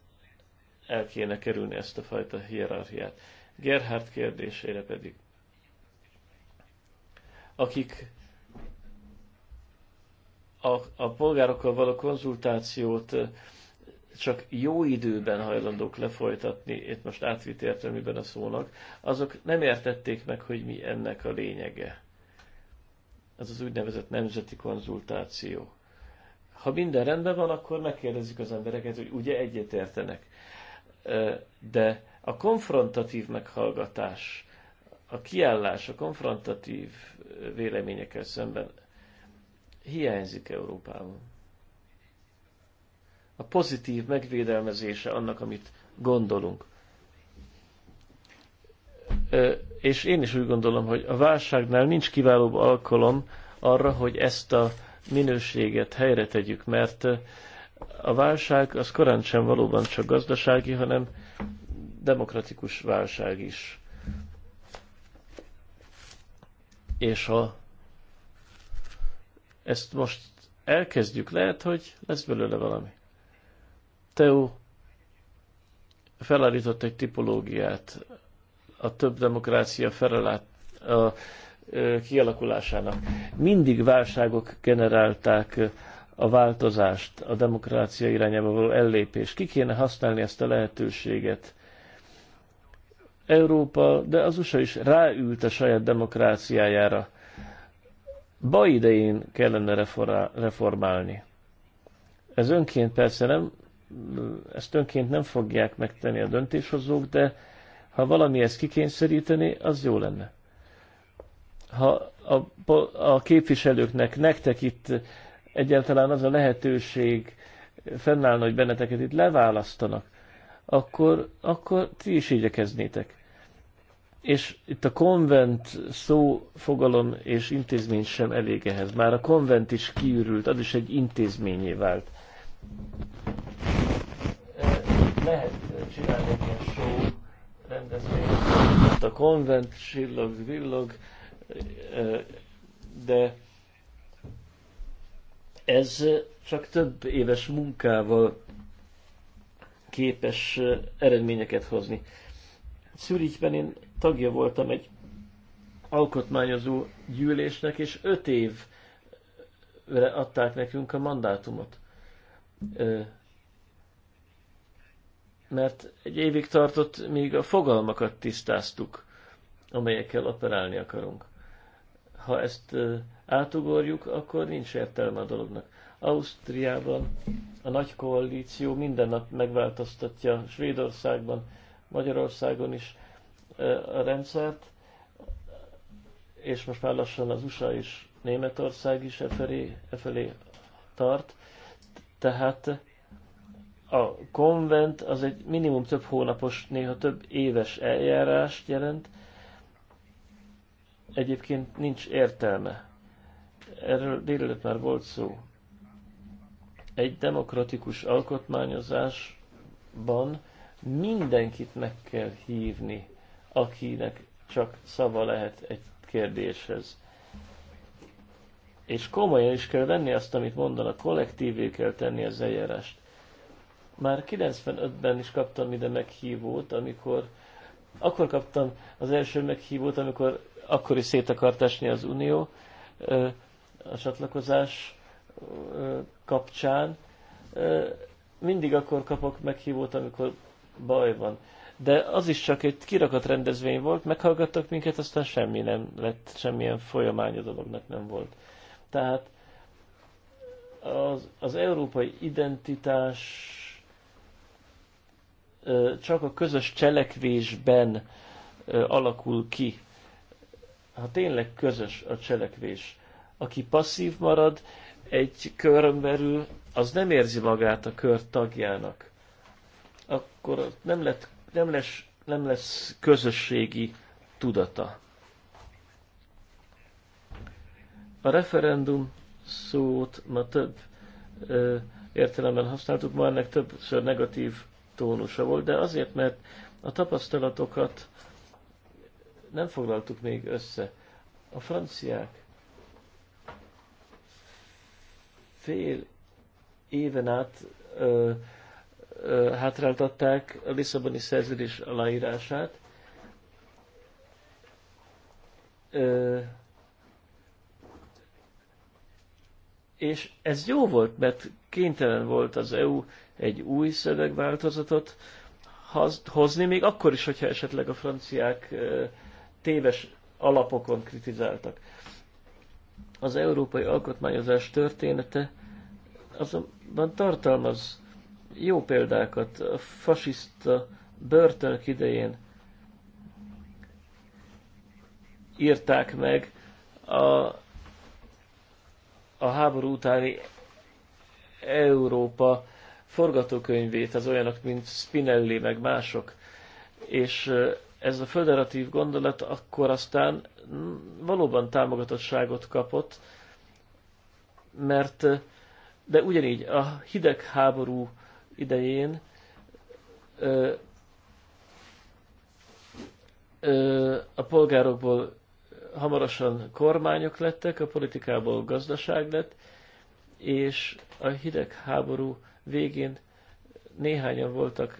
el kéne kerülni ezt a fajta hierarchiát. Gerhard kérdésére pedig. Akik a, a polgárokkal való konzultációt csak jó időben hajlandók lefolytatni, itt most átvitt értelmében a szónak, azok nem értették meg, hogy mi ennek a lényege. Ez az úgynevezett nemzeti konzultáció. Ha minden rendben van, akkor megkérdezzük az embereket, hogy ugye egyetértenek. De a konfrontatív meghallgatás, a kiállás, a konfrontatív véleményekkel szemben hiányzik Európában. A pozitív megvédelmezése annak, amit gondolunk. És én is úgy gondolom, hogy a válságnál nincs kiválóbb alkalom arra, hogy ezt a minőséget helyre tegyük, mert a válság az korán sem valóban csak gazdasági, hanem demokratikus válság is. És ha ezt most elkezdjük, lehet, hogy lesz belőle valami. Teó felállított egy tipológiát, a több demokrácia felelát, a kialakulásának. Mindig válságok generálták a változást, a demokrácia irányába való ellépést. Ki kéne használni ezt a lehetőséget? Európa, de az USA is ráült a saját demokráciájára. Ba idején kellene reformálni. Ez önként persze nem, ezt önként nem fogják megtenni a döntéshozók, de ha valami ezt kikényszeríteni, az jó lenne ha a, a képviselőknek, nektek itt egyáltalán az a lehetőség fennállna, hogy benneteket itt leválasztanak, akkor, akkor ti is igyekeznétek. És itt a konvent szó, fogalom és intézmény sem elég ehhez. Már a konvent is kiürült, az is egy intézményé vált. Lehet csinálni egy ilyen show rendezvényt, a konvent, csillog, villog, de ez csak több éves munkával képes eredményeket hozni. Zürichben én tagja voltam egy alkotmányozó gyűlésnek, és öt évre adták nekünk a mandátumot. Mert egy évig tartott, míg a fogalmakat tisztáztuk, amelyekkel operálni akarunk. Ha ezt átugorjuk, akkor nincs értelme a dolognak. Ausztriában a nagy koalíció minden nap megváltoztatja Svédországban, Magyarországon is a rendszert, és most már lassan az USA és Németország is e felé, e felé tart. Tehát a konvent az egy minimum több hónapos, néha több éves eljárást jelent, egyébként nincs értelme. Erről délelőtt már volt szó. Egy demokratikus alkotmányozásban mindenkit meg kell hívni, akinek csak szava lehet egy kérdéshez. És komolyan is kell venni azt, amit mondanak, kollektívé kell tenni az eljárást. Már 95-ben is kaptam ide meghívót, amikor akkor kaptam az első meghívót, amikor akkor is szét akart esni az Unió a csatlakozás kapcsán. Mindig akkor kapok meghívót, amikor baj van. De az is csak egy kirakat rendezvény volt, meghallgattak minket, aztán semmi nem lett, semmilyen folyamány a dolognak nem volt. Tehát az, az európai identitás csak a közös cselekvésben alakul ki ha tényleg közös a cselekvés, aki passzív marad egy körön belül, az nem érzi magát a kör tagjának. Akkor nem, lett, nem, lesz, nem lesz közösségi tudata. A referendum szót ma több ö, értelemben használtuk, ma ennek többször negatív tónusa volt, de azért, mert a tapasztalatokat nem foglaltuk még össze. A franciák fél éven át ö, ö, hátráltatták a Lisszaboni szerződés aláírását. Ö, és ez jó volt, mert kénytelen volt az EU egy új szövegváltozatot hozni, még akkor is, hogyha esetleg a franciák téves alapokon kritizáltak. Az európai alkotmányozás története azonban tartalmaz jó példákat. A fasiszta börtönök idején írták meg a, a háború utáni Európa forgatókönyvét, az olyanok, mint Spinelli, meg mások. És ez a föderatív gondolat akkor aztán valóban támogatottságot kapott, mert de ugyanígy a hidegháború idején ö, ö, a polgárokból hamarosan kormányok lettek, a politikából gazdaság lett, és a hidegháború végén néhányan voltak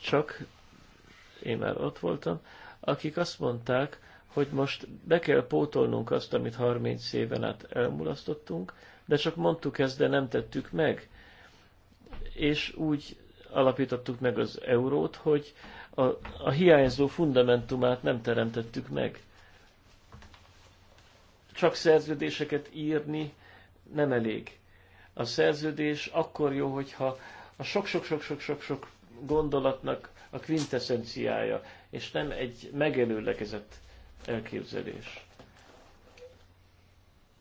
csak én már ott voltam, akik azt mondták, hogy most be kell pótolnunk azt, amit 30 éven át elmulasztottunk, de csak mondtuk ezt, de nem tettük meg. És úgy alapítottuk meg az eurót, hogy a, a hiányzó fundamentumát nem teremtettük meg. Csak szerződéseket írni nem elég. A szerződés akkor jó, hogyha a sok-sok-sok-sok-sok gondolatnak a quintessenciája, és nem egy megelőlegezett elképzelés.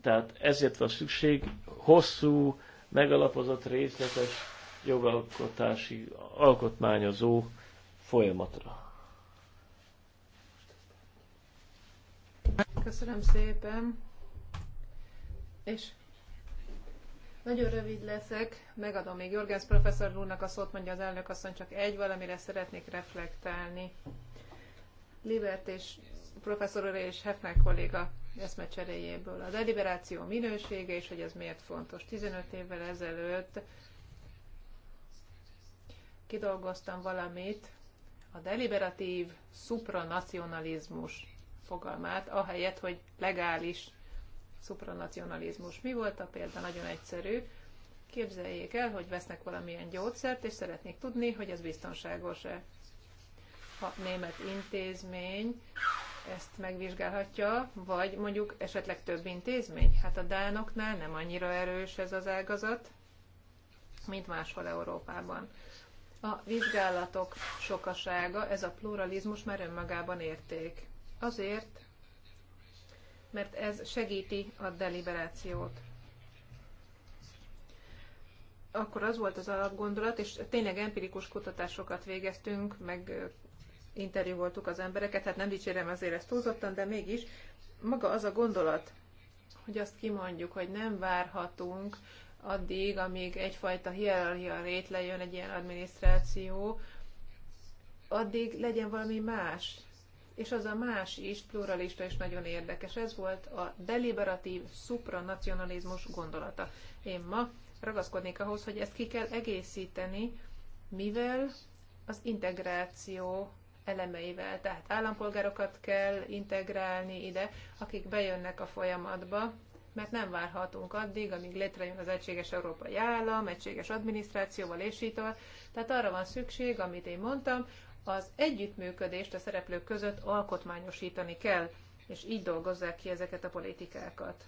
Tehát ezért van szükség hosszú, megalapozott, részletes jogalkotási, alkotmányozó folyamatra. Köszönöm szépen, és nagyon rövid leszek, megadom még Jorgens professzor úrnak a szót, mondja az elnök asszony, csak egy valamire szeretnék reflektálni. Libert és professzor úr és Hefner kolléga eszmecseréjéből. A deliberáció minősége és hogy ez miért fontos. 15 évvel ezelőtt kidolgoztam valamit, a deliberatív supranacionalizmus fogalmát, ahelyett, hogy legális szupranacionalizmus. Mi volt a példa? Nagyon egyszerű. Képzeljék el, hogy vesznek valamilyen gyógyszert, és szeretnék tudni, hogy ez biztonságos-e. Ha német intézmény ezt megvizsgálhatja, vagy mondjuk esetleg több intézmény. Hát a dánoknál nem annyira erős ez az ágazat, mint máshol Európában. A vizsgálatok sokasága, ez a pluralizmus már önmagában érték. Azért, mert ez segíti a deliberációt. Akkor az volt az alapgondolat, és tényleg empirikus kutatásokat végeztünk, meg interjú voltuk az embereket, hát nem dicsérem azért ezt túlzottan, de mégis maga az a gondolat, hogy azt kimondjuk, hogy nem várhatunk addig, amíg egyfajta hierarchia lejön egy ilyen adminisztráció, addig legyen valami más, és az a más is, pluralista és nagyon érdekes. Ez volt a deliberatív supranacionalizmus gondolata. Én ma ragaszkodnék ahhoz, hogy ezt ki kell egészíteni, mivel az integráció elemeivel, tehát állampolgárokat kell integrálni ide, akik bejönnek a folyamatba, mert nem várhatunk addig, amíg létrejön az egységes európai állam, egységes adminisztrációval és így tovább. Tehát arra van szükség, amit én mondtam, az együttműködést a szereplők között alkotmányosítani kell, és így dolgozzák ki ezeket a politikákat.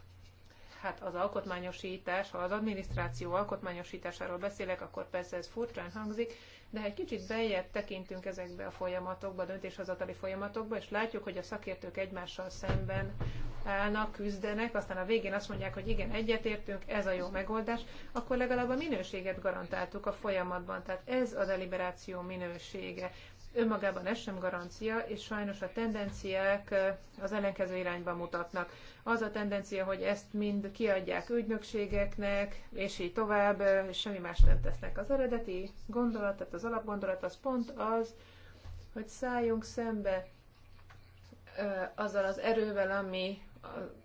Hát az alkotmányosítás, ha az adminisztráció alkotmányosításáról beszélek, akkor persze ez furcsán hangzik, de ha egy kicsit beljebb tekintünk ezekbe a folyamatokba, a döntéshozatali folyamatokba, és látjuk, hogy a szakértők egymással szemben állnak, küzdenek, aztán a végén azt mondják, hogy igen, egyetértünk, ez a jó megoldás, akkor legalább a minőséget garantáltuk a folyamatban. Tehát ez a deliberáció minősége önmagában ez sem garancia, és sajnos a tendenciák az ellenkező irányba mutatnak. Az a tendencia, hogy ezt mind kiadják ügynökségeknek, és így tovább, és semmi más nem tesznek. Az eredeti gondolat, tehát az alapgondolat az pont az, hogy szálljunk szembe azzal az erővel, ami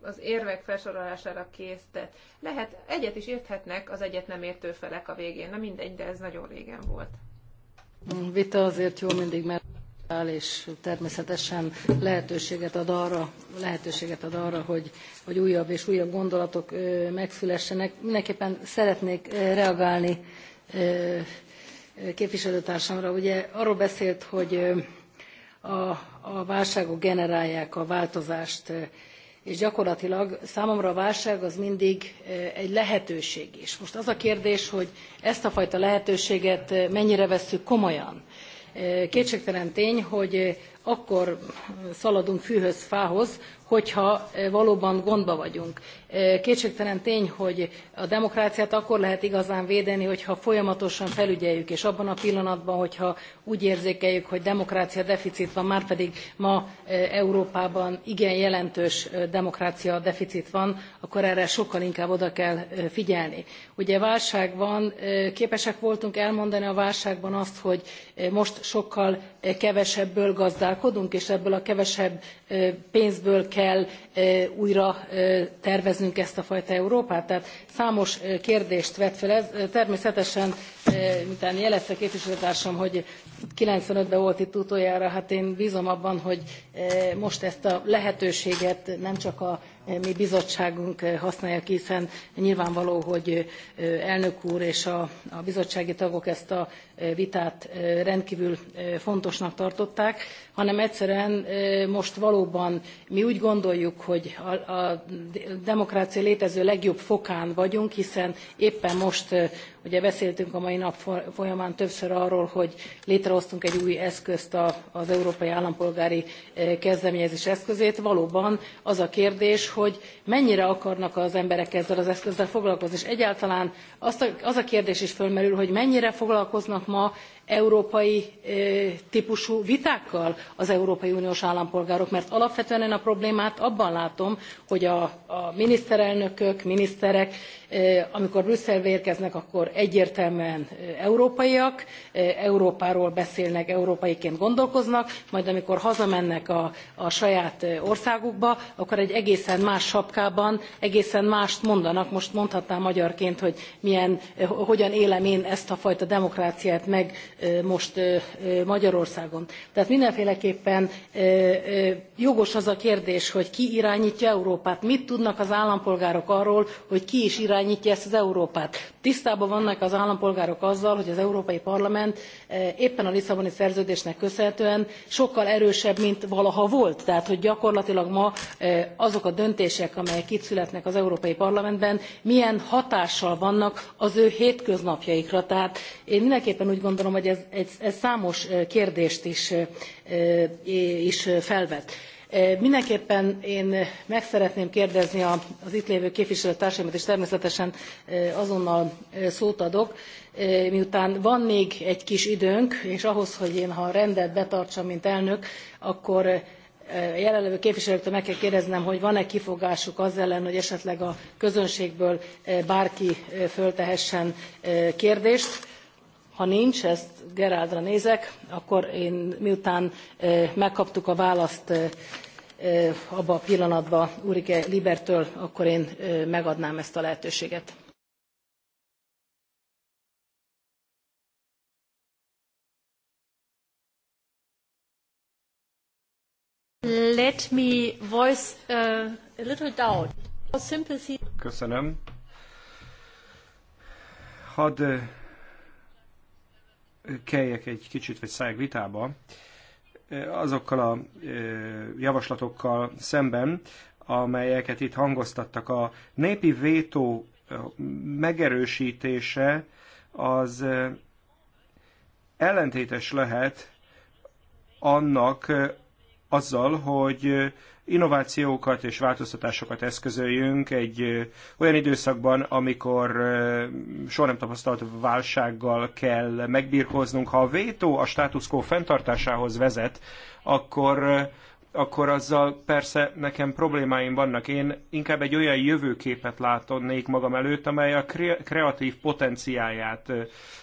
az érvek felsorolására késztet. Lehet, egyet is érthetnek az egyet nem értő felek a végén, na mindegy, de ez nagyon régen volt. Vita azért jó mindig, mert áll, és természetesen lehetőséget ad arra, lehetőséget ad arra hogy, hogy újabb és újabb gondolatok megszülessenek. Mindenképpen szeretnék reagálni képviselőtársamra. Ugye arról beszélt, hogy a, a válságok generálják a változást és gyakorlatilag számomra a válság az mindig e, egy lehetőség is. Most az a kérdés, hogy ezt a fajta lehetőséget e, mennyire vesszük komolyan. E, kétségtelen tény, hogy akkor szaladunk fűhöz, fához, hogyha valóban gondba vagyunk. Kétségtelen tény, hogy a demokráciát akkor lehet igazán védeni, hogyha folyamatosan felügyeljük, és abban a pillanatban, hogyha úgy érzékeljük, hogy demokrácia deficit van, márpedig ma Európában igen jelentős demokrácia deficit van, akkor erre sokkal inkább oda kell figyelni. Ugye válság van, képesek voltunk elmondani a válságban azt, hogy most sokkal kevesebből gazdálkodunk, és ebből a kevesebb pénzből kell újra tervezni élveznünk ezt a fajta Európát? Tehát számos kérdést vet fel ez. Természetesen, miután jelezte képviselőtársam, hogy 95-ben volt itt utoljára, hát én bzom abban, hogy most ezt a lehetőséget nem csak a mi bizottságunk használja ki, hiszen nyilvánvaló, hogy elnök úr és a, bizottsági tagok ezt a vitát rendkívül fontosnak tartották hanem egyszerűen most valóban mi úgy gondoljuk, hogy a, a demokrácia létező legjobb fokán vagyunk, hiszen éppen most ugye beszéltünk a mai nap folyamán többször arról, hogy létrehoztunk egy új eszközt a, az Európai Állampolgári Kezdeményezés eszközét. Valóban az a kérdés, hogy mennyire akarnak az emberek ezzel az eszközzel foglalkozni, és egyáltalán a, az a kérdés is fölmerül, hogy mennyire foglalkoznak ma európai típusú vitákkal az Európai Uniós állampolgárok, mert alapvetően én a problémát abban látom, hogy a, a miniszterelnökök, miniszterek, amikor Brüsszelbe érkeznek, akkor egyértelműen európaiak, Európáról beszélnek, európaiként gondolkoznak, majd amikor hazamennek a, a saját országukba, akkor egy egészen más sapkában egészen mást mondanak. Most mondhatnám magyarként, hogy milyen, hogyan élem én ezt a fajta demokráciát meg most Magyarországon. Tehát mindenféleképpen jogos az a kérdés, hogy ki irányítja Európát, mit tudnak az állampolgárok arról, hogy ki is irányítja ezt az Európát. Tisztában vannak az állampolgárok azzal, hogy az Európai Parlament éppen a Lisszaboni szerződésnek köszönhetően sokkal erősebb, mint valaha volt. Tehát, hogy gyakorlatilag ma azok a döntések, amelyek itt születnek az Európai Parlamentben, milyen hatással vannak az ő hétköznapjaikra. Tehát én mindenképpen úgy gondolom, hogy hogy ez, ez, ez számos kérdést is, is felvet. Mindenképpen én meg szeretném kérdezni az itt lévő képviselőtársaimat, és természetesen azonnal szót adok, miután van még egy kis időnk, és ahhoz, hogy én ha rendet betartsam, mint elnök, akkor a jelenlevő képviselőktől meg kell kérdeznem, hogy van-e kifogásuk az ellen, hogy esetleg a közönségből bárki föltehessen kérdést ha nincs, ezt Gerádra nézek, akkor én miután eh, megkaptuk a választ eh, eh, abba a pillanatban Urike Libertől, akkor én megadnám ezt a lehetőséget. Let me voice a little doubt. Sympathy. Köszönöm. Hadd keljek egy kicsit, vagy szálljak vitába azokkal a javaslatokkal szemben, amelyeket itt hangoztattak. A népi vétó megerősítése az ellentétes lehet annak, azzal, hogy innovációkat és változtatásokat eszközöljünk egy olyan időszakban, amikor soha nem tapasztalt válsággal kell megbírkoznunk. Ha a vétó a status quo fenntartásához vezet, akkor akkor azzal persze nekem problémáim vannak. Én inkább egy olyan jövőképet látnék magam előtt, amely a kreatív potenciáját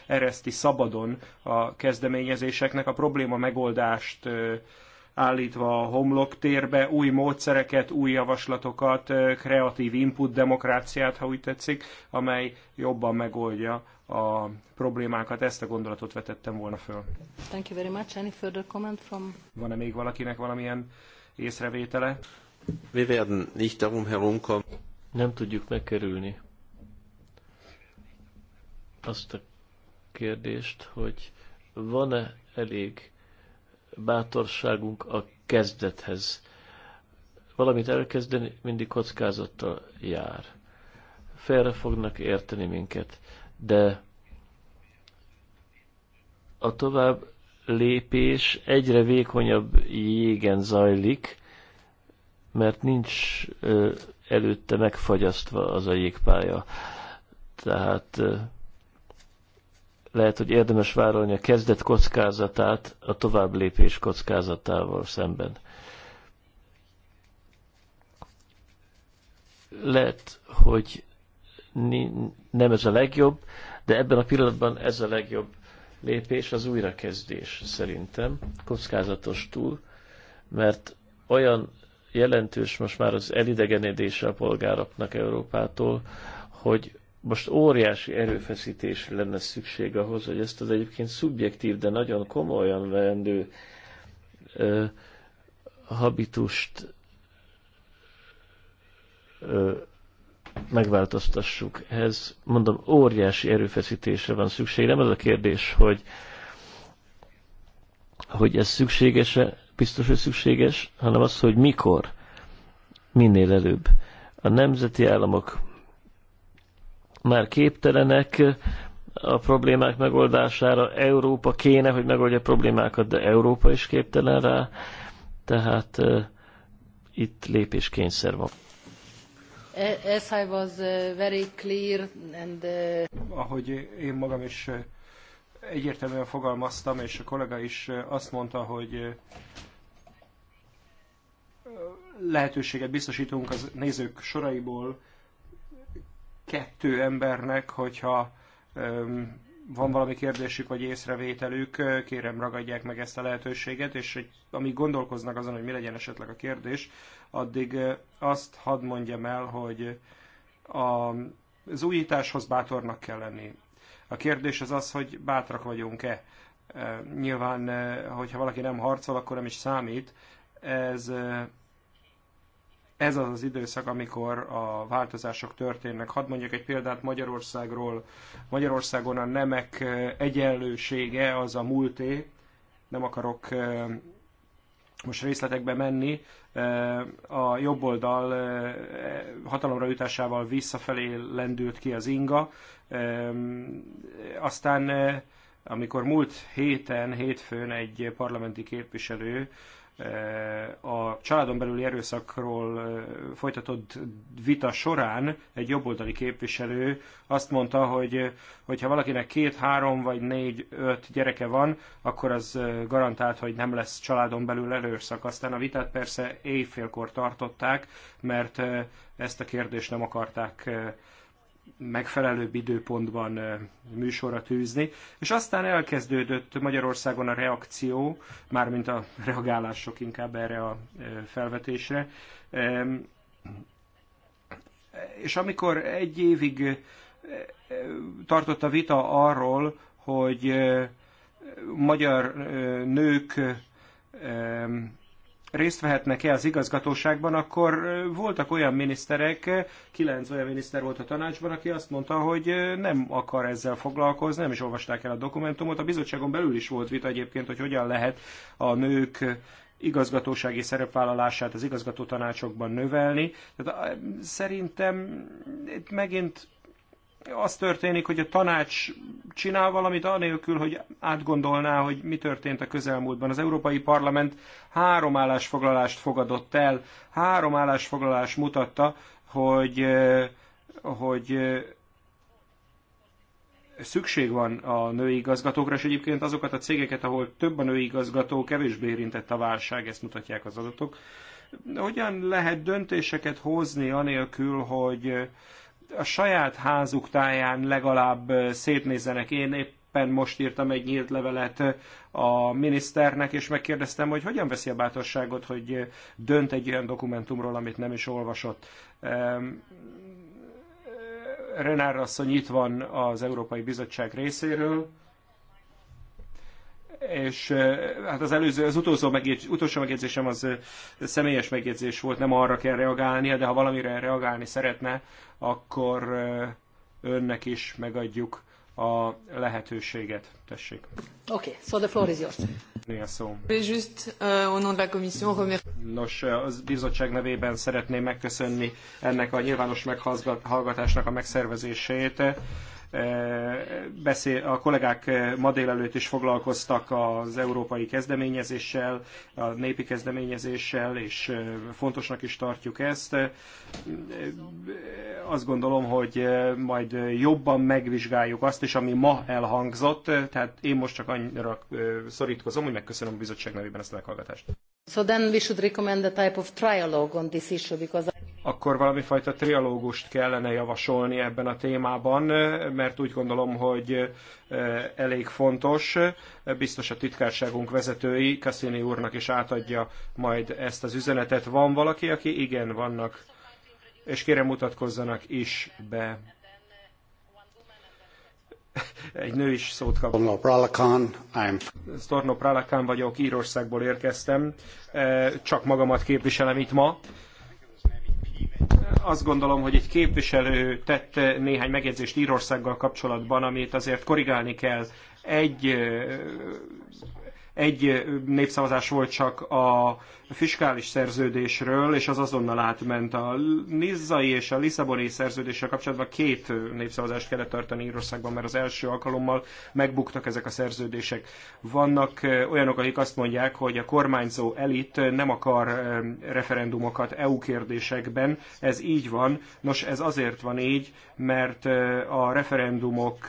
ereszti szabadon a kezdeményezéseknek, a probléma megoldást állítva a homlok térbe, új módszereket, új javaslatokat, kreatív input demokráciát, ha úgy tetszik, amely jobban megoldja a problémákat. Ezt a gondolatot vetettem volna föl. Thank you very much. Any further comment from... Van-e még valakinek valamilyen észrevétele? Wir werden nicht darum herumkommen. Nem tudjuk megkerülni azt a kérdést, hogy van-e elég bátorságunk a kezdethez. Valamit elkezdeni mindig kockázattal jár. Félre fognak érteni minket, de a tovább lépés egyre vékonyabb jégen zajlik, mert nincs előtte megfagyasztva az a jégpálya. Tehát lehet, hogy érdemes vállalni a kezdet kockázatát a tovább lépés kockázatával szemben. Lehet, hogy nem ez a legjobb, de ebben a pillanatban ez a legjobb lépés az újrakezdés szerintem, kockázatos túl, mert olyan jelentős most már az elidegenedése a polgároknak Európától, hogy most óriási erőfeszítés lenne szükség ahhoz, hogy ezt az egyébként szubjektív, de nagyon komolyan vendő ö, habitust ö, megváltoztassuk. Ez, mondom, óriási erőfeszítésre van szükség. Nem az a kérdés, hogy, hogy ez szükséges-e, biztos, hogy szükséges, hanem az, hogy mikor, minél előbb. A nemzeti államok már képtelenek a problémák megoldására. Európa kéne, hogy megoldja a problémákat, de Európa is képtelen rá. Tehát uh, itt lépéskényszer van. As e, I was very clear and... Ahogy én magam is egyértelműen fogalmaztam, és a kollega is azt mondta, hogy lehetőséget biztosítunk az nézők soraiból kettő embernek, hogyha van valami kérdésük vagy észrevételük, kérem ragadják meg ezt a lehetőséget, és hogy, amíg gondolkoznak azon, hogy mi legyen esetleg a kérdés, addig azt hadd mondjam el, hogy a, az újításhoz bátornak kell lenni. A kérdés az az, hogy bátrak vagyunk-e. Nyilván, hogyha valaki nem harcol, akkor nem is számít. Ez ez az az időszak, amikor a változások történnek. Hadd mondjak egy példát Magyarországról. Magyarországon a nemek egyenlősége az a múlté. Nem akarok most részletekbe menni, a oldal e, hatalomra jutásával visszafelé lendült ki az inga. Aztán amikor múlt héten, hétfőn egy parlamenti képviselő a családon belüli erőszakról folytatott vita során egy jobboldali képviselő azt mondta, hogy hogyha valakinek két, három vagy négy, öt gyereke van, akkor az garantált, hogy nem lesz családon belül erőszak. Aztán a vitát persze éjfélkor tartották, mert ezt a kérdést nem akarták megfelelőbb időpontban műsorra tűzni, és aztán elkezdődött Magyarországon a reakció, mármint a reagálások inkább erre a felvetésre. És amikor egy évig tartott a vita arról, hogy magyar nők részt vehetnek-e az igazgatóságban, akkor voltak olyan miniszterek, kilenc olyan miniszter volt a tanácsban, aki azt mondta, hogy nem akar ezzel foglalkozni, nem is olvasták el a dokumentumot. A bizottságon belül is volt vita egyébként, hogy hogyan lehet a nők igazgatósági szerepvállalását az igazgató tanácsokban növelni. Tehát szerintem itt megint az történik, hogy a tanács csinál valamit anélkül, hogy átgondolná, hogy mi történt a közelmúltban. Az Európai Parlament három állásfoglalást fogadott el. Három állásfoglalás mutatta, hogy, eh, hogy eh, szükség van a női igazgatókra, és egyébként azokat a cégeket, ahol több a női igazgató, kevésbé érintett a válság, ezt mutatják az adatok. Hogyan lehet döntéseket hozni anélkül, hogy a saját házuk táján legalább szétnézzenek. Én éppen most írtam egy nyílt levelet a miniszternek, és megkérdeztem, hogy hogyan veszi a bátorságot, hogy dönt egy olyan dokumentumról, amit nem is olvasott. Renár asszony itt van az Európai Bizottság részéről és eh, hát az előző, az utolsó megjegyz, utolsó megjegyzésem az eh, személyes megjegyzés volt, nem arra kell reagálnia, de ha valamire reagálni szeretne, akkor eh, önnek is megadjuk a lehetőséget. Tessék. Oké, okay, so the floor is yours. Euh, Nos, az bizottság nevében szeretném megköszönni ennek a nyilvános meghallgatásnak a megszervezését Eh, beszél, a kollégák eh, ma délelőtt is foglalkoztak az európai kezdeményezéssel, a népi kezdeményezéssel, és eh, fontosnak is tartjuk ezt. Azt gondolom, hogy majd jobban megvizsgáljuk azt is, ami ma elhangzott, tehát én most csak annyira szorítkozom, hogy megköszönöm a bizottság nevében ezt a meghallgatást. So then we should recommend a type of trialogue on this issue because akkor valami fajta trialógust kellene javasolni ebben a témában, mert úgy gondolom, hogy e, elég fontos. Biztos a titkárságunk vezetői, Cassini úrnak is átadja majd ezt az üzenetet. Van valaki, aki igen, vannak, és kérem mutatkozzanak is be. Egy nő is szót kap. Storno Pralakan, I'm... Storno Pralakan vagyok, Írországból érkeztem. E, csak magamat képviselem itt ma azt gondolom, hogy egy képviselő tett néhány megjegyzést Írországgal kapcsolatban, amit azért korrigálni kell. Egy egy népszavazás volt csak a fiskális szerződésről, és az azonnal átment a Nizzai és a Lisszaboni szerződéssel kapcsolatban két népszavazást kellett tartani Írországban, mert az első alkalommal megbuktak ezek a szerződések. Vannak olyanok, akik azt mondják, hogy a kormányzó elit nem akar referendumokat EU kérdésekben, ez így van. Nos, ez azért van így, mert a referendumok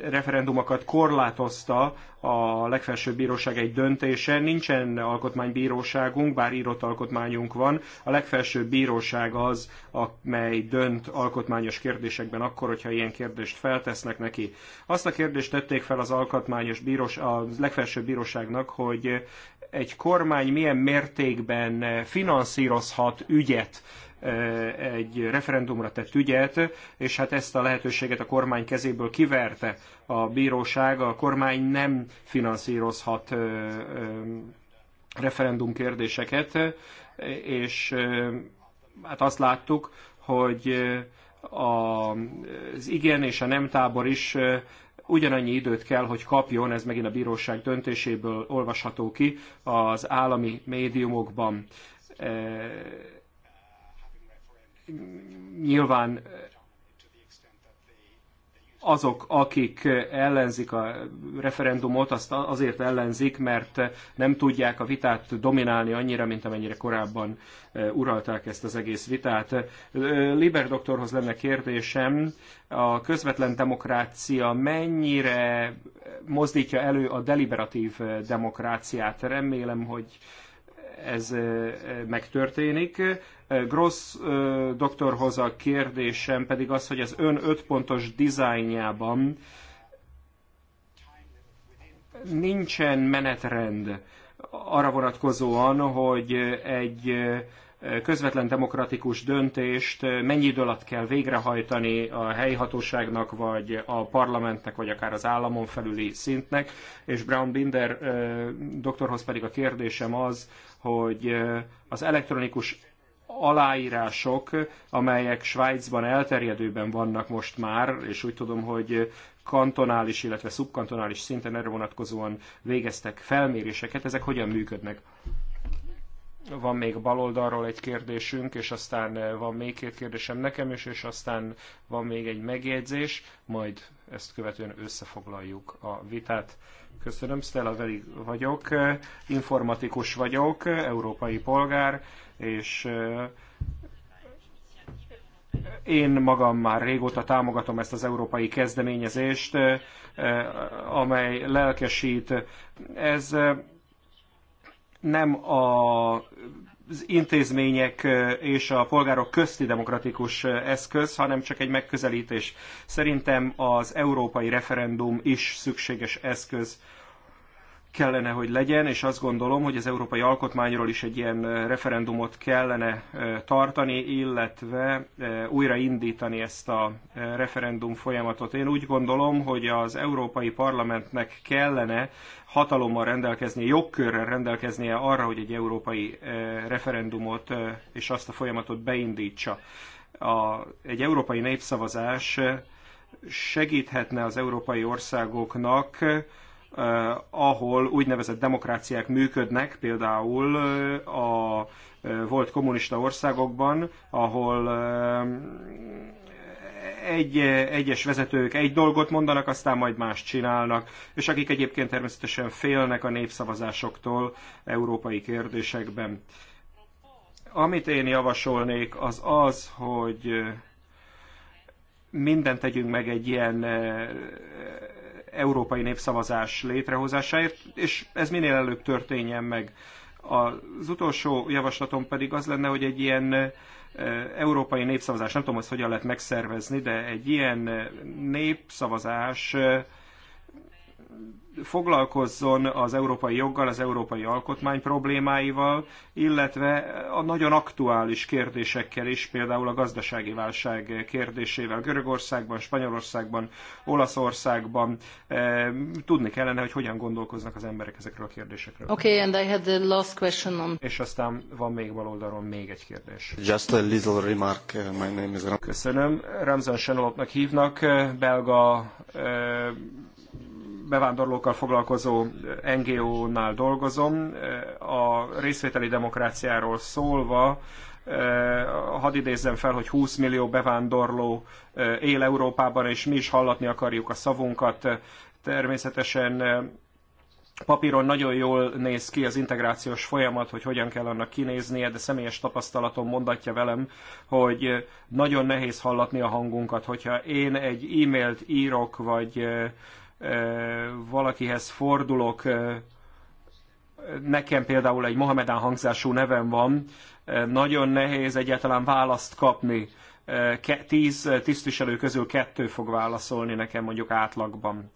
referendumokat korlátozta a legfelsőbb bíróság egy döntése. Nincsen alkotmánybíróságunk, bár írott alkotmányunk van. A legfelsőbb bíróság az, amely dönt alkotmányos kérdésekben akkor, hogyha ilyen kérdést feltesznek neki. Azt a kérdést tették fel az alkotmányos bírós, a legfelsőbb bíróságnak, hogy egy kormány milyen mértékben finanszírozhat ügyet, egy referendumra tett ügyet, és hát ezt a lehetőséget a kormány kezéből kiverte a bíróság, a kormány nem finanszírozhat referendum kérdéseket, és hát azt láttuk, hogy az igen és a nem tábor is ugyanannyi időt kell, hogy kapjon, ez megint a bíróság döntéséből olvasható ki az állami médiumokban nyilván azok, akik ellenzik a referendumot, azt azért ellenzik, mert nem tudják a vitát dominálni annyira, mint amennyire korábban uralták ezt az egész vitát. Liber doktorhoz lenne kérdésem, a közvetlen demokrácia mennyire mozdítja elő a deliberatív demokráciát? Remélem, hogy ez megtörténik. Gross doktorhoz a kérdésem pedig az, hogy az ön ötpontos dizájnjában nincsen menetrend arra vonatkozóan, hogy egy közvetlen demokratikus döntést mennyi idő alatt kell végrehajtani a helyi hatóságnak, vagy a parlamentnek, vagy akár az államon felüli szintnek. És Brown Binder doktorhoz pedig a kérdésem az, hogy az elektronikus aláírások, amelyek Svájcban elterjedőben vannak most már, és úgy tudom, hogy kantonális, illetve szubkantonális szinten erre vonatkozóan végeztek felméréseket, ezek hogyan működnek? Van még baloldalról egy kérdésünk, és aztán van még két kérdésem nekem is, és aztán van még egy megjegyzés, majd ezt követően összefoglaljuk a vitát. Köszönöm, Stella Veli vagyok, informatikus vagyok, európai polgár, és eh, én magam már régóta támogatom ezt az európai kezdeményezést, eh, amely lelkesít. Ez eh, nem a az intézmények és a polgárok közti demokratikus eszköz, hanem csak egy megközelítés. Szerintem az európai referendum is szükséges eszköz kellene, hogy legyen, és azt gondolom, hogy az európai alkotmányról is egy ilyen referendumot kellene tartani, illetve újraindítani ezt a referendum folyamatot. Én úgy gondolom, hogy az Európai Parlamentnek kellene hatalommal rendelkeznie, jogkörrel rendelkeznie arra, hogy egy európai referendumot és azt a folyamatot beindítsa. A, egy európai népszavazás segíthetne az európai országoknak, Eh, ahol úgynevezett demokráciák működnek, például eh, a eh, volt kommunista országokban, ahol egy, egyes vezetők egy dolgot mondanak, aztán majd más csinálnak, és akik egyébként természetesen félnek a népszavazásoktól európai kérdésekben. Amit én javasolnék, az az, hogy mindent tegyünk meg egy ilyen európai népszavazás létrehozásáért, és ez minél előbb történjen meg. Az utolsó javaslatom pedig az lenne, hogy egy ilyen európai népszavazás, nem tudom, hogy hogyan lehet megszervezni, de egy ilyen népszavazás foglalkozzon az európai joggal, az európai alkotmány problémáival, illetve a nagyon aktuális kérdésekkel is, például a gazdasági válság kérdésével Görögországban, Spanyolországban, Olaszországban. Eh, tudni kellene, hogy hogyan gondolkoznak az emberek ezekről a kérdésekről. Okay, and I had the last question on... És aztán van még baloldalon még egy kérdés. Just a little remark. Eh, my name is Köszönöm. Ramzan Senolopnak hívnak, eh, belga bevándorlókkal foglalkozó NGO-nál dolgozom. A részvételi demokráciáról szólva, eh, hadd idézzem fel, hogy 20 millió bevándorló eh, él Európában, és mi is hallatni akarjuk a szavunkat. Természetesen eh, papíron nagyon jól néz ki az integrációs folyamat, hogy hogyan kell annak kinéznie, de személyes tapasztalatom mondatja velem, hogy nagyon nehéz hallatni a hangunkat. Hogyha én egy e-mailt írok, vagy valakihez fordulok, nekem például egy Mohamedán hangzású nevem van, nagyon nehéz egyáltalán választ kapni. Tíz tisztviselő közül kettő fog válaszolni nekem mondjuk átlagban.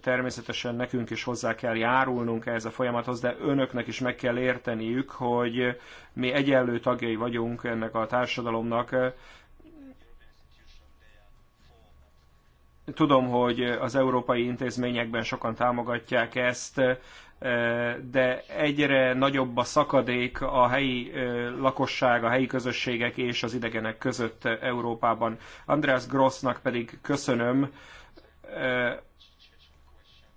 Természetesen nekünk is hozzá kell járulnunk ehhez a folyamathoz, de önöknek is meg kell érteniük, hogy mi egyenlő tagjai vagyunk ennek a társadalomnak, Tudom, hogy az európai intézményekben sokan támogatják ezt, e, de egyre nagyobb a szakadék a helyi e, lakosság, a helyi közösségek és az idegenek között Európában. András Grossnak pedig köszönöm, e,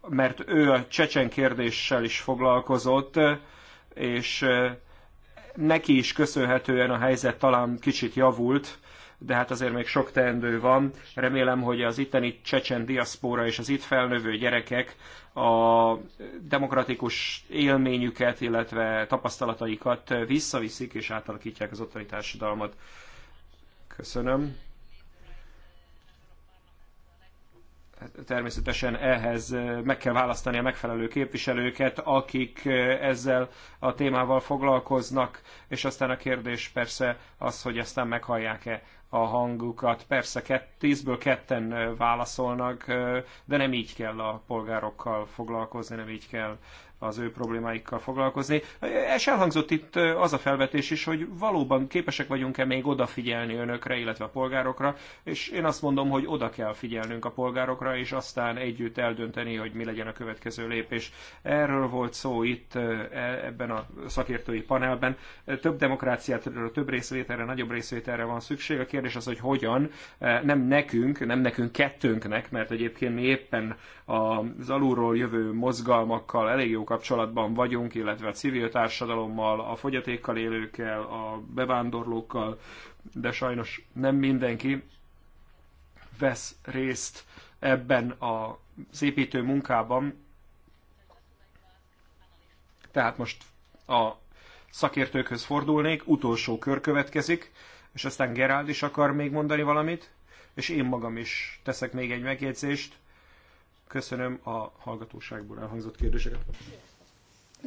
mert ő a csecsen kérdéssel is foglalkozott, és neki is köszönhetően a helyzet talán kicsit javult, de hát azért még sok teendő van. Remélem, hogy az itteni csecsen diaszpóra és az itt felnövő gyerekek a demokratikus élményüket, illetve tapasztalataikat visszaviszik és átalakítják az ottani társadalmat. Köszönöm. természetesen ehhez meg kell választani a megfelelő képviselőket, akik ezzel a témával foglalkoznak, és aztán a kérdés persze az, hogy aztán meghallják-e a hangukat. Persze kett, tízből ketten válaszolnak, de nem így kell a polgárokkal foglalkozni, nem így kell az ő problémáikkal foglalkozni. És elhangzott itt az a felvetés is, hogy valóban képesek vagyunk-e még odafigyelni önökre, illetve a polgárokra, és én azt mondom, hogy oda kell figyelnünk a polgárokra, és aztán együtt eldönteni, hogy mi legyen a következő lépés. Erről volt szó itt e, ebben a szakértői panelben. Több demokráciát, több részvételre, nagyobb részvételre van szükség. A kérdés az, hogy hogyan, e, nem nekünk, nem nekünk kettőnknek, mert egyébként mi éppen az alulról jövő mozgalmakkal elég jó kapcsolatban vagyunk, illetve a civil társadalommal, a fogyatékkal élőkkel, a bevándorlókkal, de sajnos nem mindenki vesz részt ebben a építő munkában. Tehát most a szakértőkhöz fordulnék, utolsó kör következik, és aztán Gerald is akar még mondani valamit, és én magam is teszek még egy megjegyzést. Köszönöm a hallgatóságból elhangzott kérdéseket.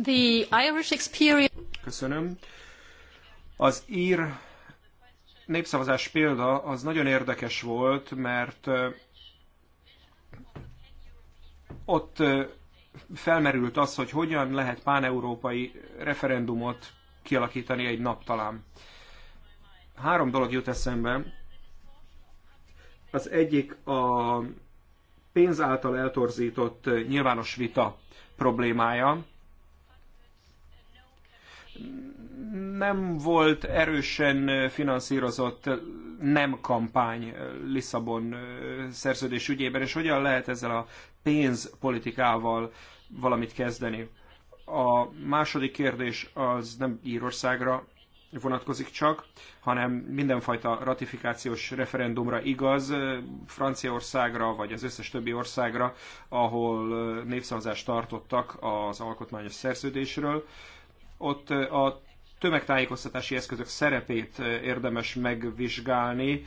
The Irish experience... Köszönöm. Az ír népszavazás példa az nagyon érdekes volt, mert ott felmerült az, hogy hogyan lehet páneurópai referendumot kialakítani egy nap talán. Három dolog jut eszembe. Az egyik a pénz által eltorzított nyilvános vita problémája. Nem volt erősen finanszírozott nem kampány Lisszabon szerződés ügyében, és hogyan lehet ezzel a pénzpolitikával valamit kezdeni? A második kérdés az nem Írországra vonatkozik csak, hanem mindenfajta ratifikációs referendumra igaz, Franciaországra vagy az összes többi országra, ahol népszavazást tartottak az alkotmányos szerződésről. Ott a tömegtájékoztatási eszközök szerepét érdemes megvizsgálni.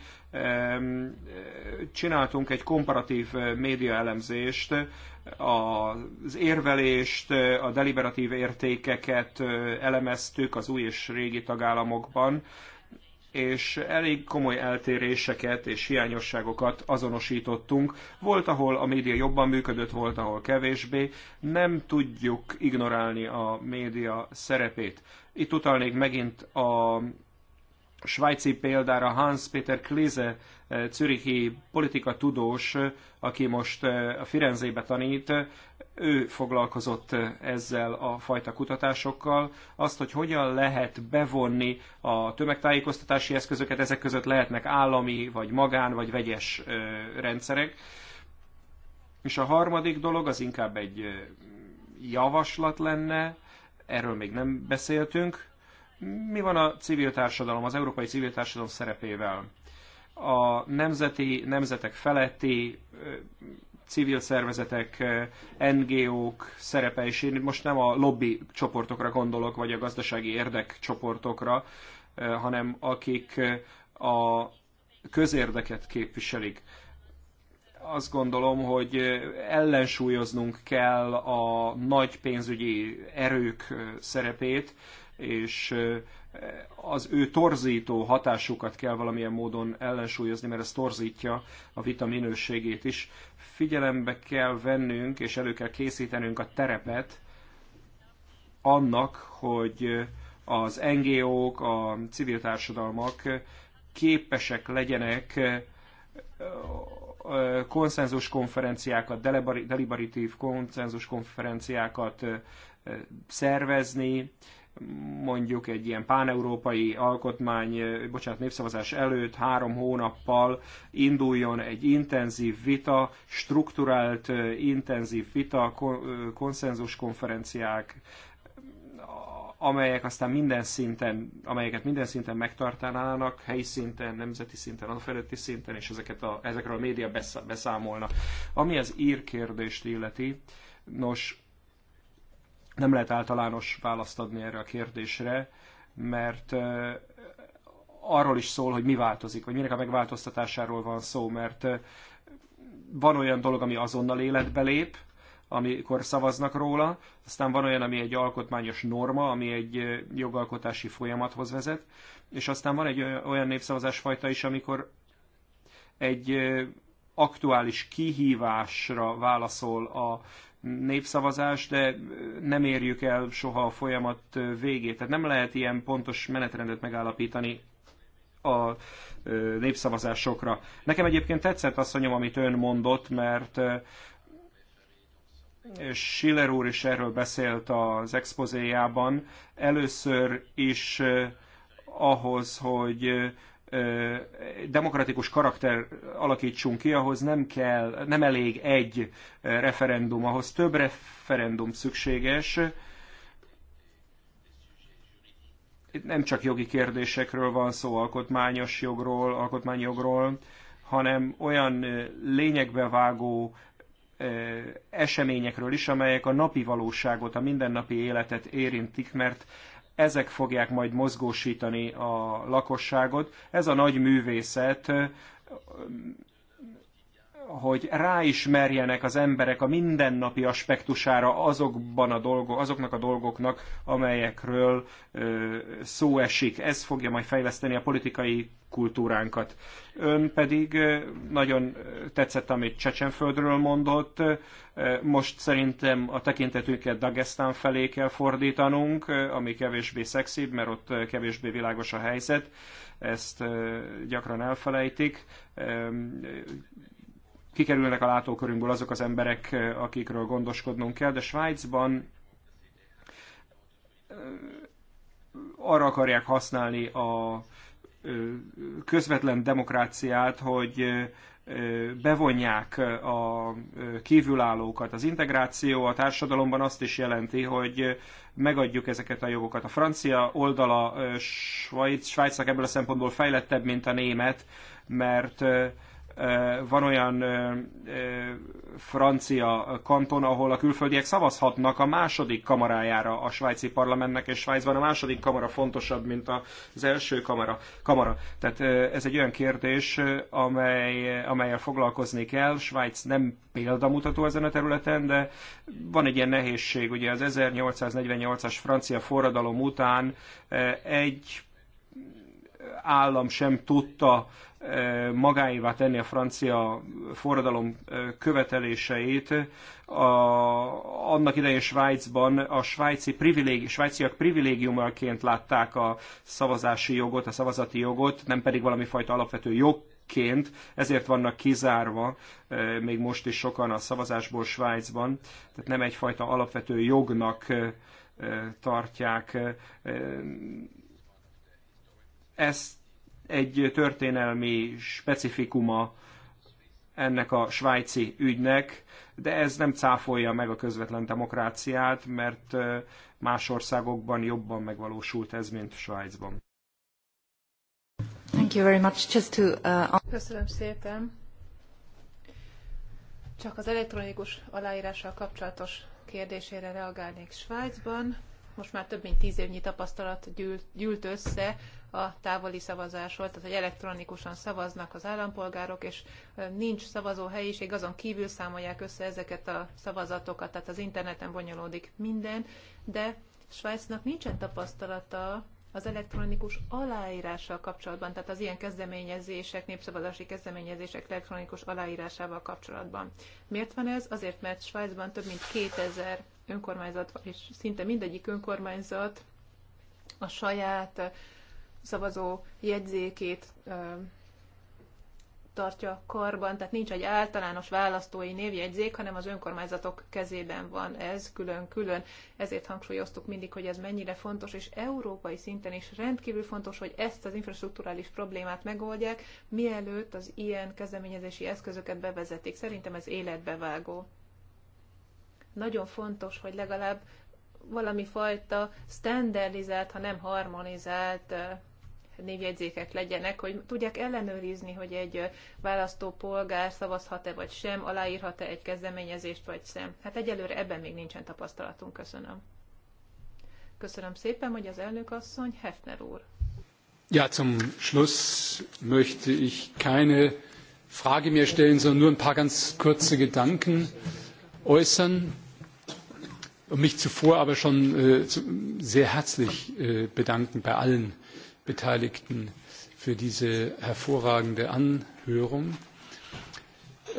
Csináltunk egy komparatív médiaelemzést, az érvelést, a deliberatív értékeket elemeztük az új és régi tagállamokban, és elég komoly eltéréseket és hiányosságokat azonosítottunk. Volt, ahol a média jobban működött, volt, ahol kevésbé. Nem tudjuk ignorálni a média szerepét. Itt utalnék megint a svájci példára Hans Peter Klize eh, zürichi politikatudós, eh, aki most eh, a Firenzébe tanít, ő foglalkozott ezzel a fajta kutatásokkal. Azt, hogy hogyan lehet bevonni a tömegtájékoztatási eszközöket, ezek között lehetnek állami, vagy magán, vagy vegyes rendszerek. És a harmadik dolog, az inkább egy javaslat lenne, erről még nem beszéltünk. Mi van a civil társadalom, az európai civil társadalom szerepével? A nemzeti, nemzetek feletti civil szervezetek, NGO-k szerepe, és én most nem a lobby csoportokra gondolok, vagy a gazdasági érdek csoportokra, hanem akik a közérdeket képviselik azt gondolom, hogy ellensúlyoznunk kell a nagy pénzügyi erők szerepét, és az ő torzító hatásukat kell valamilyen módon ellensúlyozni, mert ez torzítja a vita minőségét is. Figyelembe kell vennünk, és elő kell készítenünk a terepet annak, hogy az NGO-k, a civil társadalmak képesek legyenek konszenzus konferenciákat, deliberatív konszenzus konferenciákat szervezni, mondjuk egy ilyen páneurópai alkotmány, bocsánat, népszavazás előtt három hónappal induljon egy intenzív vita, strukturált intenzív vita, konszenzus konferenciák, amelyek aztán minden szinten, amelyeket minden szinten megtartanának, helyi szinten, nemzeti szinten, feletti szinten, és ezeket a, ezekről a média beszámolna. Ami az ír kérdést illeti, nos, nem lehet általános választ adni erre a kérdésre, mert arról is szól, hogy mi változik, vagy minek a megváltoztatásáról van szó, mert van olyan dolog, ami azonnal életbe lép, amikor szavaznak róla, aztán van olyan, ami egy alkotmányos norma, ami egy jogalkotási folyamathoz vezet, és aztán van egy olyan népszavazásfajta is, amikor egy aktuális kihívásra válaszol a népszavazás, de nem érjük el soha a folyamat végét. Tehát nem lehet ilyen pontos menetrendet megállapítani a népszavazásokra. Nekem egyébként tetszett, asszonyom, amit ön mondott, mert Schiller úr is erről beszélt az expozéjában, először is eh, ahhoz, hogy eh, eh, demokratikus karakter alakítsunk ki, ahhoz nem kell, nem elég egy referendum, ahhoz több referendum szükséges. Itt nem csak jogi kérdésekről van szó, alkotmányos jogról, alkotmányjogról, hanem olyan lényegbe vágó eseményekről is, amelyek a napi valóságot, a mindennapi életet érintik, mert ezek fogják majd mozgósítani a lakosságot. Ez a nagy művészet hogy ráismerjenek az emberek a mindennapi aspektusára azokban a dolgo, azoknak a dolgoknak, amelyekről ö, szó esik. Ez fogja majd fejleszteni a politikai kultúránkat. Ön pedig nagyon tetszett, amit Csecsenföldről mondott. Most szerintem a tekintetünket Dagestán felé kell fordítanunk, ami kevésbé szexibb, mert ott kevésbé világos a helyzet. Ezt gyakran elfelejtik kikerülnek a látókörünkből azok az emberek, akikről gondoskodnunk kell, de Svájcban arra akarják használni a közvetlen demokráciát, hogy bevonják a kívülállókat. Az integráció a társadalomban azt is jelenti, hogy megadjuk ezeket a jogokat. A francia oldala Svájc, Svájcnak ebből a szempontból fejlettebb, mint a német, mert van olyan francia kanton, ahol a külföldiek szavazhatnak a második kamarájára a svájci parlamentnek, és Svájcban a második kamara fontosabb, mint az első kamara. kamara. Tehát ez egy olyan kérdés, amely, amelyel foglalkozni kell. Svájc nem példamutató ezen a területen, de van egy ilyen nehézség. Ugye az 1848-as francia forradalom után egy állam sem tudta magáévá tenni a francia forradalom követeléseit. A, annak idején Svájcban a svájci privilégi, svájciak privilégiumaként látták a szavazási jogot, a szavazati jogot, nem pedig valami fajta alapvető jog, ként, ezért vannak kizárva még most is sokan a szavazásból Svájcban, tehát nem egyfajta alapvető jognak tartják. Ezt egy történelmi specifikuma ennek a svájci ügynek, de ez nem cáfolja meg a közvetlen demokráciát, mert más országokban jobban megvalósult ez, mint Svájcban. Thank you very much. Just to, uh... Köszönöm szépen. Csak az elektronikus aláírással kapcsolatos kérdésére reagálnék Svájcban most már több mint tíz évnyi tapasztalat gyűlt, össze a távoli szavazásról, tehát hogy elektronikusan szavaznak az állampolgárok, és nincs szavazóhelyiség, azon kívül számolják össze ezeket a szavazatokat, tehát az interneten bonyolódik minden, de Svájcnak nincsen tapasztalata az elektronikus aláírással kapcsolatban, tehát az ilyen kezdeményezések, népszavazási kezdeményezések elektronikus aláírásával kapcsolatban. Miért van ez? Azért, mert Svájcban több mint 2000 önkormányzat, és szinte mindegyik önkormányzat a saját szavazó jegyzékét tartja karban, tehát nincs egy általános választói névjegyzék, hanem az önkormányzatok kezében van ez külön-külön. Ezért hangsúlyoztuk mindig, hogy ez mennyire fontos, és európai szinten is rendkívül fontos, hogy ezt az infrastruktúrális problémát megoldják, mielőtt az ilyen kezdeményezési eszközöket bevezetik. Szerintem ez életbevágó nagyon fontos, hogy legalább valami fajta standardizált, ha nem harmonizált névjegyzékek legyenek, hogy tudják ellenőrizni, hogy egy választópolgár szavazhat-e vagy sem, aláírhat-e egy kezdeményezést vagy sem. Hát egyelőre ebben még nincsen tapasztalatunk. Köszönöm. Köszönöm szépen, hogy az elnök asszony, Hefner úr. Ja, zum Schluss möchte ich keine Frage mehr stellen, sondern nur ein paar ganz kurze Gedanken äußern und mich zuvor aber schon äh, sehr herzlich äh, bedanken bei allen Beteiligten für diese hervorragende Anhörung.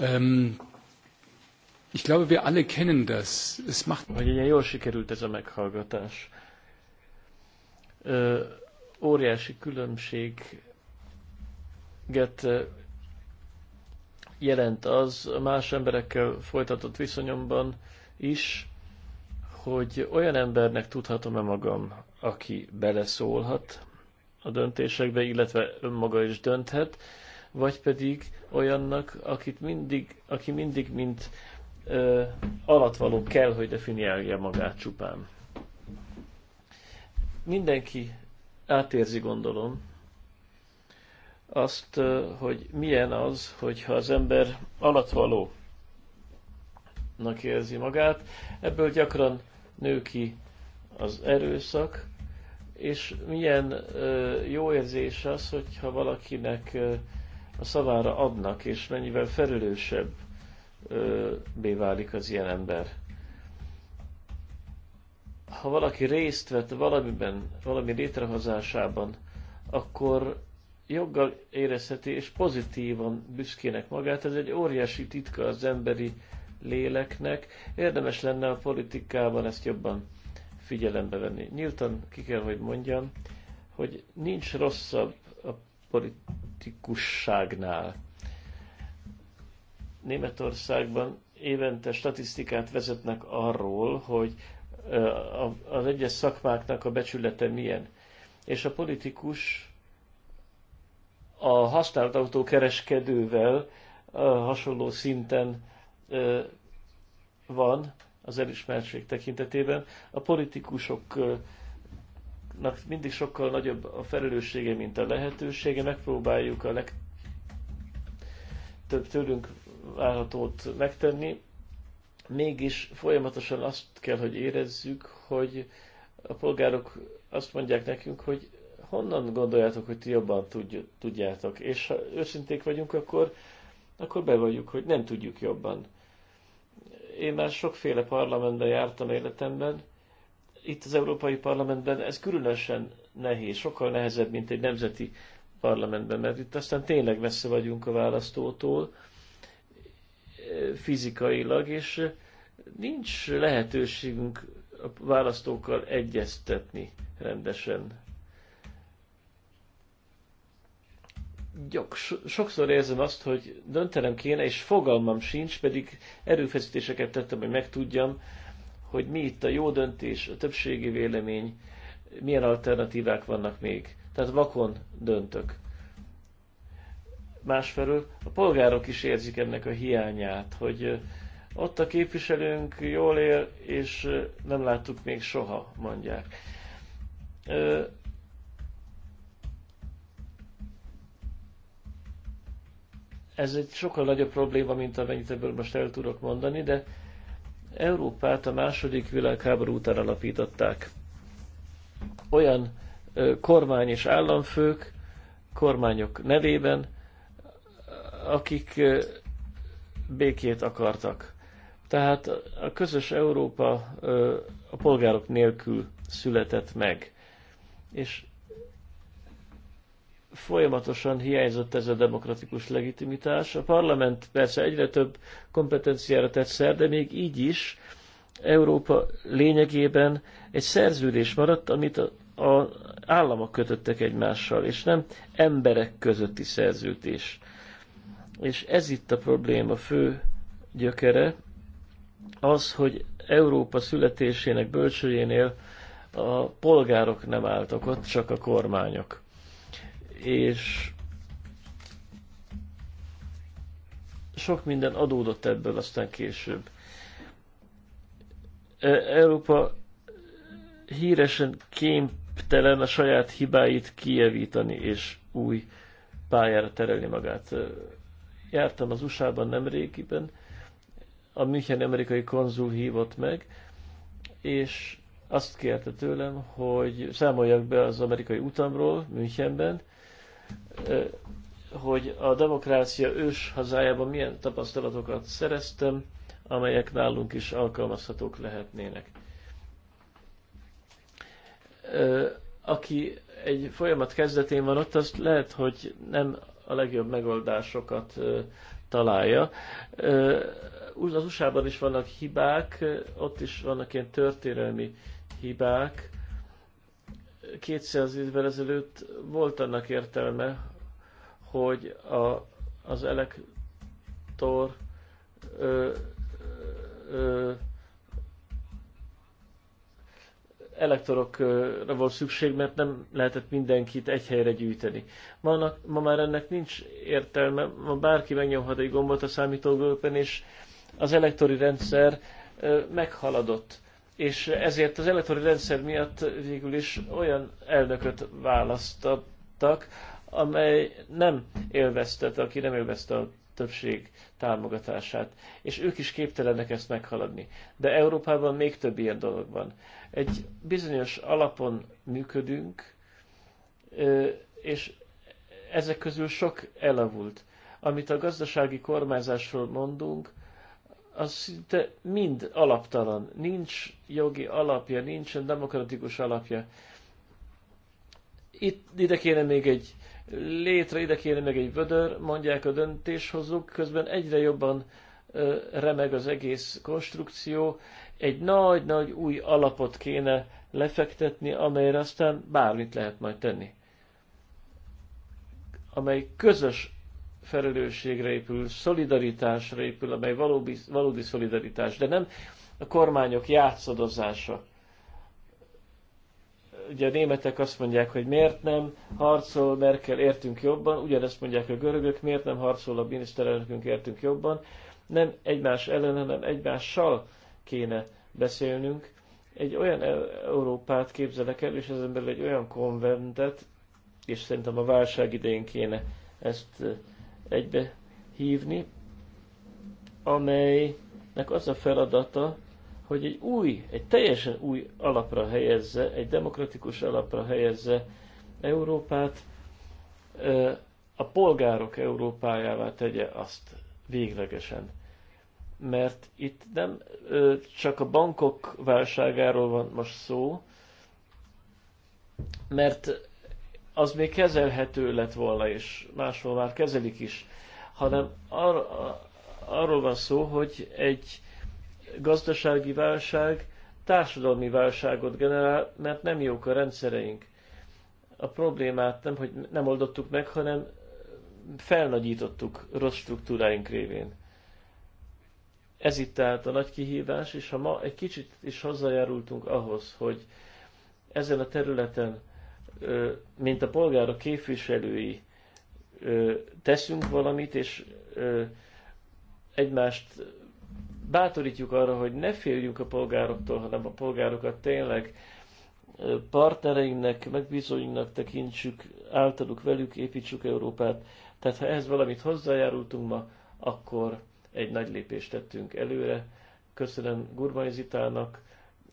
Ähm, ich glaube, wir alle kennen das. Es macht hogy ilyen jól sikerült ez a meghallgatás. Ö, óriási különbséget jelent az más emberekkel folytatott viszonyomban is, hogy olyan embernek tudhatom-e magam, aki beleszólhat a döntésekbe, illetve önmaga is dönthet, vagy pedig olyannak, akit mindig, aki mindig, mint ö, alatvaló kell, hogy definiálja magát csupán. Mindenki átérzi, gondolom, azt, hogy milyen az, hogyha az ember alatvalónak érzi magát. Ebből gyakran nő ki az erőszak, és milyen jó érzés az, hogyha valakinek a szavára adnak, és mennyivel felelősebb válik az ilyen ember. Ha valaki részt vett valamiben, valami létrehozásában, akkor joggal érezheti és pozitívan büszkének magát. Ez egy óriási titka az emberi léleknek. Érdemes lenne a politikában ezt jobban figyelembe venni. Nyíltan ki kell, hogy mondjam, hogy nincs rosszabb a politikusságnál. Németországban évente statisztikát vezetnek arról, hogy az egyes szakmáknak a becsülete milyen. És a politikus a használt autókereskedővel hasonló szinten van az elismertség tekintetében. A politikusoknak mindig sokkal nagyobb a felelőssége, mint a lehetősége. Megpróbáljuk a legtöbb tőlünk várhatót megtenni. Mégis folyamatosan azt kell, hogy érezzük, hogy a polgárok azt mondják nekünk, hogy honnan gondoljátok, hogy ti jobban tudjátok? És ha őszinték vagyunk, akkor, akkor bevalljuk, hogy nem tudjuk jobban. Én már sokféle parlamentben jártam életemben, itt az Európai Parlamentben ez különösen nehéz, sokkal nehezebb, mint egy nemzeti parlamentben, mert itt aztán tényleg messze vagyunk a választótól fizikailag, és nincs lehetőségünk a választókkal egyeztetni rendesen. gyok, sokszor érzem azt, hogy döntenem kéne, és fogalmam sincs, pedig erőfeszítéseket tettem, hogy megtudjam, hogy mi itt a jó döntés, a többségi vélemény, milyen alternatívák vannak még. Tehát vakon döntök. Másfelől a polgárok is érzik ennek a hiányát, hogy ott a képviselőnk jól él, és nem láttuk még soha, mondják ez egy sokkal nagyobb probléma, mint amennyit ebből most el tudok mondani, de Európát a második világháború után alapították. Olyan kormány és államfők, kormányok nevében, akik békét akartak. Tehát a közös Európa a polgárok nélkül született meg. És folyamatosan hiányzott ez a demokratikus legitimitás. A parlament persze egyre több kompetenciára tett szer, de még így is Európa lényegében egy szerződés maradt, amit a államok kötöttek egymással, és nem emberek közötti szerződés. És ez itt a probléma fő gyökere, az, hogy Európa születésének bölcsőjénél a polgárok nem álltak ott, csak a kormányok és sok minden adódott ebből aztán később. E, Európa híresen képtelen a saját hibáit kijavítani és új pályára terelni magát. E, jártam az USA-ban nemrégiben, a München amerikai konzul hívott meg, és azt kérte tőlem, hogy számoljak be az amerikai utamról Münchenben, hogy a demokrácia ős hazájában milyen tapasztalatokat szereztem, amelyek nálunk is alkalmazhatók lehetnének. Aki egy folyamat kezdetén van ott, azt lehet, hogy nem a legjobb megoldásokat találja. Az USA-ban is vannak hibák, ott is vannak ilyen történelmi hibák, 200 évvel ezelőtt volt annak értelme, hogy a, az elektor ö, ö, elektorokra volt szükség, mert nem lehetett mindenkit egy helyre gyűjteni. Ma, annak, ma már ennek nincs értelme, ma bárki megnyomhat egy gombot a számítógépen, és az elektori rendszer meghaladott és ezért az elektori rendszer miatt végül is olyan elnököt választottak, amely nem élvezte, aki nem élvezte a többség támogatását, és ők is képtelenek ezt meghaladni. De Európában még több ilyen dolog van. Egy bizonyos alapon működünk, és ezek közül sok elavult. Amit a gazdasági kormányzásról mondunk, az szinte mind alaptalan. Nincs jogi alapja, nincsen demokratikus alapja. Itt ide kéne még egy létre, ide kéne meg egy vödör, mondják a döntéshozók, közben egyre jobban remeg az egész konstrukció. Egy nagy-nagy új alapot kéne lefektetni, amelyre aztán bármit lehet majd tenni. Amely közös felelősségre épül, szolidaritásra épül, amely valódi, valódi szolidaritás, de nem a kormányok játszadozása. Ugye a németek azt mondják, hogy miért nem harcol Merkel, értünk jobban, ugyanezt mondják a görögök, miért nem harcol a miniszterelnökünk, értünk jobban. Nem egymás ellen, hanem egymással kéne beszélnünk. Egy olyan e- Európát képzelek el, és ezen belül egy olyan konventet, és szerintem a válság idején kéne ezt e- egybe hívni, amelynek az a feladata, hogy egy új, egy teljesen új alapra helyezze, egy demokratikus alapra helyezze Európát, a polgárok Európájává tegye azt véglegesen. Mert itt nem csak a bankok válságáról van most szó, mert az még kezelhető lett volna, és máshol már kezelik is, hanem ar- arról van szó, hogy egy gazdasági válság társadalmi válságot generál, mert nem jók a rendszereink. A problémát nem, hogy nem oldottuk meg, hanem felnagyítottuk rossz struktúráink révén. Ez itt tehát a nagy kihívás, és ha ma egy kicsit is hozzájárultunk ahhoz, hogy ezen a területen mint a polgárok képviselői teszünk valamit, és egymást bátorítjuk arra, hogy ne féljünk a polgároktól, hanem a polgárokat tényleg partnereinknek, megbízóinknak tekintsük, általuk velük építsük Európát. Tehát ha ehhez valamit hozzájárultunk ma, akkor egy nagy lépést tettünk előre. Köszönöm Gurmai Zitának,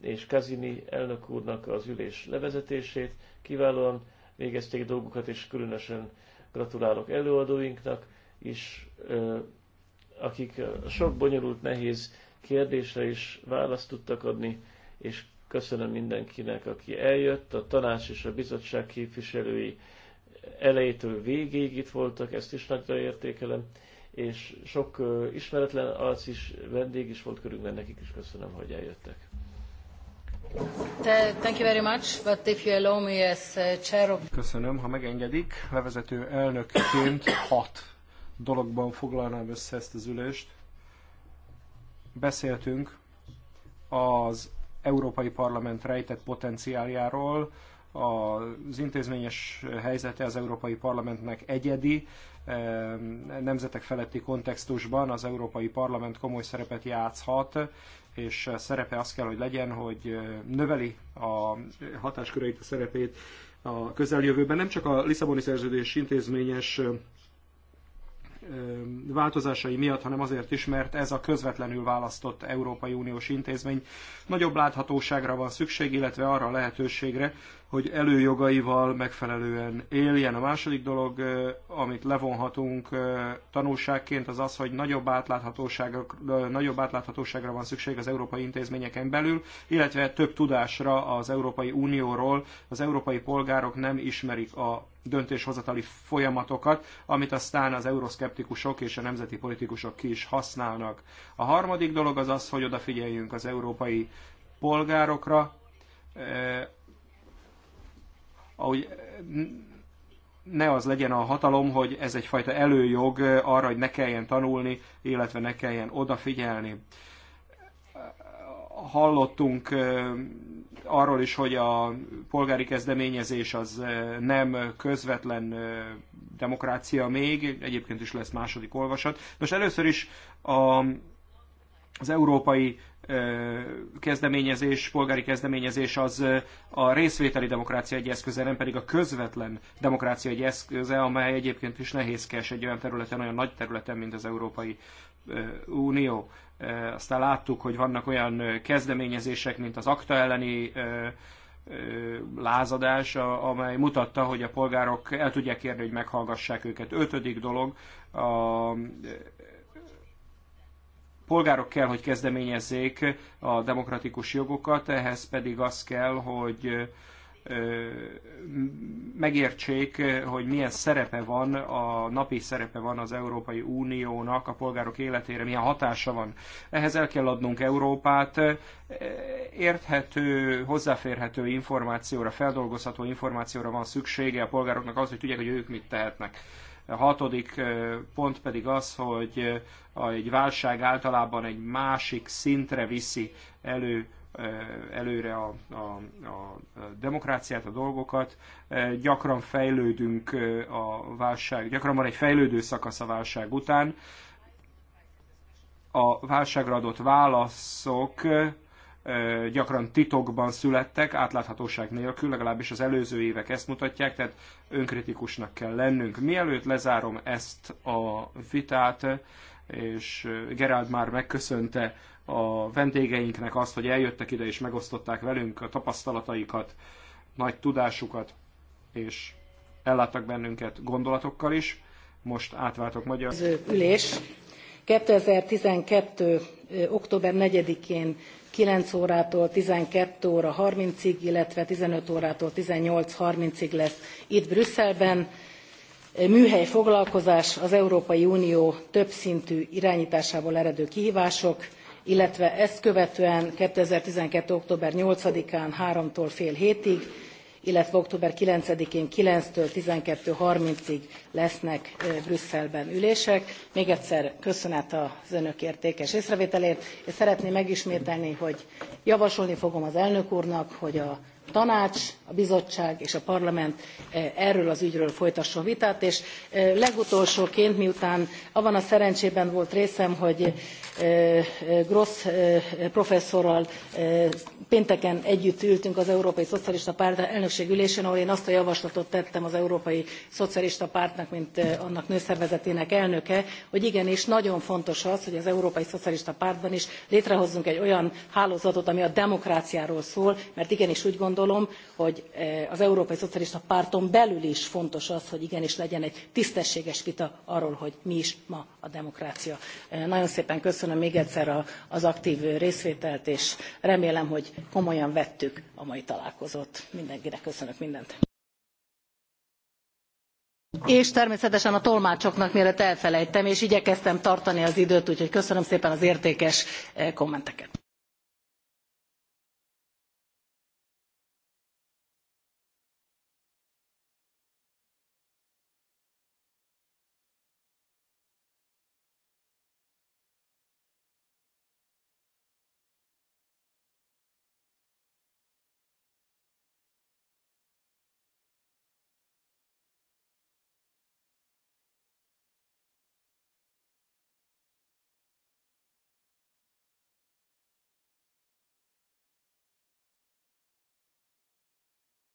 és Kazini elnök úrnak az ülés levezetését. Kiválóan végezték dolgukat, és különösen gratulálok előadóinknak is, akik sok bonyolult, nehéz kérdésre is választ tudtak adni, és köszönöm mindenkinek, aki eljött. A tanács és a bizottság képviselői elejétől végéig itt voltak, ezt is nagyra értékelem, és sok ismeretlen arc is, vendég is volt körünkben, nekik is köszönöm, hogy eljöttek. Köszönöm, ha megengedik, levezető elnökként hat dologban foglalnám össze ezt az ülést. Beszéltünk az Európai Parlament rejtett potenciáljáról, az intézményes helyzete az Európai Parlamentnek egyedi, eh, nemzetek feletti kontextusban az Európai Parlament komoly szerepet játszhat, és szerepe az kell, hogy legyen, hogy növeli a hatásköreit, a szerepét a közeljövőben. Nem csak a Lisszaboni szerződés intézményes változásai miatt, hanem azért is, mert ez a közvetlenül választott Európai Uniós intézmény nagyobb láthatóságra van szükség, illetve arra a lehetőségre, hogy előjogaival megfelelően éljen. A második dolog, amit levonhatunk tanulságként, az az, hogy nagyobb átláthatóságra, nagyobb átláthatóságra van szükség az európai intézményeken belül, illetve több tudásra az Európai Unióról. Az európai polgárok nem ismerik a döntéshozatali folyamatokat, amit aztán az euroszkeptikusok és a nemzeti politikusok ki is használnak. A harmadik dolog az az, hogy odafigyeljünk az európai polgárokra, ahogy ne az legyen a hatalom, hogy ez egyfajta előjog arra, hogy ne kelljen tanulni, illetve ne kelljen odafigyelni. Hallottunk arról is, hogy a polgári kezdeményezés az nem közvetlen demokrácia még, egyébként is lesz második olvasat. Most először is a, az európai kezdeményezés, polgári kezdeményezés az a részvételi demokrácia egy eszköze, nem pedig a közvetlen demokrácia egy eszköze, amely egyébként is nehézkes egy olyan területen, olyan nagy területen, mint az Európai Unió. Aztán láttuk, hogy vannak olyan kezdeményezések, mint az akta elleni lázadás, amely mutatta, hogy a polgárok el tudják kérni, hogy meghallgassák őket. Ötödik dolog, a polgárok kell, hogy kezdeményezzék a demokratikus jogokat, ehhez pedig az kell, hogy megértsék, hogy milyen szerepe van, a napi szerepe van az Európai Uniónak a polgárok életére, milyen hatása van. Ehhez el kell adnunk Európát, érthető, hozzáférhető információra, feldolgozható információra van szüksége a polgároknak az, hogy tudják, hogy ők mit tehetnek. A hatodik pont pedig az, hogy egy válság általában egy másik szintre viszi elő előre a, a, a demokráciát, a dolgokat. Gyakran fejlődünk a válság, gyakran van egy fejlődő szakasz a válság után. A válságra adott válaszok gyakran titokban születtek, átláthatóság nélkül, legalábbis az előző évek ezt mutatják, tehát önkritikusnak kell lennünk. Mielőtt lezárom ezt a vitát, és Gerald már megköszönte a vendégeinknek azt, hogy eljöttek ide és megosztották velünk a tapasztalataikat, nagy tudásukat, és elláttak bennünket gondolatokkal is. Most átváltok magyar. Az ülés 2012. október 4-én 9 órától 12 óra 30-ig, illetve 15 órától 18.30-ig lesz itt Brüsszelben. Műhely foglalkozás az Európai Unió többszintű irányításából eredő kihívások, illetve ezt követően 2012. október 8-án 3-tól fél hétig, illetve október 9-én 9-től 12.30-ig lesznek Brüsszelben ülések. Még egyszer köszönet az önök értékes észrevételért, és szeretném megismételni, hogy javasolni fogom az elnök úrnak, hogy a tanács, a bizottság és a parlament erről az ügyről folytasson vitát, és legutolsóként, miután abban a szerencsében volt részem, hogy Gross professzorral pénteken együtt ültünk az Európai Szocialista Párt elnökség ülésén, ahol én azt a javaslatot tettem az Európai Szocialista Pártnak, mint annak nőszervezetének elnöke, hogy igenis nagyon fontos az, hogy az Európai Szocialista Pártban is létrehozzunk egy olyan hálózatot, ami a demokráciáról szól, mert igenis úgy gondolom, hogy az Európai Szocialista Párton belül is fontos az, hogy igenis legyen egy tisztességes vita arról, hogy mi is ma a demokrácia. Nagyon szépen köszönöm köszönöm még egyszer az aktv részvételt és remélem hogy komolyan vettük a mai találkozót. mindenkinek köszönök mindent. és természetesen a tolmácsoknak mielőtt elfelejtem és igyekeztem tartani az időt úgyhogy köszönöm szépen az értékes eh, kommenteket.